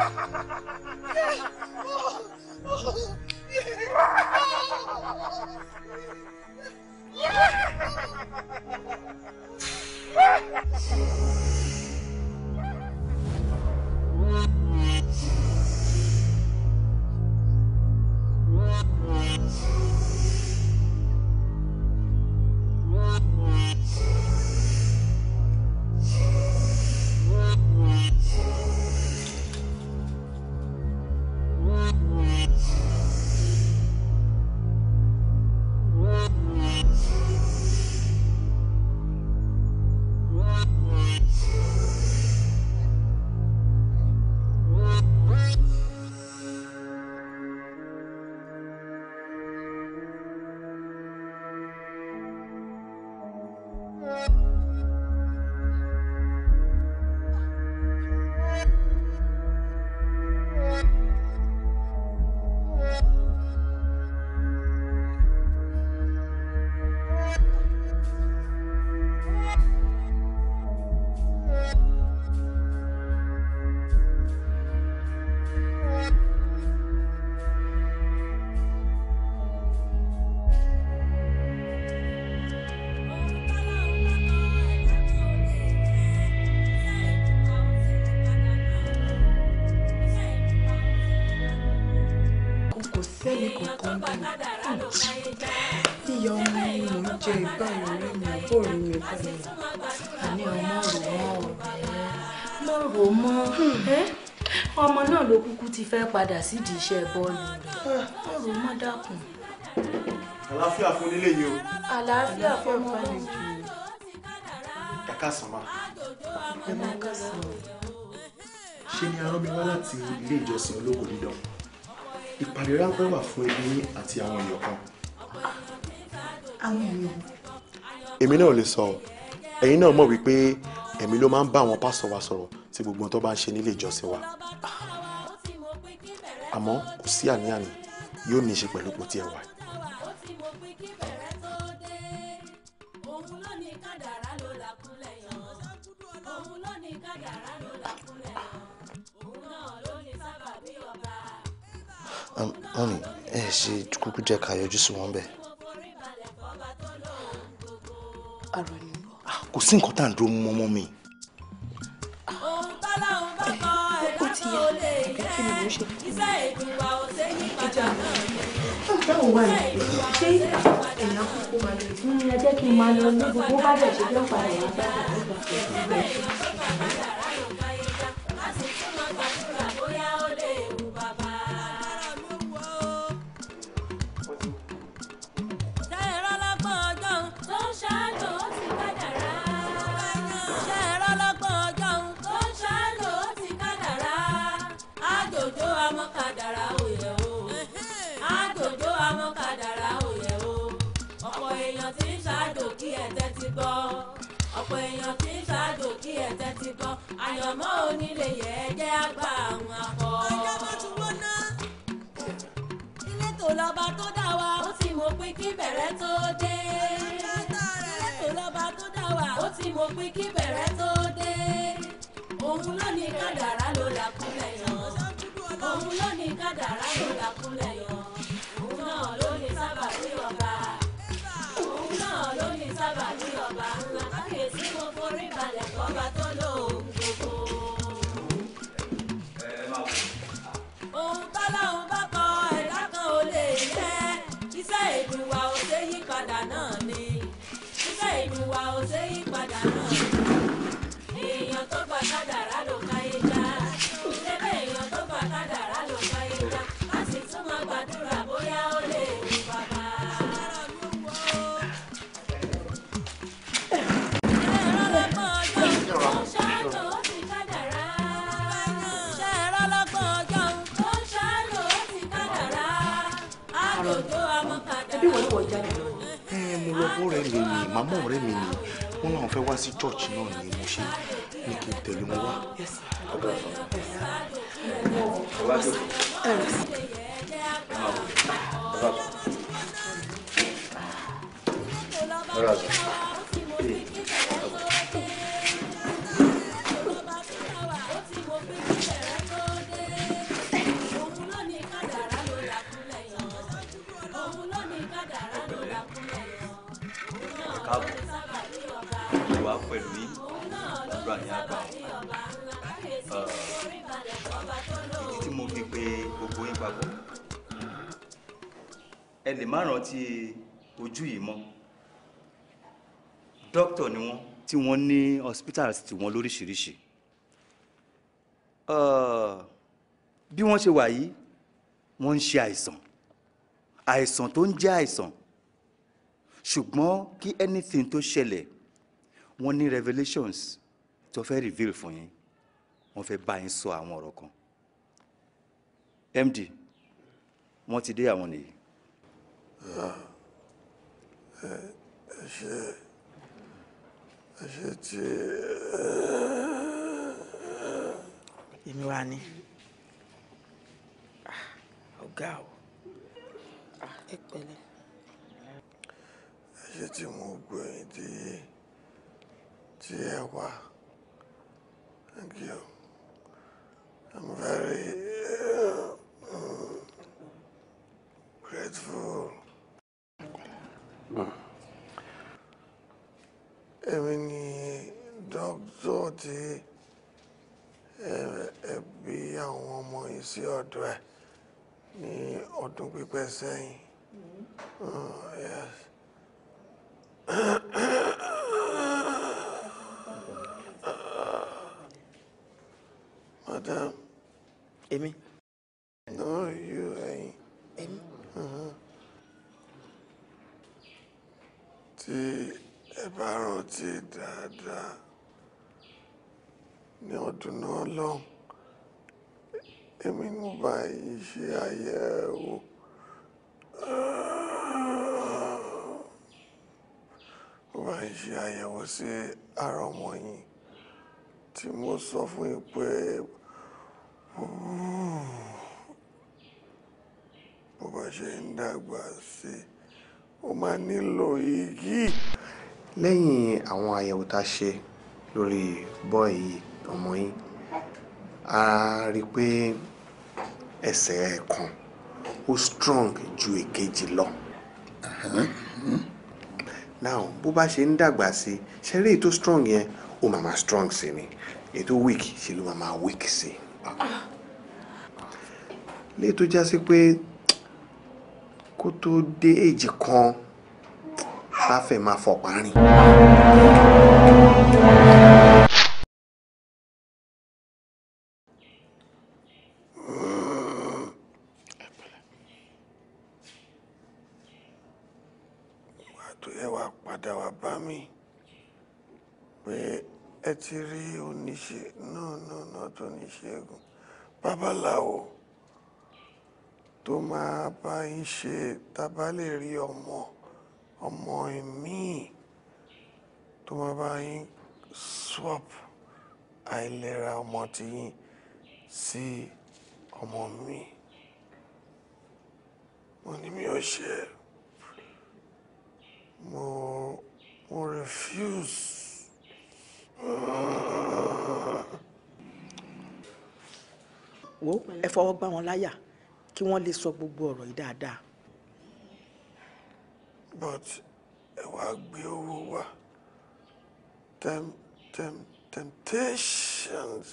fẹ́ padà sídìí iṣẹ́ bọ́ọ̀lù rẹ̀ ọ̀rọ̀ mọ́ dákun. àlàáfíà fún nílé yìí o. àlàáfíà fún ọmọ rẹ̀ jù. kàkà sàmà. kàkà sàmà. ṣe ni arán mi wá láti ilé ìjọsìn ológun dídán ìpàdé ráńpẹ́ wà fún ẹbí àti àwọn èèyàn kan. àwọn èèyàn. èmi náà lè sọ ẹ̀yin náà mọ̀ wípé ẹ̀mí ló máa ń bá àwọn pásọ̀ wa sọ̀rọ̀ tí gbogbo ohun tó bá ń ṣe nílé ìjọsìn wa àmọ́ kò sí àní-àní yóò ní í ṣe pẹ̀lú ipò tí ẹ wà. mọ́mí ẹ ṣe kúkú jẹ́ ká yọjú sí wọn bẹ́ẹ̀. Ah, kò sí nǹkan tá à ń dúró mọ́ mi. mò ń ṣe. báwo wà ní ṣé ẹ̀yà kúkú máa lè fún mi ẹ jẹ́ kí n màmá onílé yẹ jẹ́ àgbà àwọn akọ. ọjọ́ bá tún wọ́n ná. ilé tó lọ́ba tó dá wa ó ti mọ̀ pé kí bẹ̀rẹ̀ tó dé. ilé tó lọ́ba tó dá wa ó ti mọ̀ pé kí bẹ̀rẹ̀ tó dé. òun ló ní kádàrá ló là kúnlẹ̀ òun ló ní kádàrá ló là kúnlẹ̀ màmá ọ̀rẹ́ mi nìyí wọ́n náà fẹ́ wá sí church náà ni mo ṣe ní kí n tẹ̀lé wọn wá. Gracias. ẹ lè má rántí ojú yìí mọ́ dókítà ni wọ́n tí wọ́n ní hospitals tí wọ́n lóríṣiríṣi bí wọ́n ṣe wà yìí wọ́n ń ṣe àìsàn àìsàn tó ń jẹ́ àìsàn ṣùgbọ́n kí anything tó ṣẹlẹ̀ wọ́n ní revelations tó fẹ́ reveal fún yín wọ́n fẹ́ bá yín sọ àwọn ọ̀rọ̀ kan md wọ́n ti dé àwọn nìyí ẹ ṣe ẹ ṣe tí. èmi wá ní ah, ọ̀gá o ah, ẹ pẹ̀lẹ́. ẹ ṣe tí mo gbẹ̀yìn tí tí ẹ wá thank you i'm very uh, grateful èmi ni dókítà tí ẹ bí àwọn ọmọ yìí sí ọ̀dọ̀ ẹ̀ ní ọdún pípẹ́ sẹ́yìn. Mm, Madam. Èmi. No, you. tí ẹ bá rántí dáadáa ní ọdún náà lọ́hùn èmi ni mo bá yìí ṣe àyẹ̀wò mo bá yìí ṣe àyẹ̀wò sí ara ọmọ yìí tí mo sọ fún yín pé bó bá ṣe ń dàgbà sí i ó máa nílò igi. lẹ́yìn àwọn àyẹ̀wò tá a ṣe lórí bọ́ọ̀ yìí ọmọ yín a rí i pé ẹsẹ̀ kan ó strong ju èkejì lọ. now bó bá ṣe ń dàgbà sí ṣe eré ètò strong yẹn ó máa máa strong sí ni ètò weak ṣe ló máa máa weak sí. Ah. lè tó já sí pé kó tó dé èjì kan tá a fẹ́ máa fọ̀pá máa bá yín ṣe tá a bá lè rí ọmọ ọmọ míì tó máa bá yín swap àìlera ọmọ tiyín sí ọmọ mi mo ní mi ò ṣe mo mo refuse. wo ẹ fọwọ́ gbá wọn láyà kí wọ́n lè sọ gbogbo ọ̀rọ̀ yìí dáadáa. but ẹ wá gbé owó wá tem tem temptations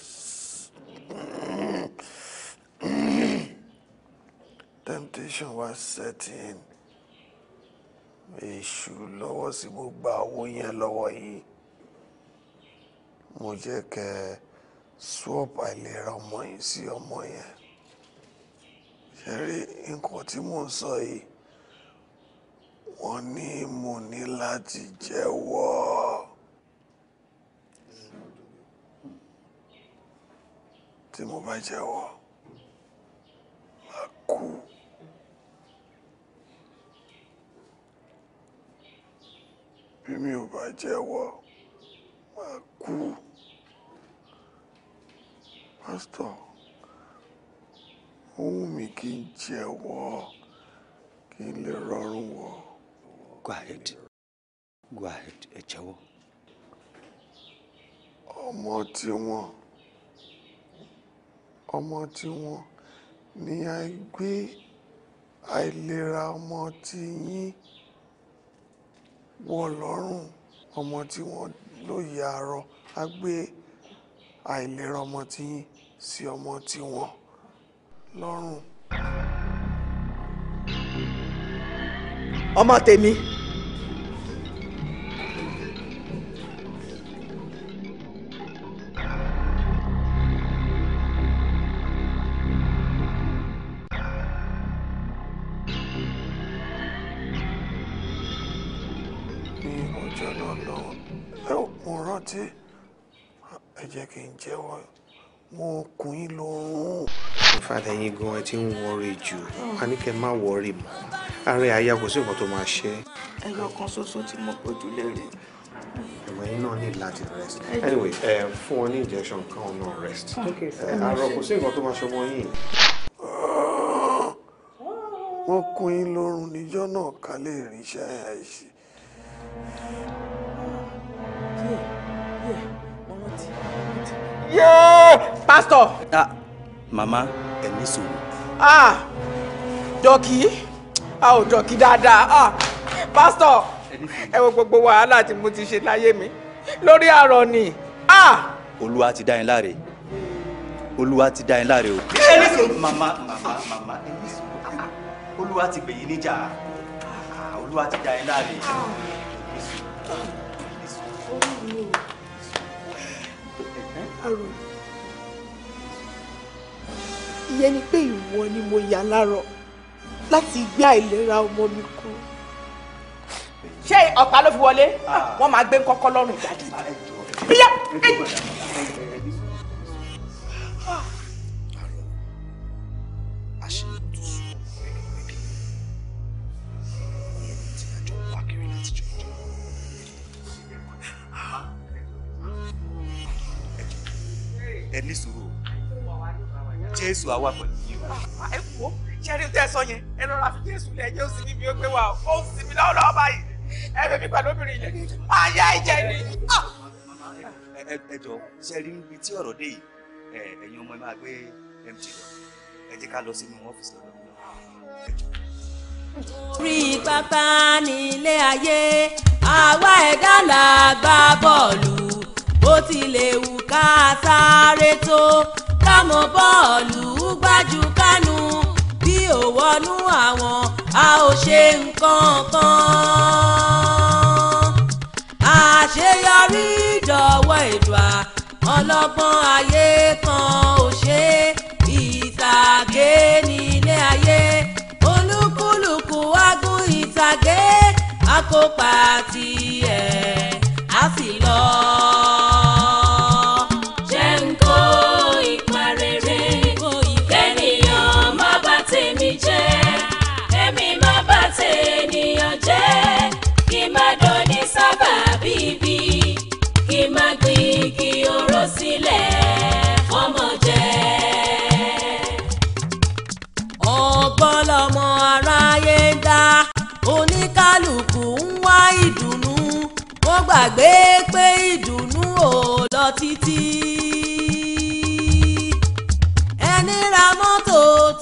temptation was setting èṣù lọ́wọ́ sí mo gba owó yẹn lọ́wọ́ yìí mo jẹ́ kẹ́ swap àìlera ọmọ yìí sí ọmọ yẹn ṣẹ́rí nǹkan tí mò ń sọ yìí wọ́n ní mo ní láti jẹ́wọ́. tí mo bá jẹ́wọ́ máa kú. bí mi ò bá jẹ́wọ́ máa kú. pásítọ̀ ó wù mí kí n jẹ wọ́ kí n lè rọrùn wọ̀. go ahead ẹ jẹ́wọ́. ọmọ tiwọn ọmọ tiwọn ni a gbé àìlera ọmọ tí yín wọ lọ́rùn ọmọ tí wọ́n lóye àárọ̀ á gbé àìlera ọmọ tí yín sí ọmọ tí wọ́n lọ́rùn. ọmọ tèmi. rántí ẹ jẹ́ kí jẹ́wọ́ mo kùn yín lọ́rùn fàtà yín gan ẹ ti ń wọrí jù a ní kẹ́ má wọrí mọ́ ààrẹ àyà kò sí nǹkan tó máa ṣe. ẹyọ kan ṣoṣo tí mo gbójú lérè. ìmọ̀ yín náà ní láti rest anyway fún wọn ní injection kan wọn náà rest ààrọ ah, kò sí nǹkan tó máa ṣọmọ yín. wọ́n kún yín lọ́rùn níjọ́ náà ká lè ríṣẹ́ àìsí. Yeah! Pastor! Ah, mama ẹ ní sùúrù. Ah, dọ́kì a ò dọ́kì dáadáa ah, pásítọ̀ ẹ wo gbogbo wàhálà tí mo ti ṣe láyé mi lórí àrọ̀ ni. Ah! olúwa ti dá yín láre olúwa ti dá yín láre o. màmá màmá màmá ẹ ní sùúrù olúwa ti gbè níjà olúwa ti dá yín láre. ẹ ìyẹn ni pé ìwọ ni mo yà lárọ láti gbé àìlera ọmọ mi kú. ṣé ọ̀pá ló fi wọlé wọ́n máa gbé kọ́kọ́ lọ́rùn ìdájí. ẹ ní sùúrù jésù àwa pẹ̀lú ẹ wo ṣẹ́ni tẹ́ sọ yẹn ẹ lọ́ra fi jésù lẹ̀ ẹjọ́ sí níbi ó gbé wa ó ń sinmi lọ́wọ́ lọ́wọ́ báyìí ẹ fẹ́ mi pẹ̀lú obìnrin ilé ayé ìjẹ́ ni. Ah! ẹ jọ ṣẹ́ni níbi tí ọ̀rọ̀ dé yìí ẹ̀yin ọmọ ẹ máa gbé mt lọ ẹ jẹ́ ká lọ sínú ọ́fíìsì lọ́dọ̀ mi orí pápá nílé ayé àwa ẹ̀dá là gbá bọ́ọ̀lù bó tilẹ̀ wù ká sáré tó ọmọ bọ́ọ̀lù gbájú kánú bí ò wọnú àwọn a ò ṣe nǹkan kan. àṣeyọrí dọ̀wọ́ èdùà ọlọ́gbọ́n ayé kan ò ṣe ìtàgé nílé ayé olúkúlùkù wágún ìtàgé akópa tiẹ̀ á sì lọ. gbàgbé pé ìdùnnú ò lọ títí ẹni ra mọ́tò.